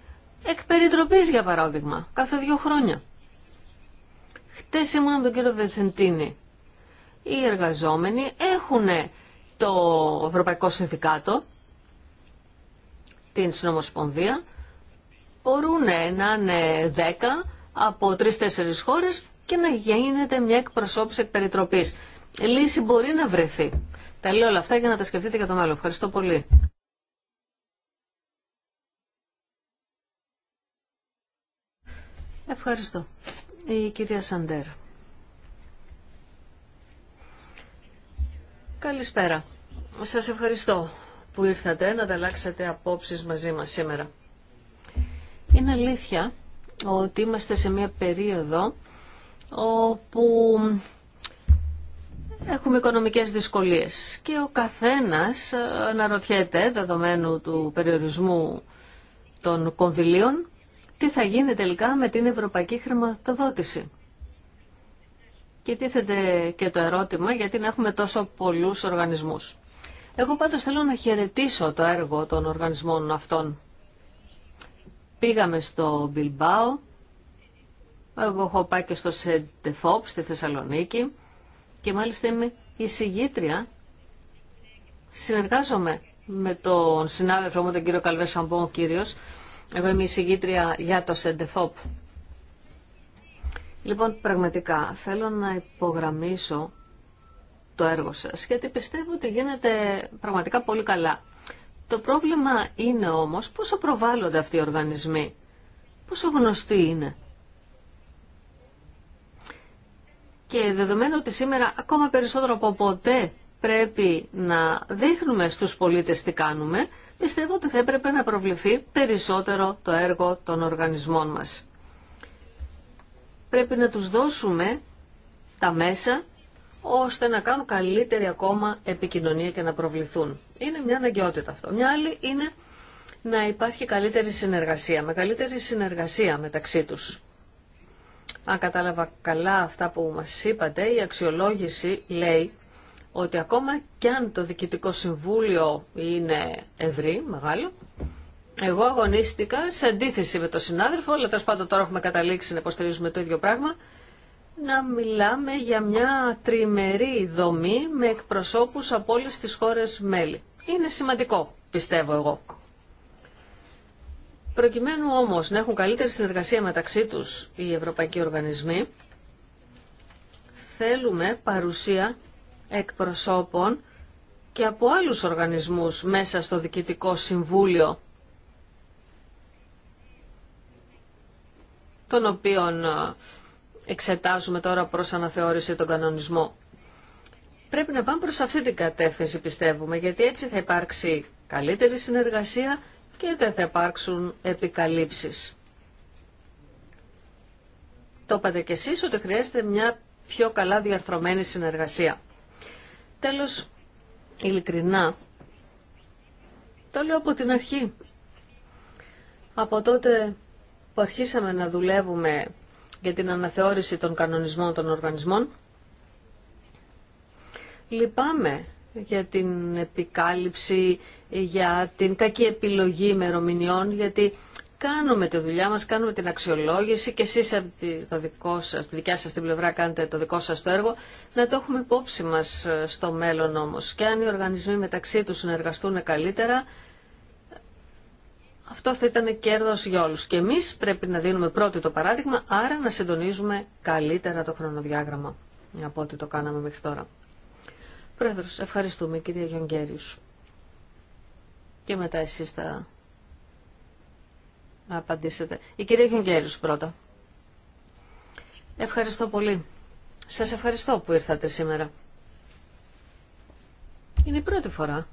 εκ περιτροπής, για παράδειγμα, κάθε δύο χρόνια. Χτες ήμουν με τον κύριο Βεζεντίνη. Οι εργαζόμενοι έχουν το Ευρωπαϊκό Συνδικάτο, την Συνομοσπονδία, μπορούν να είναι 10, από τρει-τέσσερι χώρε και να γίνεται μια εκπροσώπηση εκ Λύση μπορεί να βρεθεί. Τα λέω όλα αυτά για να τα σκεφτείτε για το μέλλον. Ευχαριστώ πολύ. Ευχαριστώ. Η κυρία Σαντέρ. Καλησπέρα. Σας ευχαριστώ που ήρθατε να ανταλλάξετε απόψεις μαζί μας σήμερα. Είναι αλήθεια ότι είμαστε σε μια περίοδο όπου έχουμε οικονομικές δυσκολίες και ο καθένας αναρωτιέται δεδομένου του περιορισμού των κονδυλίων τι θα γίνει τελικά με την ευρωπαϊκή χρηματοδότηση. Και τίθεται και το ερώτημα γιατί να έχουμε τόσο πολλούς οργανισμούς. Εγώ πάντως θέλω να χαιρετήσω το έργο των οργανισμών αυτών Πήγαμε στο Μπιλμπάο, εγώ έχω πάει και στο ΣΕΝΤΕΦΟΠ στη Θεσσαλονίκη και μάλιστα είμαι εισηγήτρια. Συνεργάζομαι με τον συνάδελφό μου, τον κύριο Καλβέ Σαμπόν κύριος. Εγώ είμαι εισηγήτρια για το ΣΕΝΤΕΦΟΠ. Λοιπόν, πραγματικά θέλω να υπογραμμίσω το έργο σας, γιατί πιστεύω ότι γίνεται πραγματικά πολύ καλά. Το πρόβλημα είναι όμως πόσο προβάλλονται αυτοί οι οργανισμοί, πόσο γνωστοί είναι. Και δεδομένου ότι σήμερα ακόμα περισσότερο από ποτέ πρέπει να δείχνουμε στους πολίτες τι κάνουμε, πιστεύω ότι θα έπρεπε να προβληθεί περισσότερο το έργο των οργανισμών μας. Πρέπει να τους δώσουμε τα μέσα ώστε να κάνουν καλύτερη ακόμα επικοινωνία και να προβληθούν. Είναι μια αναγκαιότητα αυτό. Μια άλλη είναι να υπάρχει καλύτερη συνεργασία, με καλύτερη συνεργασία μεταξύ τους. Αν κατάλαβα καλά αυτά που μας είπατε, η αξιολόγηση λέει ότι ακόμα κι αν το Διοικητικό Συμβούλιο είναι ευρύ, μεγάλο, εγώ αγωνίστηκα σε αντίθεση με τον συνάδελφο, αλλά τέλο πάντων τώρα έχουμε καταλήξει να υποστηρίζουμε το ίδιο πράγμα, να μιλάμε για μια τριμερή δομή με εκπροσώπους από όλες τις χώρες μέλη. Είναι σημαντικό, πιστεύω εγώ. Προκειμένου όμως να έχουν καλύτερη συνεργασία μεταξύ τους οι ευρωπαϊκοί οργανισμοί, θέλουμε παρουσία εκπροσώπων και από άλλους οργανισμούς μέσα στο Διοικητικό Συμβούλιο, των οποίων ε, εξετάζουμε τώρα προς αναθεώρηση τον κανονισμό. Πρέπει να πάμε προς αυτή την κατεύθυνση πιστεύουμε, γιατί έτσι θα υπάρξει καλύτερη συνεργασία και δεν θα υπάρξουν επικαλύψεις. Το είπατε και εσείς ότι χρειάζεται μια πιο καλά διαρθρωμένη συνεργασία. Τέλος, ειλικρινά, το λέω από την αρχή. Από τότε που αρχίσαμε να δουλεύουμε για την αναθεώρηση των κανονισμών των οργανισμών. Λυπάμαι για την επικάλυψη, για την κακή επιλογή ημερομηνιών, γιατί κάνουμε τη δουλειά μας, κάνουμε την αξιολόγηση και εσείς από τη, το δικό σας, τη δικιά σας την πλευρά κάνετε το δικό σας το έργο, να το έχουμε υπόψη μας ε, στο μέλλον όμως. Και αν οι οργανισμοί μεταξύ τους συνεργαστούν καλύτερα, αυτό θα ήταν κέρδος για όλους. Και εμείς πρέπει να δίνουμε πρώτοι το παράδειγμα, άρα να συντονίζουμε καλύτερα το χρονοδιάγραμμα από ό,τι το κάναμε μέχρι τώρα. Πρόεδρος, ευχαριστούμε κυρία Γιονγκέριους. Και μετά εσείς θα απαντήσετε. Η κυρία Γιονγκέριους πρώτα. Ευχαριστώ πολύ. Σας ευχαριστώ που ήρθατε σήμερα. Είναι η πρώτη φορά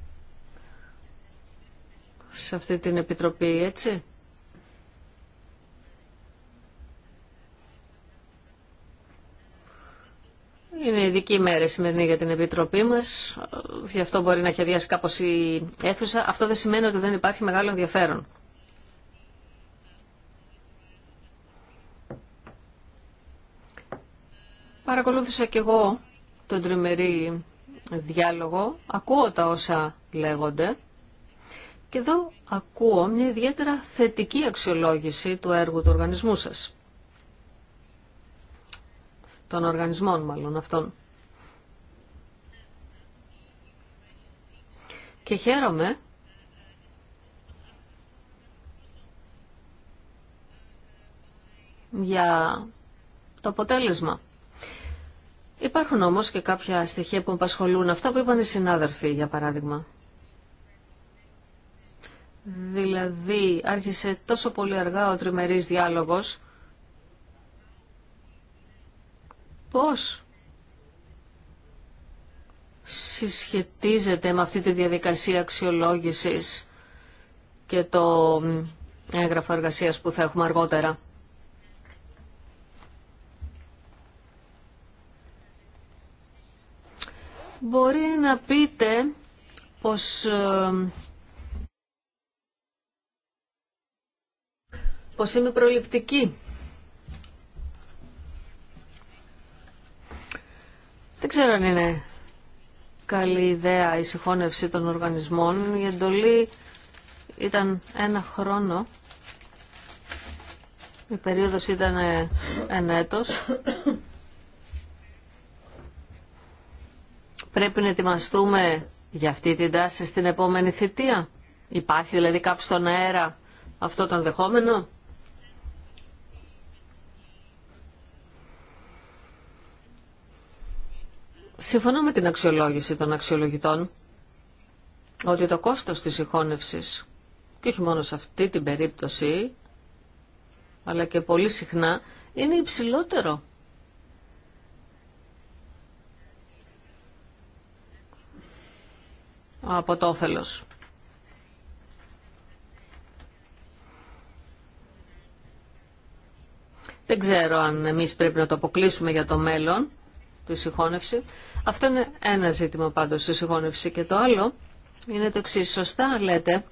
σε αυτή την επιτροπή, έτσι. Είναι ειδική μέρα σημερινή για την Επιτροπή μας. Γι' αυτό μπορεί να έχει αδειάσει κάπω η αίθουσα. Αυτό δεν σημαίνει ότι δεν υπάρχει μεγάλο ενδιαφέρον. Παρακολούθησα κι εγώ τον τριμερή διάλογο. Ακούω τα όσα λέγονται. Και εδώ ακούω μια ιδιαίτερα θετική αξιολόγηση του έργου του οργανισμού σας. Των οργανισμών μάλλον αυτών. Και χαίρομαι για το αποτέλεσμα. Υπάρχουν όμως και κάποια στοιχεία που απασχολούν αυτά που είπαν οι συνάδελφοι, για παράδειγμα. Δηλαδή άρχισε τόσο πολύ αργά ο τριμερής διάλογος. Πώς συσχετίζεται με αυτή τη διαδικασία αξιολόγησης και το έγγραφο εργασίας που θα έχουμε αργότερα. Μπορεί να πείτε πως ε, πως είμαι προληπτική. Δεν ξέρω αν είναι καλή ιδέα η συγχώνευση των οργανισμών. Η εντολή ήταν ένα χρόνο. Η περίοδος ήταν ε, ένα έτος. Πρέπει να ετοιμαστούμε για αυτή την τάση στην επόμενη θητεία. Υπάρχει δηλαδή κάποιο στον αέρα αυτό το δεχόμενο. Συμφωνώ με την αξιολόγηση των αξιολογητών ότι το κόστος της συγχώνευσης και όχι μόνο σε αυτή την περίπτωση αλλά και πολύ συχνά είναι υψηλότερο από το όφελος. Δεν ξέρω αν εμείς πρέπει να το αποκλείσουμε για το μέλλον, του συγχώνευση. Αυτό είναι ένα ζήτημα πάντως στη συγχώνευση. Και το άλλο είναι το εξή. Σωστά λέτε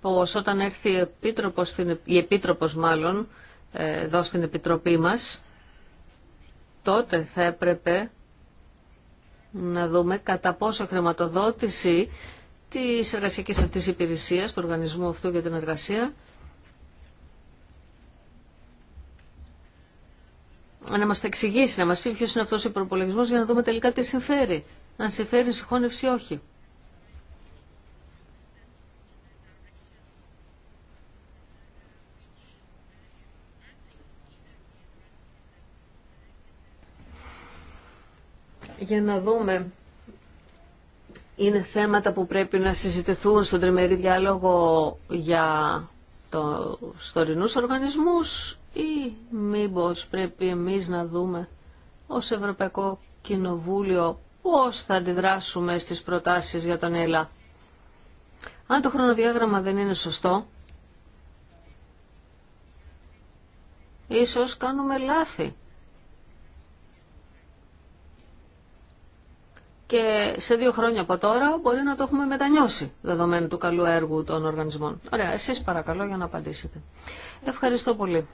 πως όταν έρθει η Επίτροπος, η Επίτροπος μάλλον ε, εδώ στην Επιτροπή μας, τότε θα έπρεπε να δούμε κατά πόσο χρηματοδότηση της εργασιακή αυτή υπηρεσία, του οργανισμού αυτού για την εργασία, να μας τα εξηγήσει, να μας πει ποιος είναι αυτός ο προπολογισμός για να δούμε τελικά τι συμφέρει. Αν συμφέρει συγχώνευση ή όχι. Για να δούμε. Είναι θέματα που πρέπει να συζητηθούν στον τριμερή διάλογο για το στορινούς οργανισμούς ή μήπως πρέπει εμείς να δούμε ως Ευρωπαϊκό Κοινοβούλιο πώς θα αντιδράσουμε στις προτάσεις για τον ΕΛΑ. Αν το χρονοδιάγραμμα δεν είναι σωστό, ίσως κάνουμε λάθη. Και σε δύο χρόνια από τώρα μπορεί να το έχουμε μετανιώσει, δεδομένου του καλού έργου των οργανισμών. Ωραία, εσείς παρακαλώ για να απαντήσετε. Ευχαριστώ πολύ.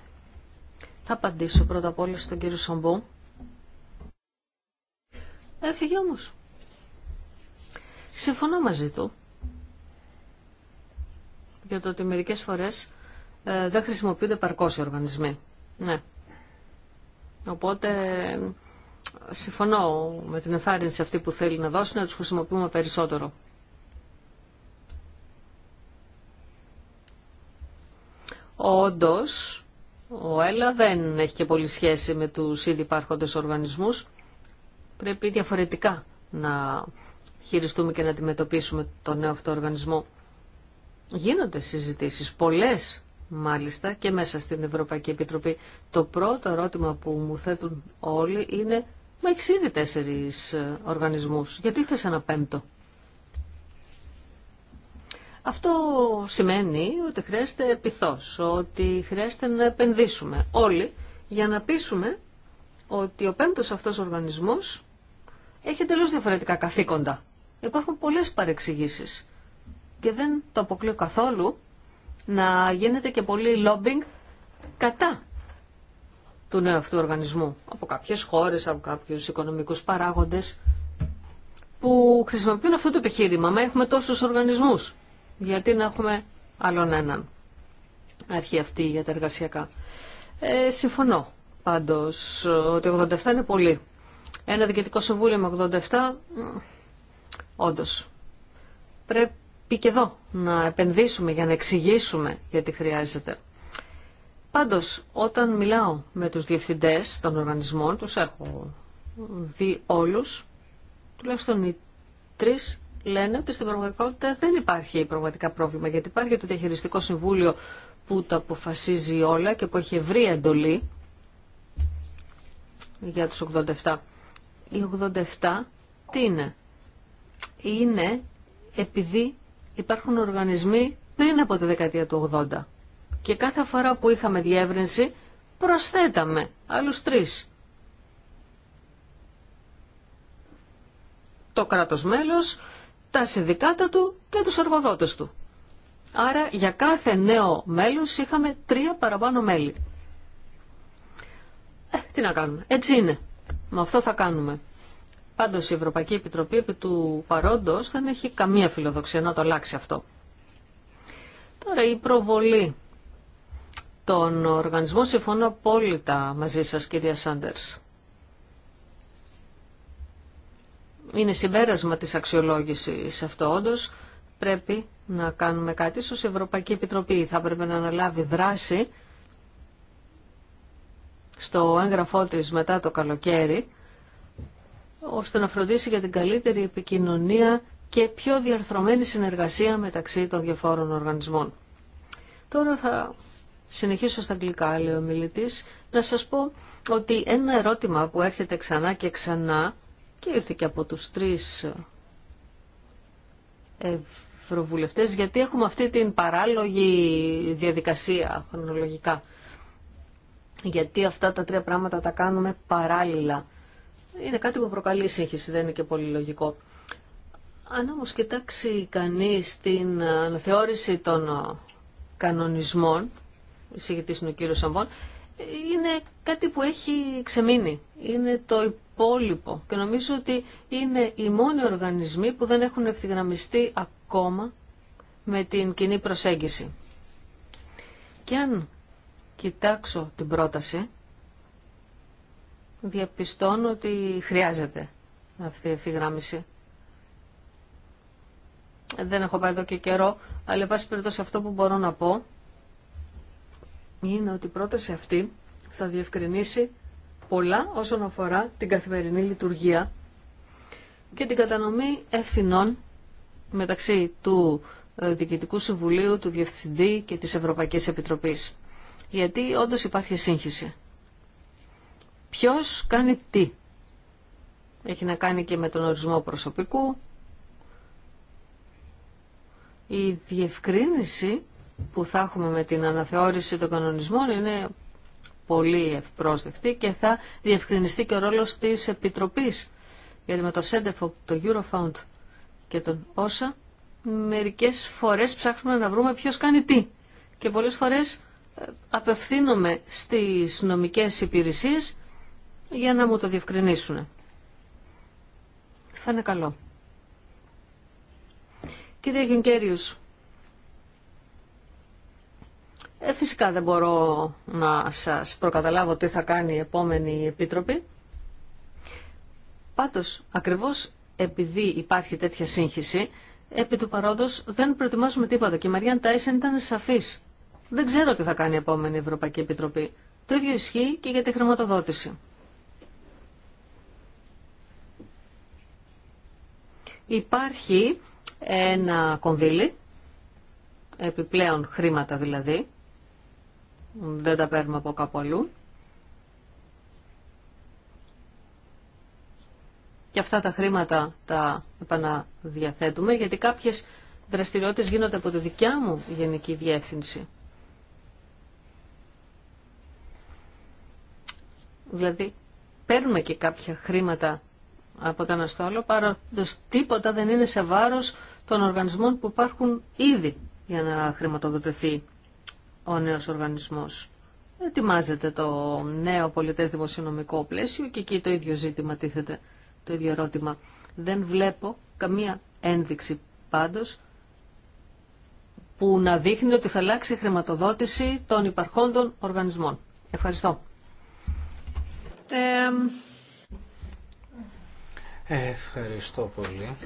Θα απαντήσω πρώτα απ' όλα στον κύριο Σαμπό. Έφυγε όμως. Συμφωνώ μαζί του για το ότι μερικές φορές ε, δεν χρησιμοποιούνται παρκώς οι οργανισμοί. Ναι. Οπότε συμφωνώ με την ενθάρρυνση αυτή που θέλει να δώσει να τους χρησιμοποιούμε περισσότερο. Όντως, ο ΕΛΑ δεν έχει και πολύ σχέση με τους ήδη υπάρχοντες οργανισμούς. Πρέπει διαφορετικά να χειριστούμε και να αντιμετωπίσουμε τον νέο αυτό οργανισμό. Γίνονται συζητήσεις, πολλές μάλιστα και μέσα στην Ευρωπαϊκή Επιτροπή. Το πρώτο ερώτημα που μου θέτουν όλοι είναι με έχεις ήδη τέσσερις ε, οργανισμούς, γιατί θες ένα πέμπτο» Αυτό σημαίνει ότι χρειάζεται επιθός, ότι χρειάζεται να επενδύσουμε όλοι για να πείσουμε ότι ο πέμπτος αυτός οργανισμός έχει εντελώ διαφορετικά καθήκοντα. Υπάρχουν πολλές παρεξηγήσεις και δεν το αποκλείω καθόλου να γίνεται και πολύ lobbying κατά του νέου αυτού οργανισμού από κάποιες χώρες, από κάποιους οικονομικούς παράγοντες που χρησιμοποιούν αυτό το επιχείρημα. Μα έχουμε τόσους οργανισμούς. Γιατί να έχουμε άλλον έναν αρχή αυτή για τα εργασιακά. Ε, συμφωνώ πάντως ότι 87 είναι πολύ. Ένα διοικητικό συμβούλιο με 87, όντω. πρέπει και εδώ να επενδύσουμε για να εξηγήσουμε γιατί χρειάζεται. Πάντως, όταν μιλάω με τους διευθυντές των οργανισμών, τους έχω δει όλους, τουλάχιστον οι τρεις λένε ότι στην πραγματικότητα δεν υπάρχει πραγματικά πρόβλημα, γιατί υπάρχει το διαχειριστικό συμβούλιο που τα αποφασίζει όλα και που έχει ευρύ εντολή για τους 87. Οι 87 τι είναι. Είναι επειδή υπάρχουν οργανισμοί πριν από τη δεκαετία του 80. Και κάθε φορά που είχαμε διεύρυνση προσθέταμε άλλους τρεις. Το κράτος μέλος, τα συνδικάτα του και τους εργοδότες του. Άρα για κάθε νέο μέλος είχαμε τρία παραπάνω μέλη. Ε, τι να κάνουμε. Έτσι είναι. Με αυτό θα κάνουμε. Πάντως η Ευρωπαϊκή Επιτροπή επί του παρόντος δεν έχει καμία φιλοδοξία να το αλλάξει αυτό. Τώρα η προβολή των οργανισμών συμφωνώ απόλυτα μαζί σας κυρία Σάντερς. είναι συμπέρασμα της αξιολόγησης αυτό όντω. πρέπει να κάνουμε κάτι. Ίσως η Ευρωπαϊκή Επιτροπή θα πρέπει να αναλάβει δράση στο έγγραφό της μετά το καλοκαίρι, ώστε να φροντίσει για την καλύτερη επικοινωνία και πιο διαρθρωμένη συνεργασία μεταξύ των διαφόρων οργανισμών. Τώρα θα συνεχίσω στα αγγλικά, λέει ο μιλητής, να σας πω ότι ένα ερώτημα που έρχεται ξανά και ξανά και ήρθε και από τους τρεις ευρωβουλευτές γιατί έχουμε αυτή την παράλογη διαδικασία χρονολογικά. Γιατί αυτά τα τρία πράγματα τα κάνουμε παράλληλα. Είναι κάτι που προκαλεί σύγχυση, δεν είναι και πολύ λογικό. Αν όμως κοιτάξει κανείς την αναθεώρηση των κανονισμών, εισηγητής είναι ο κύριος είναι κάτι που έχει ξεμείνει. Είναι το και νομίζω ότι είναι οι μόνοι οργανισμοί που δεν έχουν ευθυγραμμιστεί ακόμα με την κοινή προσέγγιση. Και αν κοιτάξω την πρόταση, διαπιστώνω ότι χρειάζεται αυτή η ευθυγράμμιση. Δεν έχω πάει εδώ και καιρό, αλλά εν πάση περιπτώσει αυτό που μπορώ να πω είναι ότι η πρόταση αυτή θα διευκρινίσει πολλά όσον αφορά την καθημερινή λειτουργία και την κατανομή ευθυνών μεταξύ του ε, Διοικητικού Συμβουλίου, του Διευθυντή και της Ευρωπαϊκής Επιτροπής. Γιατί όντως υπάρχει σύγχυση. Ποιος κάνει τι. Έχει να κάνει και με τον ορισμό προσωπικού. Η διευκρίνηση που θα έχουμε με την αναθεώρηση των κανονισμών είναι πολύ ευπρόσδεκτη και θα διευκρινιστεί και ο ρόλος της Επιτροπής. Γιατί με το ΣΕΝΤΕΦΟ, το Eurofound και τον Όσα. μερικές φορές ψάχνουμε να βρούμε ποιος κάνει τι. Και πολλές φορές ε, απευθύνομαι στις νομικές υπηρεσίες για να μου το διευκρινίσουν. Θα είναι καλό. Κύριε Γιονκέριους, ε, φυσικά δεν μπορώ να σας προκαταλάβω τι θα κάνει η επόμενη Επίτροπη. Πάντως, ακριβώς επειδή υπάρχει τέτοια σύγχυση, επί του παρόντος δεν προετοιμάζουμε τίποτα. Και η Μαριάν Τάισεν ήταν σαφής. Δεν ξέρω τι θα κάνει η επόμενη Ευρωπαϊκή Επιτροπή. Το ίδιο ισχύει και για τη χρηματοδότηση. Υπάρχει ένα κονδύλι, επιπλέον χρήματα δηλαδή, δεν τα παίρνουμε από κάπου αλλού. Και αυτά τα χρήματα τα επαναδιαθέτουμε γιατί κάποιες δραστηριότητες γίνονται από τη δικιά μου γενική διεύθυνση. Δηλαδή, παίρνουμε και κάποια χρήματα από τον αστόλο, το τίποτα δεν είναι σε βάρος των οργανισμών που υπάρχουν ήδη για να χρηματοδοτηθεί ο νέος οργανισμός. Ετοιμάζεται το νέο πολιτές δημοσιονομικό πλαίσιο και εκεί το ίδιο ζήτημα τίθεται, το ίδιο ερώτημα. Δεν βλέπω καμία ένδειξη πάντως που να δείχνει ότι θα αλλάξει η χρηματοδότηση των υπαρχόντων οργανισμών. Ευχαριστώ. Ε, ευχαριστώ πολύ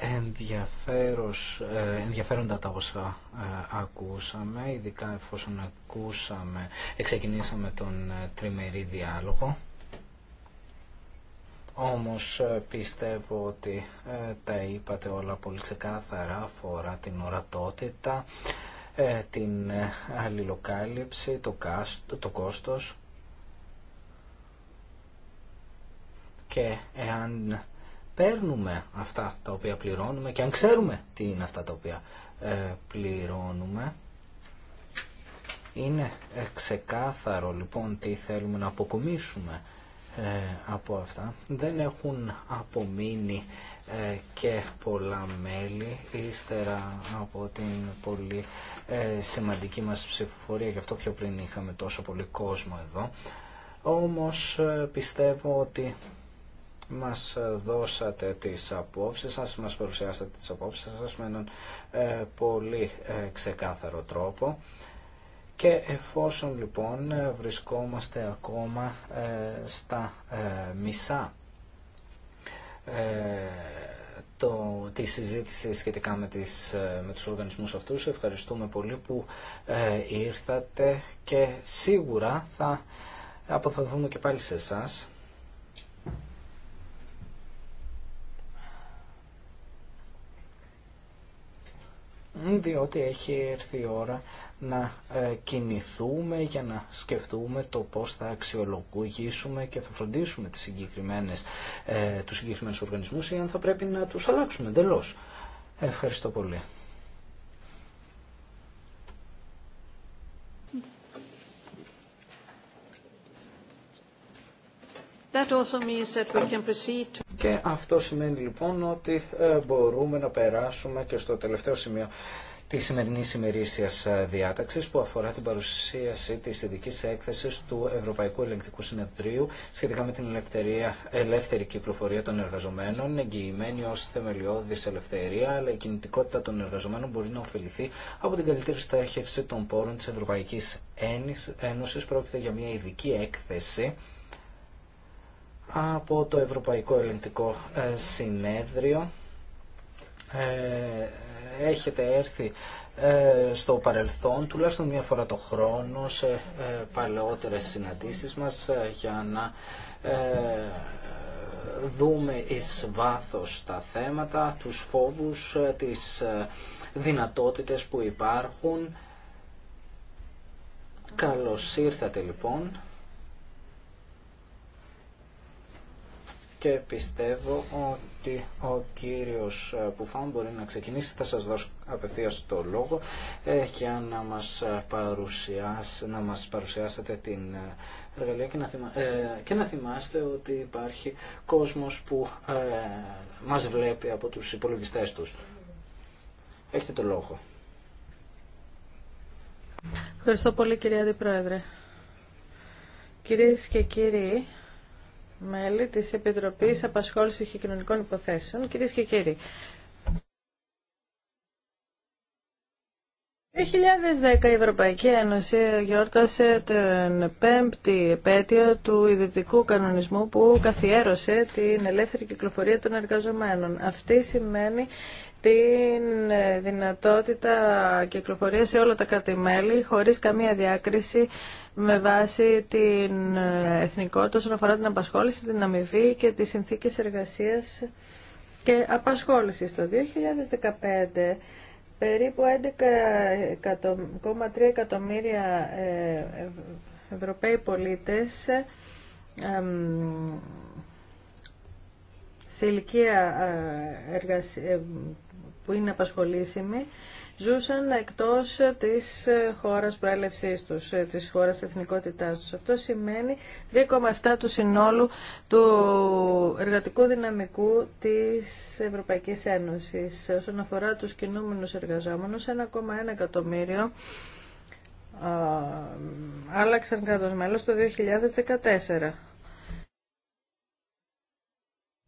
ενδιαφέρος, ε, ενδιαφέροντα τα όσα ε, ακούσαμε, ειδικά εφόσον ακούσαμε, εξεκινήσαμε τον ε, τριμερή διάλογο. Όμως πιστεύω ότι τα είπατε όλα πολύ ξεκάθαρα, αφορά την ορατότητα, την αλληλοκάλυψη, το, κάστο, το κόστος και εάν παίρνουμε αυτά τα οποία πληρώνουμε και αν ξέρουμε τι είναι αυτά τα οποία ε, πληρώνουμε. Είναι ε, ξεκάθαρο λοιπόν τι θέλουμε να αποκομίσουμε ε, από αυτά. Δεν έχουν απομείνει και πολλά μέλη ύστερα από την πολύ σημαντική μας ψηφοφορία. Γι' αυτό πιο πριν είχαμε τόσο πολύ κόσμο εδώ. Όμως πιστεύω ότι μας δώσατε τις απόψεις σας, μας παρουσιάσατε τις απόψεις σας με έναν ε, πολύ ε, ξεκάθαρο τρόπο. Και εφόσον λοιπόν ε, βρισκόμαστε ακόμα στα μισά το, τη συζήτηση σχετικά με, τις, με τους οργανισμούς αυτούς. Ευχαριστούμε πολύ που ήρθατε και σίγουρα θα αποθεθούμε και πάλι σε εσάς. διότι έχει έρθει η ώρα να ε, κινηθούμε για να σκεφτούμε το πώς θα αξιολογήσουμε και θα φροντίσουμε τις συγκεκριμένες, ε, τους συγκεκριμένους οργανισμούς ή αν θα πρέπει να τους αλλάξουμε εντελώ. Ευχαριστώ πολύ. Και αυτό σημαίνει λοιπόν ότι ε, μπορούμε να περάσουμε και στο τελευταίο σημείο τη σημερινή ημερήσια ε, διάταξη που αφορά την παρουσίαση τη ειδική έκθεση του Ευρωπαϊκού Ελεγκτικού Συνεδρίου σχετικά με την ελευθερία, ελεύθερη κυκλοφορία των εργαζομένων, εγγυημένη ω θεμελιώδη ελευθερία, αλλά η κινητικότητα των εργαζομένων μπορεί να ωφεληθεί από την καλύτερη στέχευση των πόρων τη Ευρωπαϊκή Ένωση. Πρόκειται για μια ειδική έκθεση από το Ευρωπαϊκό Ελληνικό ε, Συνέδριο. Ε, έχετε έρθει ε, στο παρελθόν, τουλάχιστον μία φορά το χρόνο, σε παλαιότερες συναντήσεις μας για να δούμε εις βάθος τα θέματα, τους φόβους, τις δυνατότητες που υπάρχουν. Καλώς ήρθατε λοιπόν. και πιστεύω ότι ο κύριος ε, Πουφάν μπορεί να ξεκινήσει. Θα σας δώσω απευθείας το λόγο για να μας, ε, παρουσιάσει, να μας παρουσιάσετε την ε, εργαλεία και να, θυμάστε ότι υπάρχει κόσμος που ε, μας βλέπει από τους υπολογιστές τους. Έχετε το λόγο. Ευχαριστώ πολύ κυρία Αντιπρόεδρε. Κυρίες και κύριοι, μέλη τη επιτροπή απασχόληση και Κοινωνικών Υποθέσεων, Κυρίε και κύριοι. Το 2010 η Ευρωπαϊκή Ένωση γιόρτασε την πέμπτη επέτειο του ιδιωτικού κανονισμού που καθιέρωσε την ελεύθερη κυκλοφορία των εργαζομένων. Αυτή σημαίνει την ε, δυνατότητα κυκλοφορία σε όλα τα κράτη-μέλη χωρίς καμία διάκριση με βάση την ε, εθνικότητα όσον αφορά την απασχόληση, την αμοιβή και τις συνθήκες εργασίας και απασχόλησης. Το 2015 περίπου 11,3 εκατομμύρια ε, Ευρωπαίοι πολίτες σε ηλικία που είναι απασχολήσιμοι ζούσαν εκτός της ε, χώρας προέλευσής τους, ε, της χώρας εθνικότητάς τους. Αυτό σημαίνει 2,7 του συνόλου του εργατικού δυναμικού της Ευρωπαϊκής Ένωσης. Όσον αφορά τους κινούμενους εργαζόμενους, 1,1 εκατομμύριο άλλαξαν κάτω μέλος το 2014.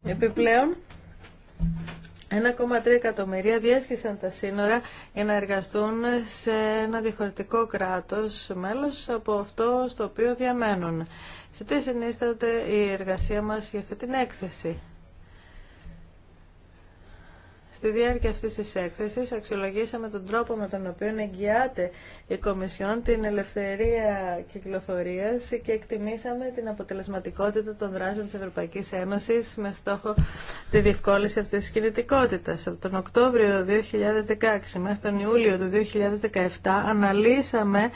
Επιπλέον, 1,3 εκατομμυρία διέσχισαν τα σύνορα για να εργαστούν σε ένα διαφορετικό κράτος μέλος από αυτό στο οποίο διαμένουν. Σε τι συνίσταται η εργασία μας για αυτή την έκθεση. Στη διάρκεια αυτής της έκθεσης αξιολογήσαμε τον τρόπο με τον οποίο εγγυάται η Κομισιόν την ελευθερία κυκλοφορίας και εκτιμήσαμε την αποτελεσματικότητα των δράσεων της Ευρωπαϊκής Ένωσης με στόχο τη διευκόλυνση αυτής της κινητικότητας. Από τον Οκτώβριο 2016 μέχρι τον Ιούλιο του 2017 αναλύσαμε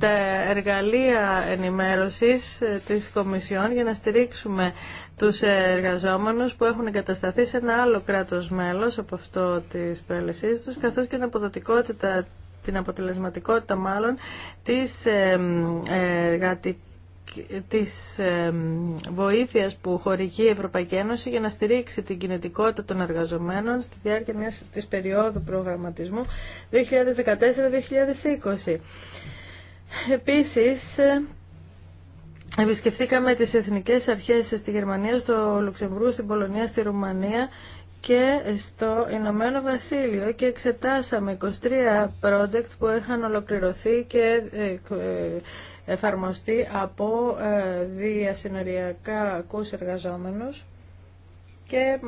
τα εργαλεία ενημέρωσης ε, της Κομισιόν για να στηρίξουμε τους εργαζόμενους που έχουν εγκατασταθεί σε ένα άλλο κράτος μέλος από αυτό της πρέλεσης τους, καθώς και την αποδοτικότητα, την αποτελεσματικότητα μάλλον, της ε, ε, εργατικής της βοήθειας που χορηγεί η Ευρωπαϊκή Ένωση για να στηρίξει την κινητικότητα των εργαζομένων στη διάρκεια μιας της περίοδου προγραμματισμού 2014-2020. Επίσης, επισκεφθήκαμε τις εθνικές αρχές στη Γερμανία, στο Λουξεμβρού, στην Πολωνία, στη Ρουμανία και στο Ηνωμένο Βασίλειο και εξετάσαμε 23 project που είχαν ολοκληρωθεί και ε, ε, εφαρμοστεί από ε, ακούς εργαζόμενους και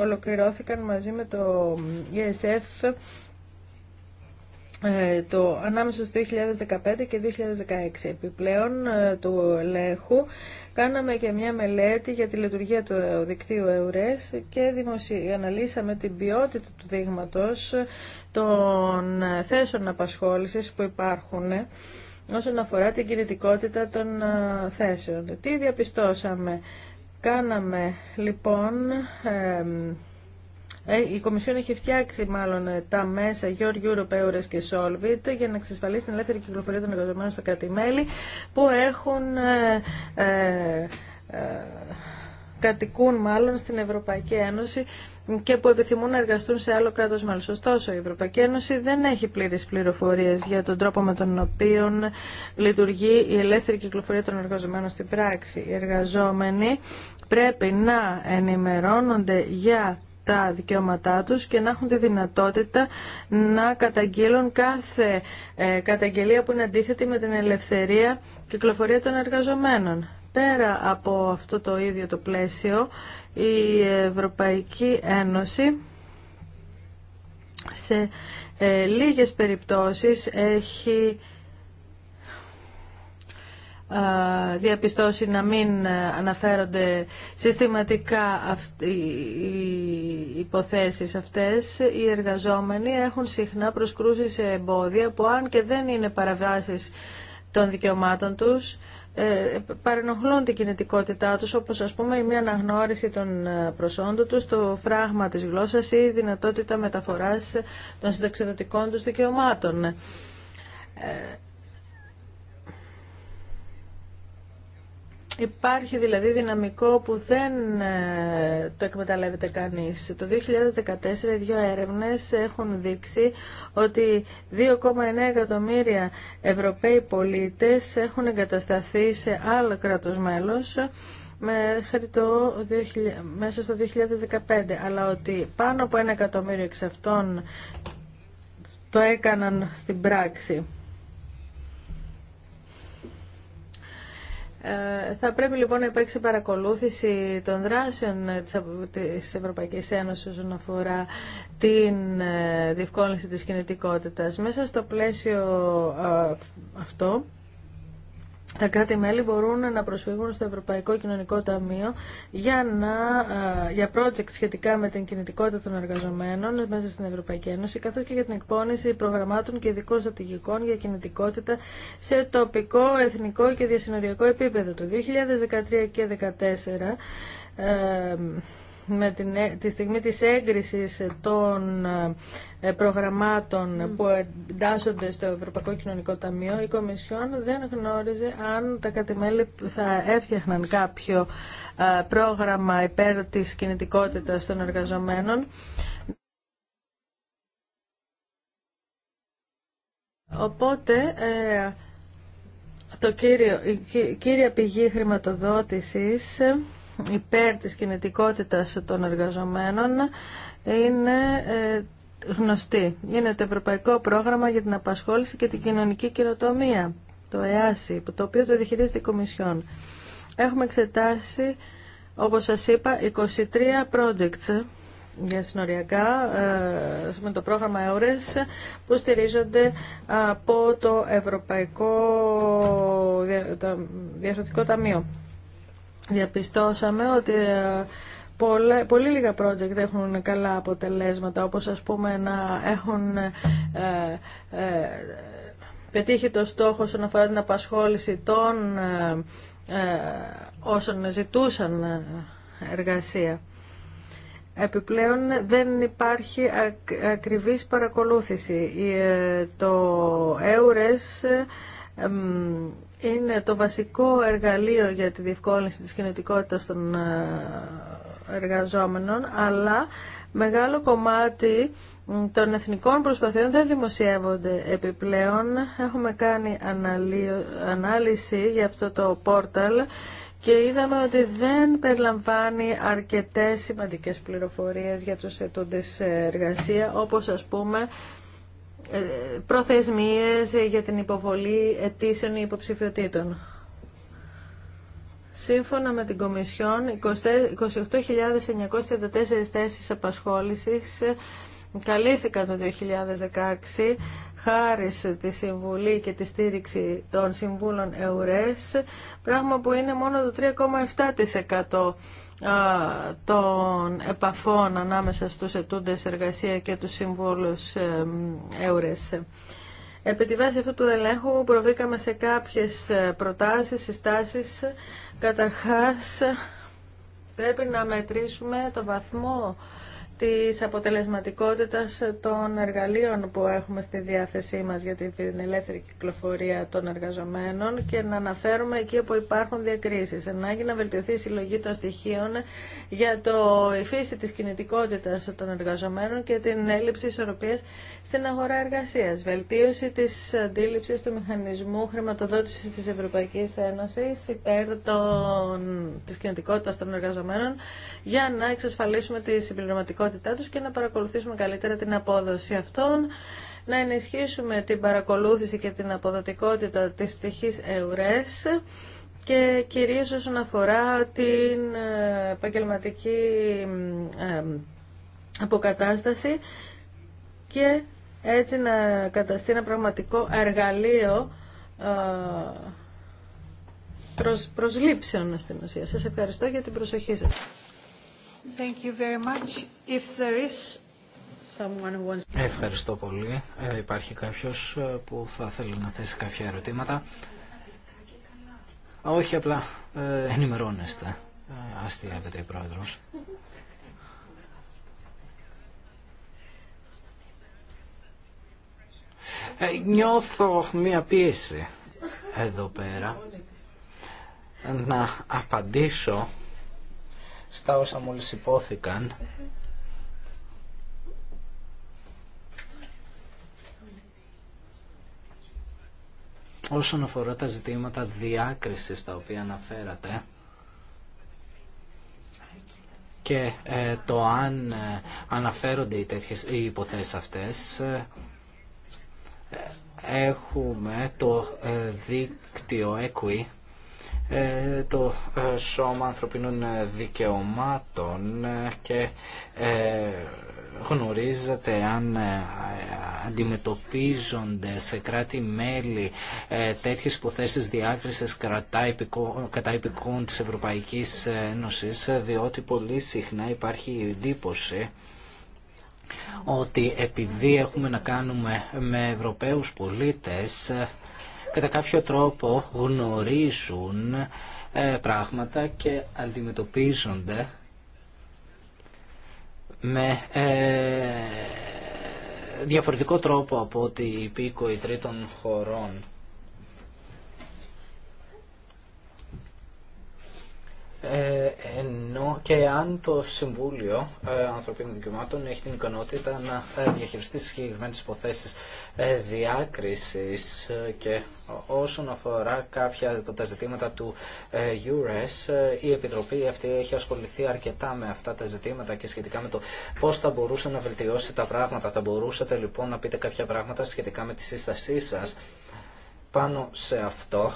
ολοκληρώθηκαν μαζί με το ESF ε, το, ανάμεσα στο 2015 και 2016. Επιπλέον ε, του ελέγχου κάναμε και μια μελέτη για τη λειτουργία του δικτύου ΕΟΡΕΣ και δημοσι... αναλύσαμε την ποιότητα του δείγματος των θέσεων απασχόλησης που υπάρχουν ε, όσον αφορά την κινητικότητα των θέσεων. Τι διαπιστώσαμε. Κάναμε λοιπόν... Ε, η Κομισιόν έχει φτιάξει μάλλον ε, τα μέσα Your Europe, Eures και Solvit για να εξασφαλίσει την ελεύθερη κυκλοφορία των εργαζομένων στα κράτη-μέλη που έχουν ε, ε, ε κατοικούν μάλλον στην Ευρωπαϊκή Ένωση και που επιθυμούν να εργαστούν σε άλλο κράτος Μάλιστα, Ωστόσο, η Ευρωπαϊκή Ένωση δεν έχει πλήρες πληροφορίες για τον τρόπο με τον οποίο λειτουργεί η ελεύθερη κυκλοφορία των εργαζομένων στην πράξη. Οι εργαζόμενοι πρέπει να ενημερώνονται για τα δικαιώματά τους και να έχουν τη δυνατότητα να καταγγείλουν κάθε ε, καταγγελία που είναι αντίθετη με την ελευθερία και κυκλοφορία των εργαζομένων. Πέρα από αυτό το ίδιο το πλαίσιο, η Ευρωπαϊκή Ένωση σε ε, λίγες περιπτώσεις έχει διαπιστώσει να μην αναφέρονται συστηματικά οι υποθέσεις αυτές, οι εργαζόμενοι έχουν συχνά προσκρούσει σε εμπόδια που αν και δεν είναι παραβάσεις των δικαιωμάτων τους, ε, παρενοχλούν την κινητικότητά τους, όπως ας πούμε η μία αναγνώριση των ε, προσόντων τους, το φράγμα της γλώσσας ή η δυνατότητα μεταφοράς των συνταξιδοτικών τους δικαιωμάτων. Ε, Υπάρχει δηλαδή δυναμικό που δεν ε, το εκμεταλλεύεται κανείς. Το 2014 δύο έρευνες έχουν δείξει ότι 2,9 εκατομμύρια Ευρωπαίοι πολίτες έχουν εγκατασταθεί σε άλλο κράτος μέλος μέχρι το μέσα στο 2015, αλλά ότι πάνω από ένα εκατομμύριο εξ αυτών το έκαναν στην πράξη. Ε, θα πρέπει λοιπόν να υπάρξει παρακολούθηση των δράσεων της Ευρωπαϊκής Ένωσης όσον αφορά την ε, διευκόλυνση της κινητικότητας. Μέσα στο πλαίσιο ε, αυτό τα κράτη-μέλη μπορούν να προσφύγουν στο Ευρωπαϊκό Κοινωνικό Ταμείο για, να, για project σχετικά με την κινητικότητα των εργαζομένων μέσα στην Ευρωπαϊκή Ένωση, καθώς και για την εκπόνηση προγραμμάτων και ειδικών στρατηγικών για κινητικότητα σε τοπικό, εθνικό και διασυνοριακό επίπεδο. Το 2013 και 2014 με την, ε, τη στιγμή της έγκρισης των ε, προγραμμάτων που εντάσσονται στο Ευρωπαϊκό Κοινωνικό Ταμείο, η Κομισιόν δεν γνώριζε αν τα κατημέλη θα έφτιαχναν κάποιο ε, πρόγραμμα υπέρ της κινητικότητας των εργαζομένων. Οπότε, το κύριο, η κύρια πηγή χρηματοδότησης υπέρ της κινητικότητας των εργαζομένων είναι ε, γνωστή. Είναι το Ευρωπαϊκό Πρόγραμμα για την Απασχόληση και την Κοινωνική Κοινοτομία, το ΕΑΣΥ, το οποίο το διχειρίζεται η Κομισιόν. Έχουμε εξετάσει, όπως σας είπα, 23 projects για συνοριακά ε, με το πρόγραμμα ΕΟΡΕΣ που στηρίζονται από το Ευρωπαϊκό Διαφορετικό Ταμείο διαπιστώσαμε ότι ε, πολλά, πολύ λίγα project έχουν καλά αποτελέσματα, όπως ας πούμε να έχουν ε, ε, πετύχει το στόχο όσον αφορά την απασχόληση των ε, όσων ζητούσαν εργασία. Επιπλέον δεν υπάρχει ακριβής παρακολούθηση. Το Εύρες είναι το βασικό εργαλείο για τη διευκόλυνση της κινητικότητας των ε, εργαζόμενων, αλλά μεγάλο κομμάτι των εθνικών προσπαθειών δεν δημοσιεύονται επιπλέον. Έχουμε κάνει ανάλυση για αυτό το πόρταλ και είδαμε ότι δεν περιλαμβάνει αρκετές σημαντικές πληροφορίες για τους ετούντες εργασία, όπως ας πούμε ε, προθεσμίες για την υποβολή αιτήσεων υποψηφιωτήτων. Σύμφωνα με την Κομισιόν, 28.934 θέσεις απασχόλησης ε, καλύφθηκαν το 2016 χάρη τη συμβουλή και τη στήριξη των συμβούλων ΕΟΡΕΣ, πράγμα που είναι μόνο το 3,7% των επαφών ανάμεσα στους ετούντες εργασία και τους συμβούλους ΕΟΡΕΣ. Επί τη βάση αυτού του ελέγχου προβήκαμε σε κάποιες ε, προτάσεις, συστάσεις. Καταρχάς, πρέπει να μετρήσουμε το βαθμό της αποτελεσματικότητας των εργαλείων που έχουμε στη διάθεσή μας για την ελεύθερη κυκλοφορία των εργαζομένων και να αναφέρουμε εκεί όπου υπάρχουν διακρίσεις. Ενάγκη να βελτιωθεί η συλλογή των στοιχείων για το φύση της κινητικότητας των εργαζομένων και την έλλειψη ισορροπίας στην αγορά εργασίας. Βελτίωση της αντίληψης του μηχανισμού χρηματοδότησης της Ευρωπαϊκής Ένωσης υπέρ των... της κινητικότητας των εργαζομένων για να εξασφαλίσουμε τη συμπληρωματικότητα και να παρακολουθήσουμε καλύτερα την απόδοση αυτών, να ενισχύσουμε την παρακολούθηση και την αποδοτικότητα της πτυχής ΕΟΡΕΣ και κυρίως όσον αφορά την ε, επαγγελματική ε, αποκατάσταση και έτσι να καταστεί ένα πραγματικό εργαλείο ε, προσλήψεων στην ουσία. Σας ευχαριστώ για την προσοχή σας. Ευχαριστώ πολύ. Ε, υπάρχει κάποιος ε, που θα θέλει να θέσει κάποια ερωτήματα. Όχι, απλά ε, ενημερώνεστε. Άστια, είπε η πρόεδρος. Ε, νιώθω μία πίεση εδώ πέρα να απαντήσω στα όσα μόλις υπόθηκαν. Όσον αφορά τα ζητήματα διάκρισης τα οποία αναφέρατε και ε, το αν ε, αναφέρονται οι, τέτοιες, οι υποθέσεις αυτές, ε, έχουμε το δίκτυο EQUI ε, το ε, Σώμα Ανθρωπινών Δικαιωμάτων ε, και γνωρίζετε αν αντιμετωπίζονται σε κράτη-μέλη τέτοιες υποθέσεις διάκρισης κατά υπηκόν της Ευρωπαϊκής Ένωσης διότι πολύ συχνά υπάρχει η εντύπωση ότι επειδή έχουμε να κάνουμε με Ευρωπαίους πολίτες κατά κάποιο τρόπο γνωρίζουν ε, πράγματα και αντιμετωπίζονται με ε, διαφορετικό τρόπο από ότι υπήκοοι τρίτων χωρών. Ε, ενώ και αν το Συμβούλιο ε, Ανθρωπίνων Δικαιωμάτων έχει την ικανότητα να ε, διαχειριστεί συγκεκριμένε υποθέσει διάκριση και όσον αφορά κάποια από τα ζητήματα του EURES, η Επιτροπή αυτή έχει ασχοληθεί αρκετά με αυτά τα ζητήματα και σχετικά με το πώ θα μπορούσε να βελτιώσει τα πράγματα. Θα μπορούσατε λοιπόν να πείτε κάποια πράγματα σχετικά με τη σύστασή σα πάνω σε αυτό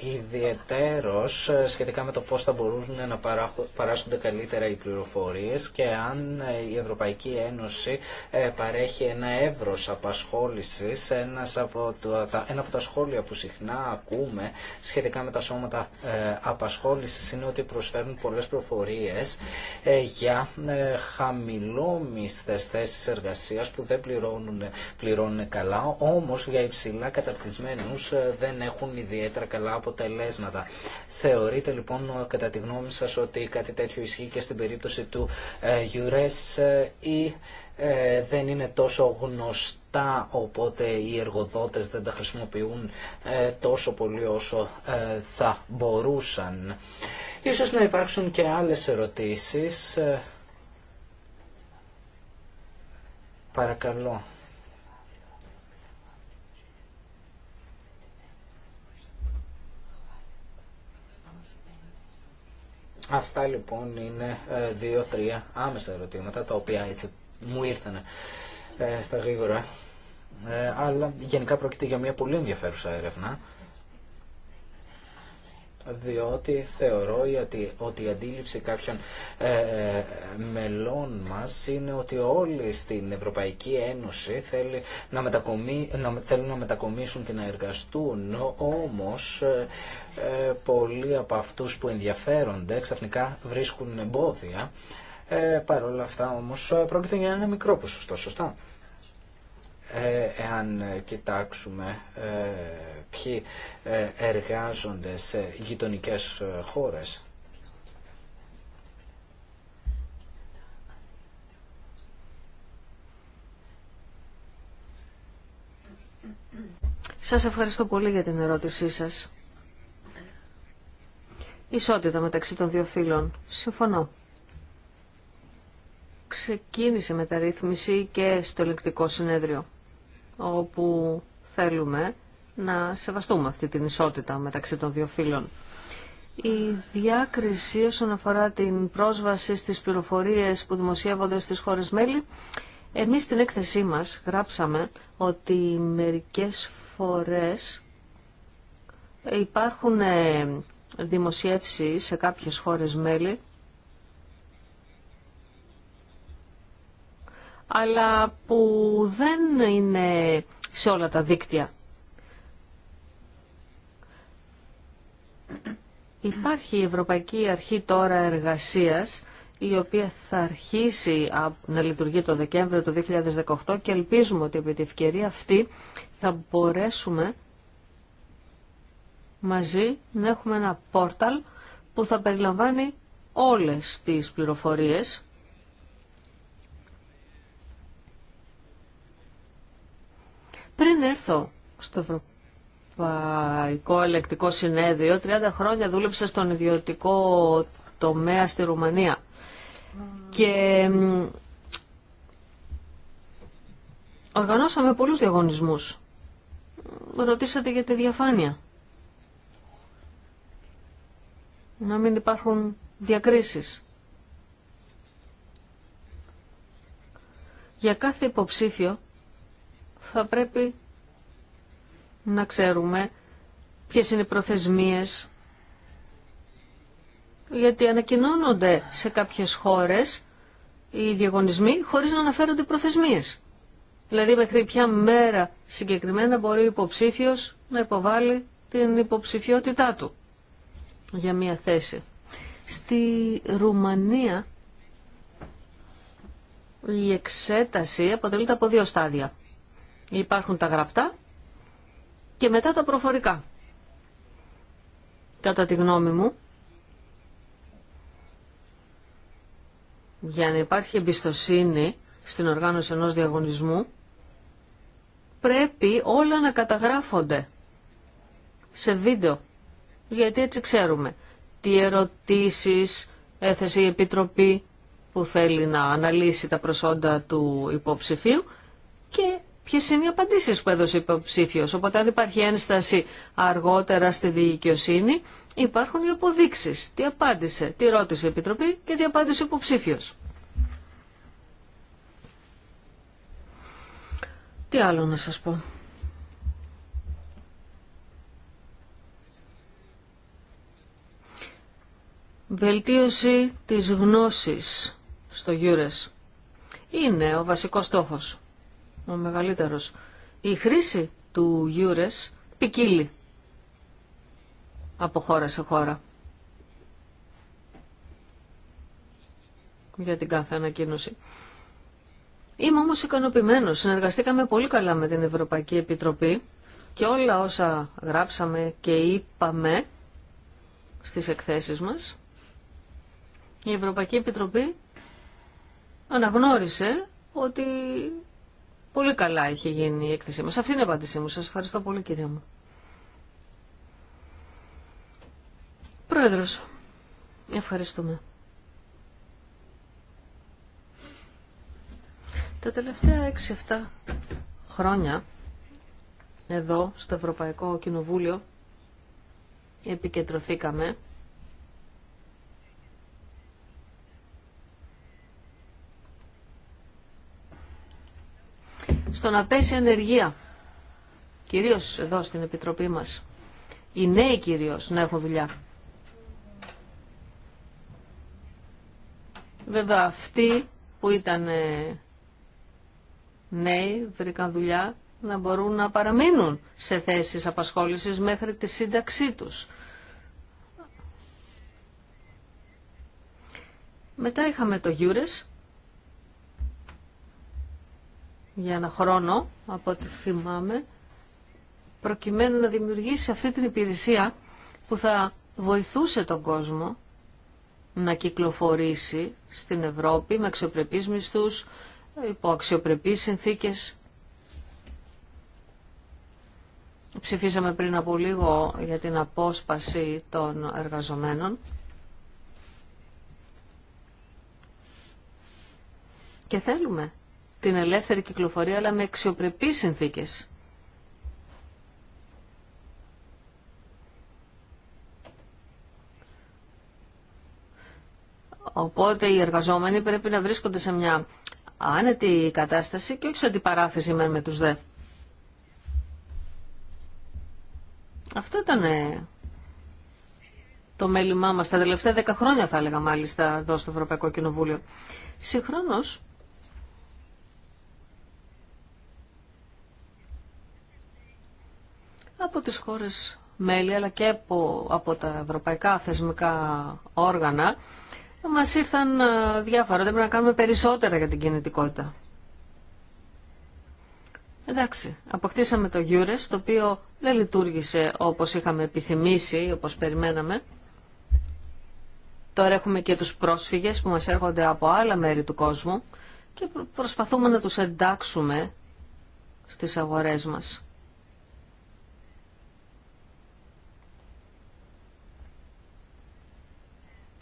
ιδιαιτέρως ε, σχετικά με το πώς θα μπορούν να παράσχονται καλύτερα οι πληροφορίες και αν ε, η Ευρωπαϊκή Ένωση ε, παρέχει ένα εύρος απασχόλησης, ένα από τα σχόλια που συχνά ακούμε σχετικά με τα σώματα απασχόλησης είναι ότι προσφέρουν πολλές προφορίες για χαμηλόμισθες θέσεις εργασίας που δεν πληρώνουν, πληρώνουν καλά, όμως για υψηλά καταρτισμένους δεν έχουν ιδιαίτερα καλά αποτελέσματα. Θεωρείτε λοιπόν κατά τη γνώμη σας ότι κάτι τέτοιο ισχύει και στην περίπτωση του Γιουρές ε, ε, ή ε, δεν είναι τόσο γνωστά οπότε οι εργοδότες δεν τα χρησιμοποιούν τόσο πολύ όσο θα μπορούσαν. Ίσως να υπάρξουν και άλλες ερωτήσεις. Παρακαλώ. Αυτά λοιπόν είναι ε, δύο-τρία άμεσα ερωτήματα τα οποία έτσι μου ήρθαν ε, στα γρήγορα. Ε, αλλά γενικά πρόκειται για μια πολύ ενδιαφέρουσα έρευνα διότι θεωρώ ότι, ότι η αντίληψη κάποιων μελών μας είναι ότι όλοι στην Ευρωπαϊκή Ένωση θέλει να, θέλουν να μετακομίσουν και να εργαστούν, όμως ε, πολλοί από αυτούς που ενδιαφέρονται ξαφνικά βρίσκουν εμπόδια. Ε, Παρ' όλα αυτά όμως ε, πρόκειται για ένα μικρό ποσοστό, σωστά. Ε, εάν κοιτάξουμε ε, ποιοι εργάζονται σε γειτονικές χώρες. Σας ευχαριστώ πολύ για την ερώτησή σας ισότητα μεταξύ των δύο φύλων. Συμφωνώ. Ξεκίνησε μεταρρύθμιση και στο ελεκτικό συνέδριο, όπου θέλουμε να σεβαστούμε αυτή την ισότητα μεταξύ των δύο φύλων. Η διάκριση όσον αφορά την πρόσβαση στις πληροφορίες που δημοσιεύονται στις χώρες μέλη, εμείς στην έκθεσή μας γράψαμε ότι μερικές φορές υπάρχουν ε, δημοσιεύσει σε κάποιες χώρες μέλη αλλά που δεν είναι σε όλα τα δίκτυα. Υπάρχει η Ευρωπαϊκή Αρχή τώρα εργασίας η οποία θα αρχίσει να λειτουργεί το Δεκέμβριο του 2018 και ελπίζουμε ότι επί τη ευκαιρία αυτή θα μπορέσουμε μαζί να έχουμε ένα πόρταλ που θα περιλαμβάνει όλες τις πληροφορίες Πριν έρθω στο Ευρωπαϊκό Ελεκτικό Συνέδριο, 30 χρόνια δούλεψα στον ιδιωτικό τομέα στη Ρουμανία. Και οργανώσαμε πολλούς διαγωνισμούς. Ρωτήσατε για τη διαφάνεια. να μην υπάρχουν διακρίσεις. Για κάθε υποψήφιο θα πρέπει να ξέρουμε ποιες είναι οι προθεσμίες, γιατί ανακοινώνονται σε κάποιες χώρες οι διαγωνισμοί χωρίς να αναφέρονται οι προθεσμίες. Δηλαδή μέχρι ποια μέρα συγκεκριμένα μπορεί ο υποψήφιος να υποβάλει την υποψηφιότητά του για μία θέση. Στη Ρουμανία η εξέταση αποτελείται από δύο στάδια. Υπάρχουν τα γραπτά και μετά τα προφορικά. Κατά τη γνώμη μου, για να υπάρχει εμπιστοσύνη στην οργάνωση ενός διαγωνισμού, πρέπει όλα να καταγράφονται σε βίντεο γιατί έτσι ξέρουμε τι ερωτήσεις έθεσε η Επιτροπή που θέλει να αναλύσει τα προσόντα του υποψηφίου και ποιε είναι οι απαντήσεις που έδωσε ο υποψήφιος. Οπότε, αν υπάρχει ένσταση αργότερα στη δικαιοσύνη, υπάρχουν οι αποδείξεις. Τι απάντησε, τι ρώτησε η Επιτροπή και τι απάντησε ο υποψήφιος. Τι άλλο να σας πω. Βελτίωση της γνώσης στο Γιούρες. Είναι ο βασικός στόχος, ο μεγαλύτερος. Η χρήση του Γιούρες ποικίλει από χώρα σε χώρα. Για την κάθε ανακοίνωση. Είμαι όμως ικανοποιημένος. Συνεργαστήκαμε πολύ καλά με την Ευρωπαϊκή Επιτροπή και όλα όσα γράψαμε και είπαμε στις εκθέσεις μας η Ευρωπαϊκή Επιτροπή αναγνώρισε ότι πολύ καλά είχε γίνει η έκθεσή μας. Αυτή είναι η απάντησή μου. Σας ευχαριστώ πολύ κυρία μου. Πρόεδρος, ευχαριστούμε. Τα τελευταία 6-7 χρόνια εδώ στο Ευρωπαϊκό Κοινοβούλιο επικεντρωθήκαμε στο να πέσει ανεργία. Κυρίως εδώ στην Επιτροπή μας. Οι νέοι κυρίως να έχουν δουλειά. Βέβαια αυτοί που ήταν ε, νέοι, βρήκαν δουλειά, να μπορούν να παραμείνουν σε θέσεις απασχόλησης μέχρι τη σύνταξή τους. Μετά είχαμε το Γιούρες, για ένα χρόνο, από ό,τι θυμάμαι, προκειμένου να δημιουργήσει αυτή την υπηρεσία που θα βοηθούσε τον κόσμο να κυκλοφορήσει στην Ευρώπη με αξιοπρεπείς μισθούς, υπό αξιοπρεπείς συνθήκες. Ψηφίσαμε πριν από λίγο για την απόσπαση των εργαζομένων. Και θέλουμε την ελεύθερη κυκλοφορία αλλά με αξιοπρεπείς συνθήκες. Οπότε οι εργαζόμενοι πρέπει να βρίσκονται σε μια άνετη κατάσταση και όχι σε αντιπαράθεση με, με τους δε. Αυτό ήταν το μέλημά μας τα τελευταία δέκα χρόνια θα έλεγα μάλιστα εδώ στο Ευρωπαϊκό Κοινοβούλιο. Συγχρόνως από τις χώρες μέλη αλλά και από, τα ευρωπαϊκά θεσμικά όργανα μας ήρθαν ε, διάφορα. Δεν πρέπει να κάνουμε περισσότερα για την κινητικότητα. Εντάξει, αποκτήσαμε το Eures, το οποίο δεν λειτουργήσε όπως είχαμε επιθυμήσει, όπως περιμέναμε. Τώρα έχουμε και τους πρόσφυγες που μας έρχονται από άλλα μέρη του κόσμου και προσπαθούμε να τους εντάξουμε στις αγορές μας.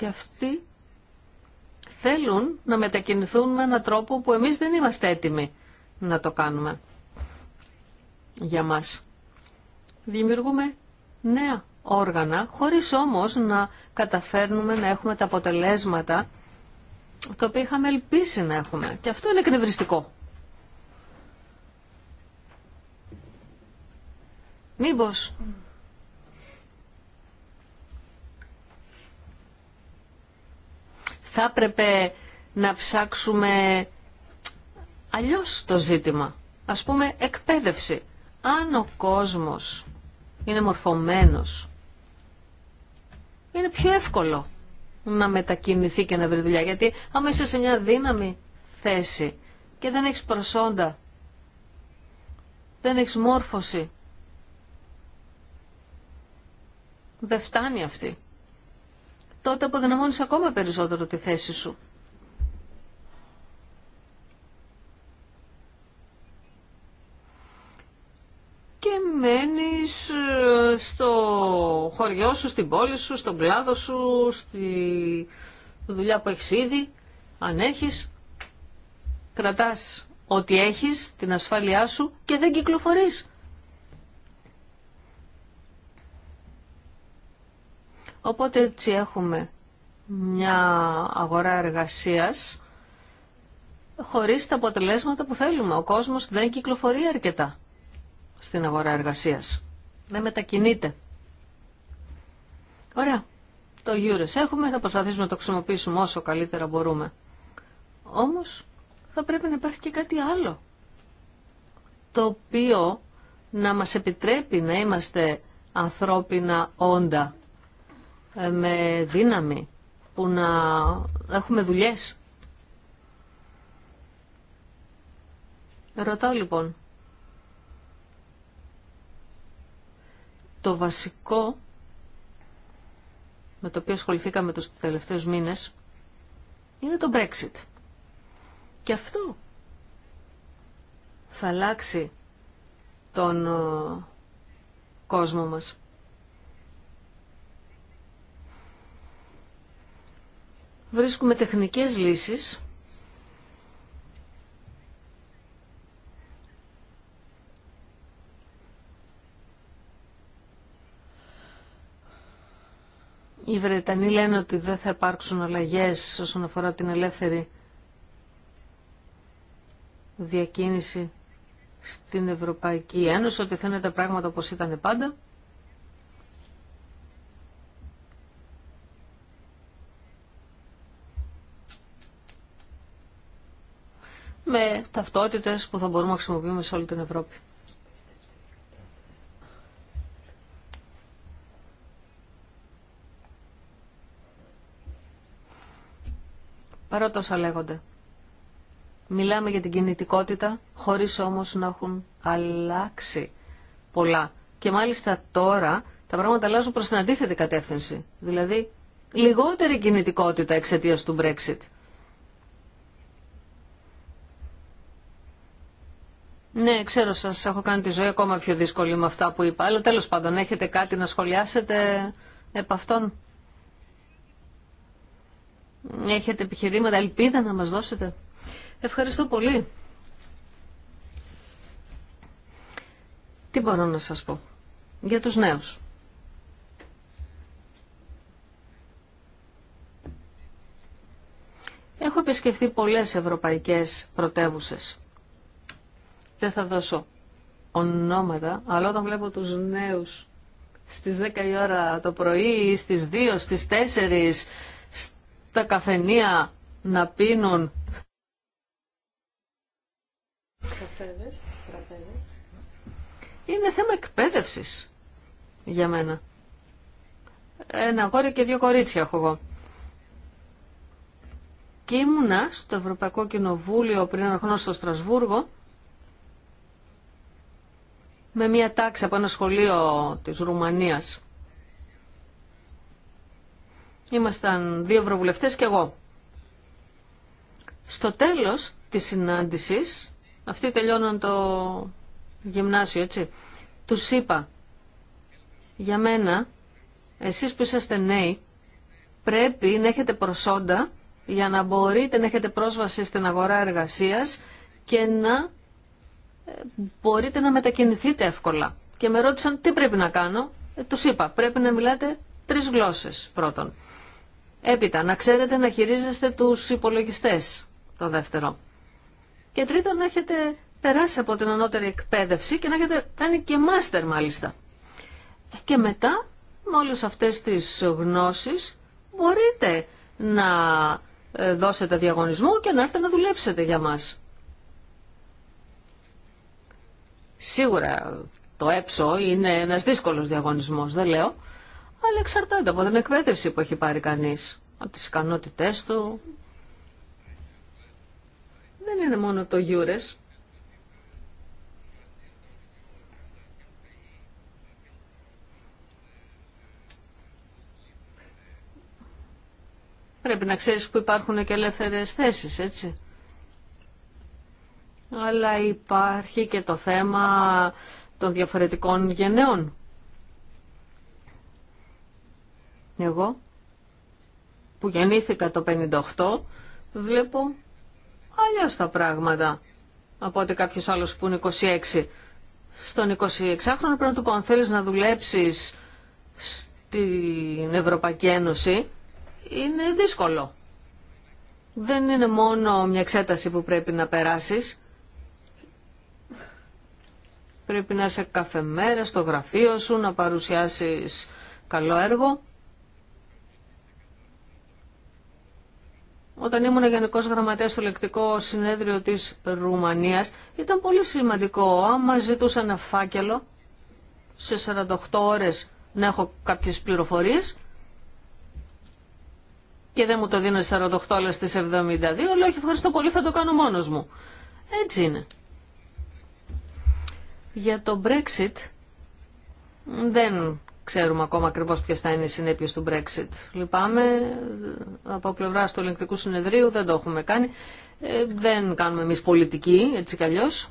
και αυτοί θέλουν να μετακινηθούν με έναν τρόπο που εμείς δεν είμαστε έτοιμοι να το κάνουμε για μας. Δημιουργούμε νέα όργανα, χωρίς όμως να καταφέρνουμε να έχουμε τα αποτελέσματα το οποίο είχαμε ελπίσει να έχουμε. Και αυτό είναι εκνευριστικό. Μήπως Θα έπρεπε να ψάξουμε αλλιώς το ζήτημα. Ας πούμε εκπαίδευση. Αν ο κόσμος είναι μορφωμένος, είναι πιο εύκολο να μετακινηθεί και να βρει δουλειά. Γιατί άμα είσαι σε μια δύναμη θέση και δεν έχεις προσόντα, δεν έχεις μόρφωση, δεν φτάνει αυτή τότε αποδυναμώνεις ακόμα περισσότερο τη θέση σου. Και μένεις ε, στο χωριό σου, στην πόλη σου, στον κλάδο σου, στη δουλειά που έχεις ήδη, αν έχεις. Κρατάς ό,τι έχεις, την ασφάλειά σου και δεν κυκλοφορείς. Οπότε έτσι έχουμε μια αγορά εργασίας χωρίς τα αποτελέσματα που θέλουμε. Ο κόσμος δεν κυκλοφορεί αρκετά στην αγορά εργασίας. Δεν μετακινείται. Ωραία. Το γιούρες έχουμε, θα προσπαθήσουμε να το χρησιμοποιήσουμε όσο καλύτερα μπορούμε. Όμως θα πρέπει να υπάρχει και κάτι άλλο, το οποίο να μας επιτρέπει να είμαστε ανθρώπινα όντα με δύναμη, που να έχουμε δουλειές. Ρωτάω λοιπόν, το βασικό με το οποίο ασχοληθήκαμε τους τελευταίους μήνες είναι το Brexit. Και αυτό θα αλλάξει τον ε, κόσμο μας. βρίσκουμε τεχνικές λύσεις Οι Βρετανοί λένε ότι δεν θα υπάρξουν αλλαγές όσον αφορά την ελεύθερη διακίνηση στην Ευρωπαϊκή Ένωση, ότι θα είναι τα πράγματα όπως ήταν πάντα. με ταυτότητες που θα μπορούμε να χρησιμοποιούμε σε όλη την Ευρώπη. Παρότι όσα λέγονται. Μιλάμε για την κινητικότητα, χωρίς όμως να έχουν αλλάξει πολλά. Και μάλιστα τώρα τα πράγματα αλλάζουν προς την αντίθετη κατεύθυνση. Δηλαδή λιγότερη κινητικότητα εξαιτίας του Brexit. Ναι, ξέρω σας έχω κάνει τη ζωή ακόμα πιο δύσκολη με αυτά που είπα, αλλά τέλος πάντων έχετε κάτι να σχολιάσετε επ' αυτόν. Έχετε επιχειρήματα, ελπίδα να μας δώσετε. Ευχαριστώ πολύ. Τι μπορώ να σας πω για τους νέους. Έχω επισκεφθεί πολλές ευρωπαϊκές πρωτεύουσες. Δεν θα δώσω ονόματα, αλλά όταν βλέπω τους νέους στις 10 η ώρα το πρωί ή στις 2, στις 4, στα καφενεία να πίνουν Είναι θέμα εκπαίδευσης για μένα. Ένα αγόρι και δύο κορίτσια έχω εγώ. Και ήμουνα στο Ευρωπαϊκό Κοινοβούλιο πριν ένα χρόνο στο Στρασβούργο με μία τάξη από ένα σχολείο της Ρουμανίας. Ήμασταν δύο ευρωβουλευτές και εγώ. Στο τέλος της συνάντησης, αυτοί τελειώναν το γυμνάσιο, έτσι, τους είπα, για μένα, εσείς που είσαστε νέοι, πρέπει να έχετε προσόντα για να μπορείτε να έχετε πρόσβαση στην αγορά εργασίας και να μπορείτε να μετακινηθείτε εύκολα. Και με ρώτησαν τι πρέπει να κάνω. Ε, τους είπα, πρέπει να μιλάτε τρεις γλώσσες πρώτον. Έπειτα, να ξέρετε να χειρίζεστε τους υπολογιστές, το δεύτερο. Και τρίτον, να έχετε περάσει από την ανώτερη εκπαίδευση και να έχετε κάνει και μάστερ μάλιστα. Και μετά, με όλες αυτές τις γνώσεις, μπορείτε να ε, δώσετε διαγωνισμό και να έρθετε να δουλέψετε για μας. Σίγουρα το έψο είναι ένας δύσκολος διαγωνισμός, δεν λέω, αλλά εξαρτάται από την εκπαίδευση που έχει πάρει κανείς, από τις ικανότητές του. Δεν είναι μόνο το γιούρες. Πρέπει να ξέρεις που υπάρχουν και ελεύθερες θέσεις, έτσι αλλά υπάρχει και το θέμα των διαφορετικών γενναιών. Εγώ, που γεννήθηκα το 58, βλέπω αλλιώς τα πράγματα από ότι κάποιος άλλος που είναι 26. Στον 26χρονο πρέπει να του πω αν θέλεις να δουλέψεις στην Ευρωπαϊκή Ένωση είναι δύσκολο. Δεν είναι μόνο μια εξέταση που πρέπει να περάσεις, Πρέπει να είσαι κάθε μέρα στο γραφείο σου, να παρουσιάσεις καλό έργο. Όταν ήμουν γενικό γραμματέα στο λεκτικό συνέδριο τη Ρουμανία, ήταν πολύ σημαντικό άμα ζητούσα ένα φάκελο σε 48 ώρε να έχω κάποιε πληροφορίε και δεν μου το δίνω 48 ώρε στι 72, λέω όχι ευχαριστώ πολύ, θα το κάνω μόνο μου. Έτσι είναι. Για το Brexit δεν ξέρουμε ακόμα ακριβώς ποιες θα είναι οι συνέπειες του Brexit. Λυπάμαι, από πλευρά του ελεγκτικού συνεδρίου δεν το έχουμε κάνει. Ε, δεν κάνουμε εμείς πολιτική, έτσι κι αλλιώς.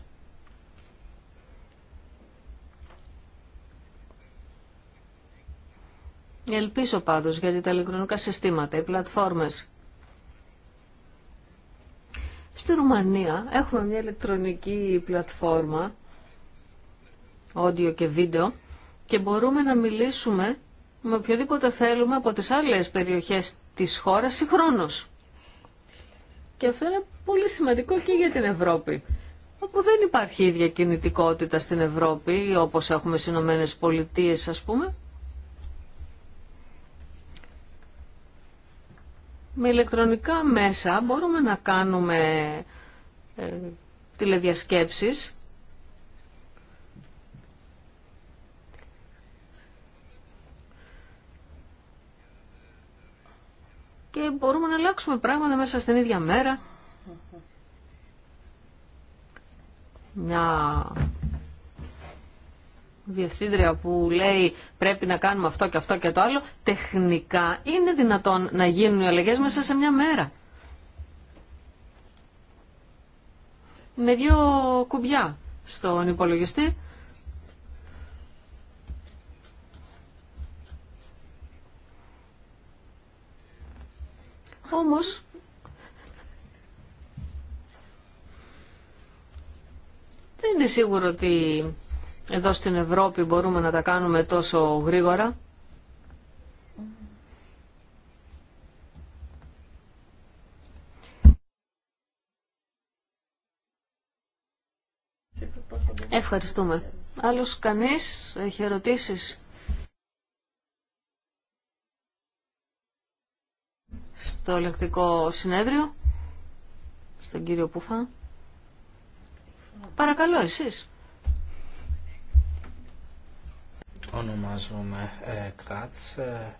Ελπίζω πάντως γιατί τα ηλεκτρονικά συστήματα, οι πλατφόρμες στη Ρουμανία έχουμε μια ηλεκτρονική πλατφόρμα audio και βίντεο και μπορούμε να μιλήσουμε με οποιοδήποτε θέλουμε από τις άλλες περιοχές της χώρας συγχρόνως. Και αυτό είναι πολύ σημαντικό και για την Ευρώπη, όπου δεν υπάρχει ίδια κινητικότητα στην Ευρώπη, όπως έχουμε στι Ηνωμένε Πολιτείε, ας πούμε. Με ηλεκτρονικά μέσα μπορούμε να κάνουμε ε, τηλεδιασκέψεις και μπορούμε να αλλάξουμε πράγματα μέσα στην ίδια μέρα. Μια διευθύντρια που λέει πρέπει να κάνουμε αυτό και αυτό και το άλλο, τεχνικά είναι δυνατόν να γίνουν οι αλλαγές μέσα σε μια μέρα. Με δύο κουμπιά στον υπολογιστή Όμως, δεν είναι σίγουρο ότι εδώ στην Ευρώπη μπορούμε να τα κάνουμε τόσο γρήγορα. Ευχαριστούμε. Άλλος κανείς έχει ερωτήσεις. στο ελεκτικό συνέδριο, στον κύριο Πούφα. Παρακαλώ εσείς. Ονομάζομαι ε, Κράτς, ε,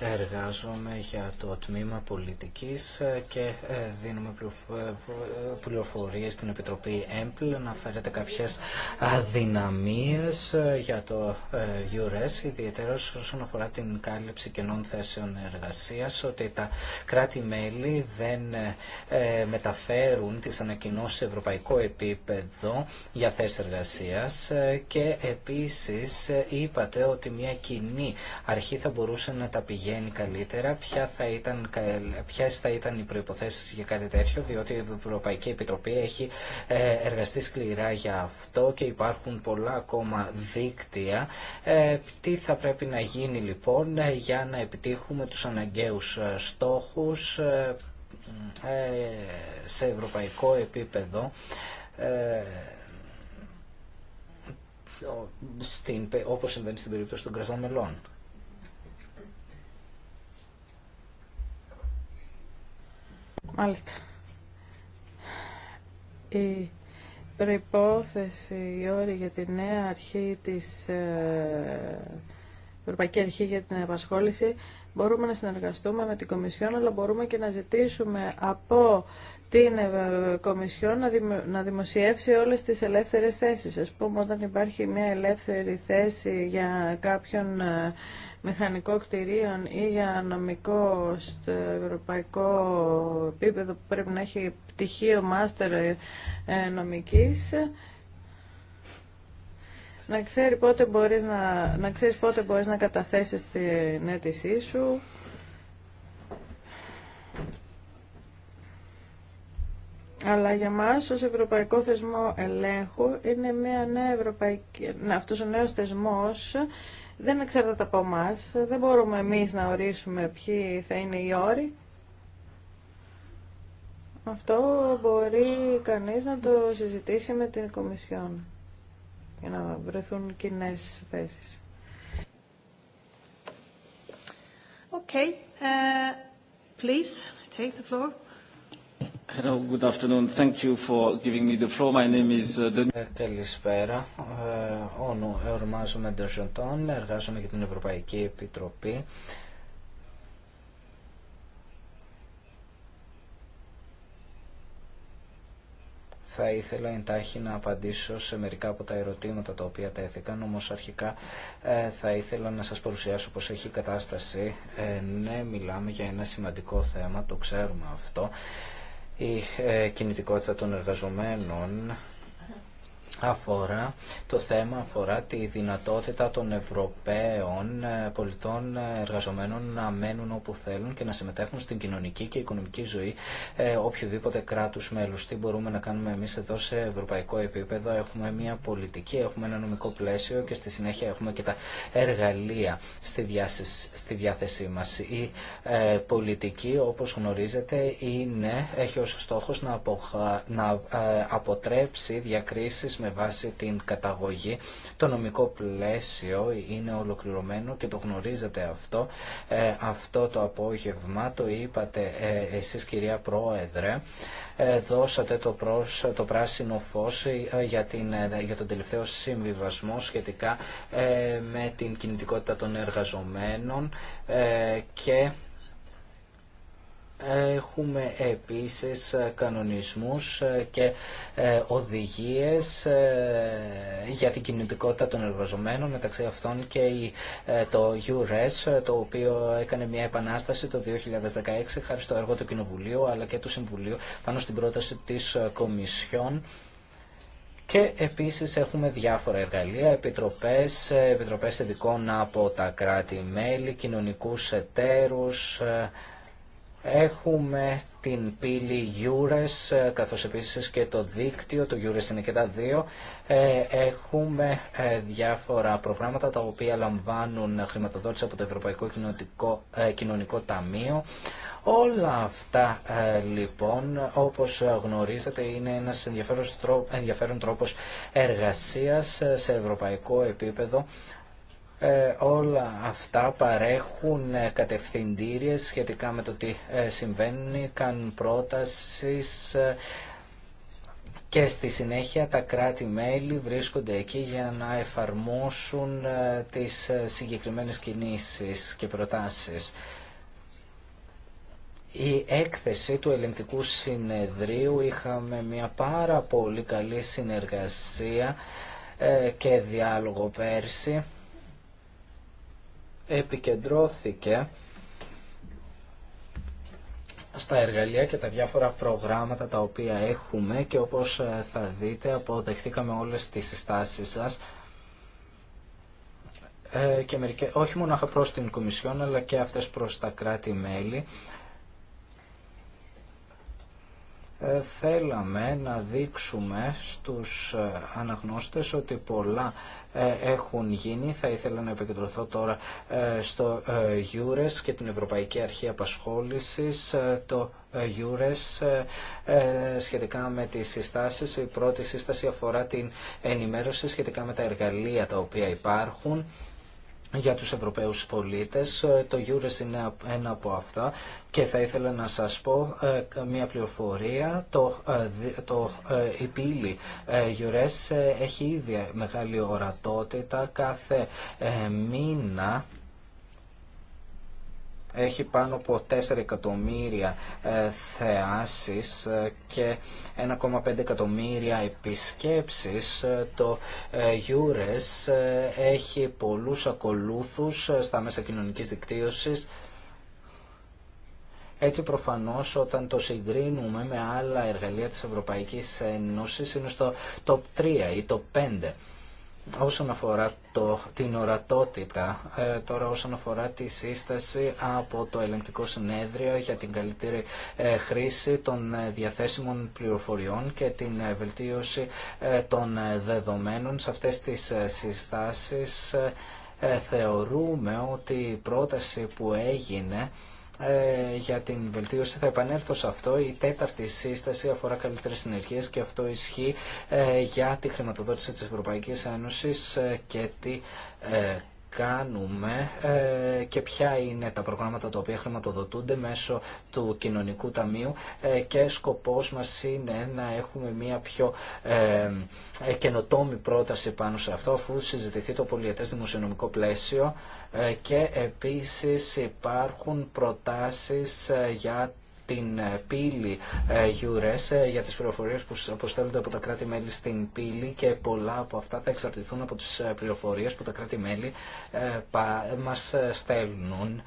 εργάζομαι για το τμήμα πολιτικής ε, και δίνουμε πληροφορίες στην Επιτροπή ΕΜΠΛ να φέρετε κάποιες αδυναμίες για το EURES, ιδιαίτερα όσον αφορά την κάλυψη κενών θέσεων εργασίας, ότι τα κράτη-μέλη δεν μεταφέρουν τις ανακοινώσεις σε ευρωπαϊκό επίπεδο για θέσεις εργασίας και επίσης είπατε ότι μια κοινή αρχή θα μπορούσε να τα πηγαίνει καλύτερα. Ποια θα ήταν, ποιες θα ήταν οι προϋποθέσεις για κάτι τέτοιο, διότι η Ευρωπαϊκή Επιτροπή έχει ε, εργαστεί σκληρά για αυτό και υπάρχουν πολλά ακόμα δίκτυα. Ε, τι θα πρέπει να γίνει λοιπόν ε, για να επιτύχουμε τους αναγκαίους στόχους σε ευρωπαϊκό επίπεδο στην, όπως συμβαίνει στην περίπτωση των κρατών μελών. Μάλιστα. Η προϋπόθεση, η όρη για τη νέα αρχή της ε, Ευρωπαϊκή Αρχή για την Απασχόληση μπορούμε να συνεργαστούμε με την Κομισιόν αλλά μπορούμε και να ζητήσουμε από την ε, Κομισιόν να δημοσιεύσει όλες τις ελεύθερες θέσεις. Ας πούμε, όταν υπάρχει μια ελεύθερη θέση για κάποιον ε, μηχανικό κτηρίων ή για νομικό στο ευρωπαϊκό επίπεδο που πρέπει να έχει πτυχίο μάστερ ε, νομικής, να, ξέρει πότε μπορείς να, να ξέρεις πότε μπορείς να καταθέσεις την αίτησή σου, Αλλά για μας ως Ευρωπαϊκό Θεσμό Ελέγχου είναι μια νέα ευρωπαϊκή... αυτός ο νέος θεσμός δεν εξαρτάται από εμά. Δεν μπορούμε εμείς να ορίσουμε ποιοι θα είναι οι όροι. Αυτό μπορεί κανείς να το συζητήσει με την Κομισιόν για να βρεθούν κοινέ θέσεις. Okay, uh, please take the floor. Καλησπέρα. ονομάζομαι Ντεζοντών, εργάζομαι για την Ευρωπαϊκή Επιτροπή. Θα ήθελα εντάχει να απαντήσω σε μερικά από τα ερωτήματα τα οποία τέθηκαν, όμως αρχικά ε, θα ήθελα να σας παρουσιάσω πώς έχει η κατάσταση. Ε, ναι, μιλάμε για ένα σημαντικό θέμα, το ξέρουμε αυτό η ε, κινητικότητα των εργαζομένων αφορά το θέμα αφορά τη δυνατότητα των Ευρωπαίων ε, πολιτών ε, εργαζομένων να μένουν όπου θέλουν και να συμμετέχουν στην κοινωνική και οικονομική ζωή ε, οποιοδήποτε κράτους μέλους. Τι μπορούμε να κάνουμε εμείς εδώ σε ευρωπαϊκό επίπεδο. Έχουμε μια πολιτική, έχουμε ένα νομικό πλαίσιο και στη συνέχεια έχουμε και τα εργαλεία στη, στη διάθεσή μας. Η πολιτική όπως γνωρίζετε είναι, έχει ως στόχος να, να αποτρέψει διακρίσεις με βάση την καταγωγή. Το νομικό πλαίσιο είναι ολοκληρωμένο και το γνωρίζετε αυτό. Ε, αυτό το απόγευμα το είπατε ε, εσείς κυρία Πρόεδρε. Ε, δώσατε το, προς, το πράσινο φως ε, για, την, για τον τελευταίο συμβιβασμό σχετικά με την κινητικότητα των εργαζομένων και Έχουμε επίσης κανονισμούς και ε, οδηγίες ε, για την κινητικότητα των εργαζομένων μεταξύ αυτών και ε, το URES το οποίο έκανε μια επανάσταση το 2016 χάρη στο έργο του Κοινοβουλίου αλλά και του Συμβουλίου πάνω στην πρόταση της Κομισιόν και επίσης έχουμε διάφορα εργαλεία, επιτροπές, επιτροπές ειδικών από τα κράτη-μέλη, κοινωνικούς εταίρους, Έχουμε την πύλη Eures, ε, καθώς επίσης και το δίκτυο, το Eures είναι και τα δύο. Ε, έχουμε ε, διάφορα προγράμματα τα οποία λαμβάνουν χρηματοδότηση από το Ευρωπαϊκό Κοινωνικό Ταμείο. Όλα αυτά λοιπόν όπως γνωρίζετε είναι ένας ενδιαφέρον τρόπος εργασίας σε ευρωπαϊκό επίπεδο ε, όλα αυτά παρέχουν ε, κατευθυντήριες σχετικά με το τι ε, συμβαίνει, κάνουν πρότασεις και στη συνέχεια τα κράτη-μέλη βρίσκονται εκεί για να εφαρμόσουν τις συγκεκριμένες κινήσεις και προτάσεις. Η έκθεση του ελεγκτικού συνεδρίου είχαμε μια πάρα πολύ καλή συνεργασία και διάλογο πέρσι επικεντρώθηκε στα εργαλεία και τα διάφορα προγράμματα τα οποία έχουμε και όπως ε, θα δείτε αποδεχτήκαμε όλες τις συστάσεις σας ε, και μερικές, όχι μόνο προς την Κομισιόν αλλά και αυτές προς τα κράτη-μέλη ε, θέλαμε να δείξουμε στους ε, αναγνώστες ότι πολλά ε, έχουν γίνει. Θα ήθελα να επικεντρωθώ τώρα στο EURES και την Ευρωπαϊκή Αρχή Απασχόλησης, το EURES σχετικά με τις συστάσεις. Η πρώτη σύσταση αφορά την ενημέρωση σχετικά με τα εργαλεία τα οποία υπάρχουν για τους Ευρωπαίους πολίτες. Ε, το Eures είναι ένα από αυτά και θα ήθελα να σας πω μια ε, πληροφορία. Το, ε, το η πύλη Eures έχει ήδη μεγάλη ορατότητα κάθε μήνα έχει πάνω από 4 εκατομμύρια ε, θεάσεις ε, και 1,5 εκατομμύρια επισκέψεις. Ε, το Eures έχει πολλούς ακολούθους στα μέσα κοινωνικής δικτύωσης. Έτσι προφανώς όταν το συγκρίνουμε με άλλα εργαλεία της Ευρωπαϊκής Ένωσης είναι στο top 3 ή το 5 όσον αφορά το, την ορατότητα, ε, τώρα όσον αφορά τη σύσταση από το ελεγκτικό συνέδριο για την καλύτερη ε, χρήση των ε, διαθέσιμων πληροφοριών και την βελτίωση των δεδομένων σε αυτές τις συστάσεις θεωρούμε ότι η πρόταση που έγινε ε, για την βελτίωση. Θα επανέλθω σε αυτό. Η τέταρτη σύσταση αφορά καλύτερε συνεργίες και αυτό ισχύει ε, για τη χρηματοδότηση της Ευρωπαϊκής Ένωσης ε, και τη κάνουμε ε, και ποια είναι τα προγράμματα τα οποία χρηματοδοτούνται μέσω του Κοινωνικού Ταμείου ε, και σκοπός μας είναι να έχουμε μια πιο ε, καινοτόμη πρόταση πάνω σε αυτό αφού συζητηθεί το πολιετές δημοσιονομικό πλαίσιο και επίσης υπάρχουν προτάσεις για στην ε, πύλη ε, γιουρές ε, για τις πληροφορίες που αποστέλλονται από τα κράτη-μέλη στην πύλη και πολλά από αυτά θα εξαρτηθούν από τις πληροφορίες που τα κράτη-μέλη μας στέλνουν.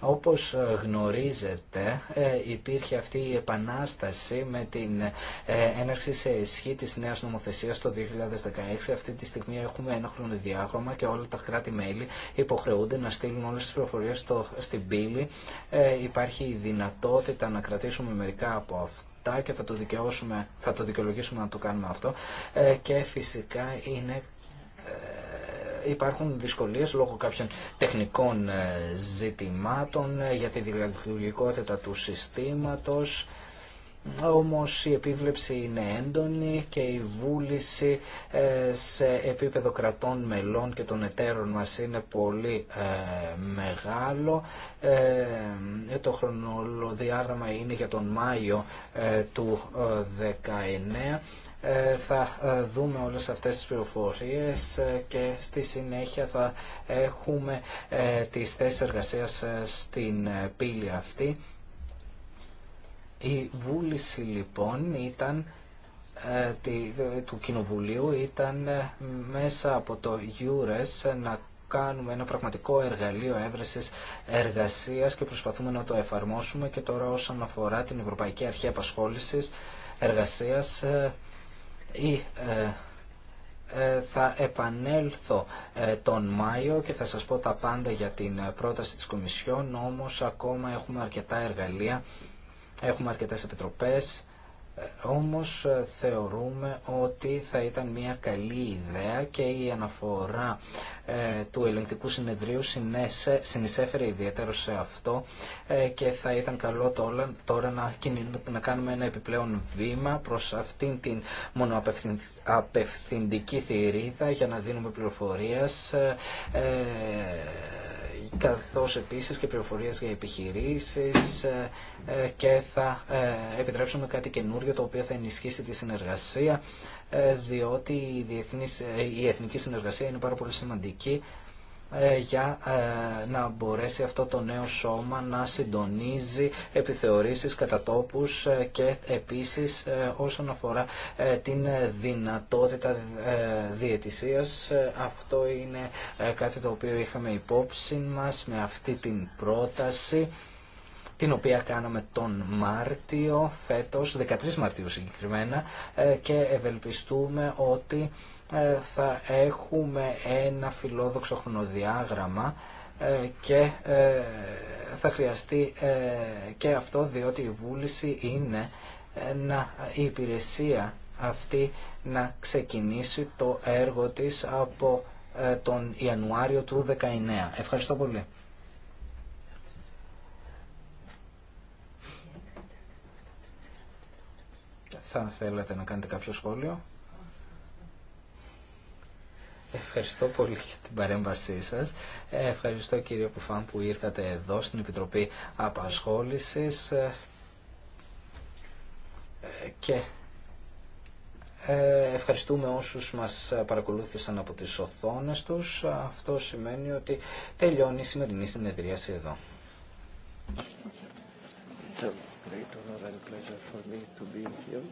Όπως ε, γνωρίζετε ε, υπήρχε αυτή η επανάσταση με την ε, έναρξη σε ισχύ της νέας νομοθεσίας το 2016. Αυτή τη στιγμή έχουμε ένα χρονοδιάγραμμα και όλα τα κράτη-μέλη υποχρεούνται να στείλουν όλες τις προφορίες στο, στην πύλη. Υπάρχει η δυνατότητα να κρατήσουμε μερικά από αυτά και θα το, θα το δικαιολογήσουμε να το κάνουμε αυτό και φυσικά είναι υπάρχουν δυσκολίες λόγω κάποιων τεχνικών ε, ζητημάτων ε, για τη δημιουργικότητα του συστήματος. όμω η επίβλεψη είναι έντονη και η βούληση ε, σε επίπεδο κρατών μελών και των εταίρων μας είναι πολύ μεγάλο. Το χρονολοδιάγραμμα είναι για τον Μάιο του 19 ε, θα ε, δούμε όλες αυτές τις πληροφορίες ε, και στη συνέχεια θα έχουμε τις θέσεις εργασίας στην πύλη αυτή. Η βούληση λοιπόν ήταν του Κοινοβουλίου ήταν μέσα από το EURES να κάνουμε ένα πραγματικό εργαλείο έβρεσης εργασίας και προσπαθούμε να το εφαρμόσουμε και τώρα όσον αφορά την Ευρωπαϊκή Αρχή Απασχόλησης Εργασίας ή ε, ε, θα επανέλθω ε, τον Μάιο και θα σας πω τα πάντα για την πρόταση της Κομισιόν, όμως ακόμα έχουμε αρκετά εργαλεία, έχουμε αρκετές επιτροπές όμως ε, θεωρούμε ότι θα ήταν μια καλή ιδέα και η αναφορά ε, του ελεγκτικού συνεδρίου συνεισέφερε ιδιαίτερο σε αυτό ε, και θα ήταν καλό τώρα να, κάνουμε ένα επιπλέον βήμα προς αυτήν την μονοαπευθυντική θηρίδα για να δίνουμε πληροφορίες Καθώ επίση και πληροφορίε για επιχειρήσεις ε, ε, και θα ε, επιτρέψουμε κάτι καινούριο το οποίο θα ενισχύσει τη συνεργασία διότι η, η εθνική συνεργασία είναι πάρα πολύ σημαντική ε, για ε, να μπορέσει αυτό το νέο σώμα να συντονίζει επιθεωρήσεις κατά τόπους ε, και επίσης όσον αφορά την δυνατότητα διαιτησίας. Αυτό είναι κάτι το οποίο είχαμε υπόψη μας με αυτή την πρόταση την οποία κάναμε τον Μάρτιο φέτος, 13 Μαρτίου συγκεκριμένα και ευελπιστούμε ότι ε, θα έχουμε ένα φιλόδοξο χρονοδιάγραμμα ε, και ε, θα χρειαστεί και αυτό διότι η βούληση είναι να, η υπηρεσία αυτή να ξεκινήσει το έργο της από τον Ιανουάριο του 19. Ευχαριστώ πολύ. Θα θέλατε να κάνετε κάποιο σχόλιο. Ευχαριστώ πολύ για την παρέμβασή σας. Ευχαριστώ κύριε Πουφάν που ήρθατε εδώ στην Επιτροπή Απασχόλησης ε, και ε, ευχαριστούμε όσους μας παρακολούθησαν από τις οθόνες τους. Αυτό σημαίνει ότι τελειώνει η σημερινή συνεδρίαση εδώ. It's a great honor and pleasure for me to be here.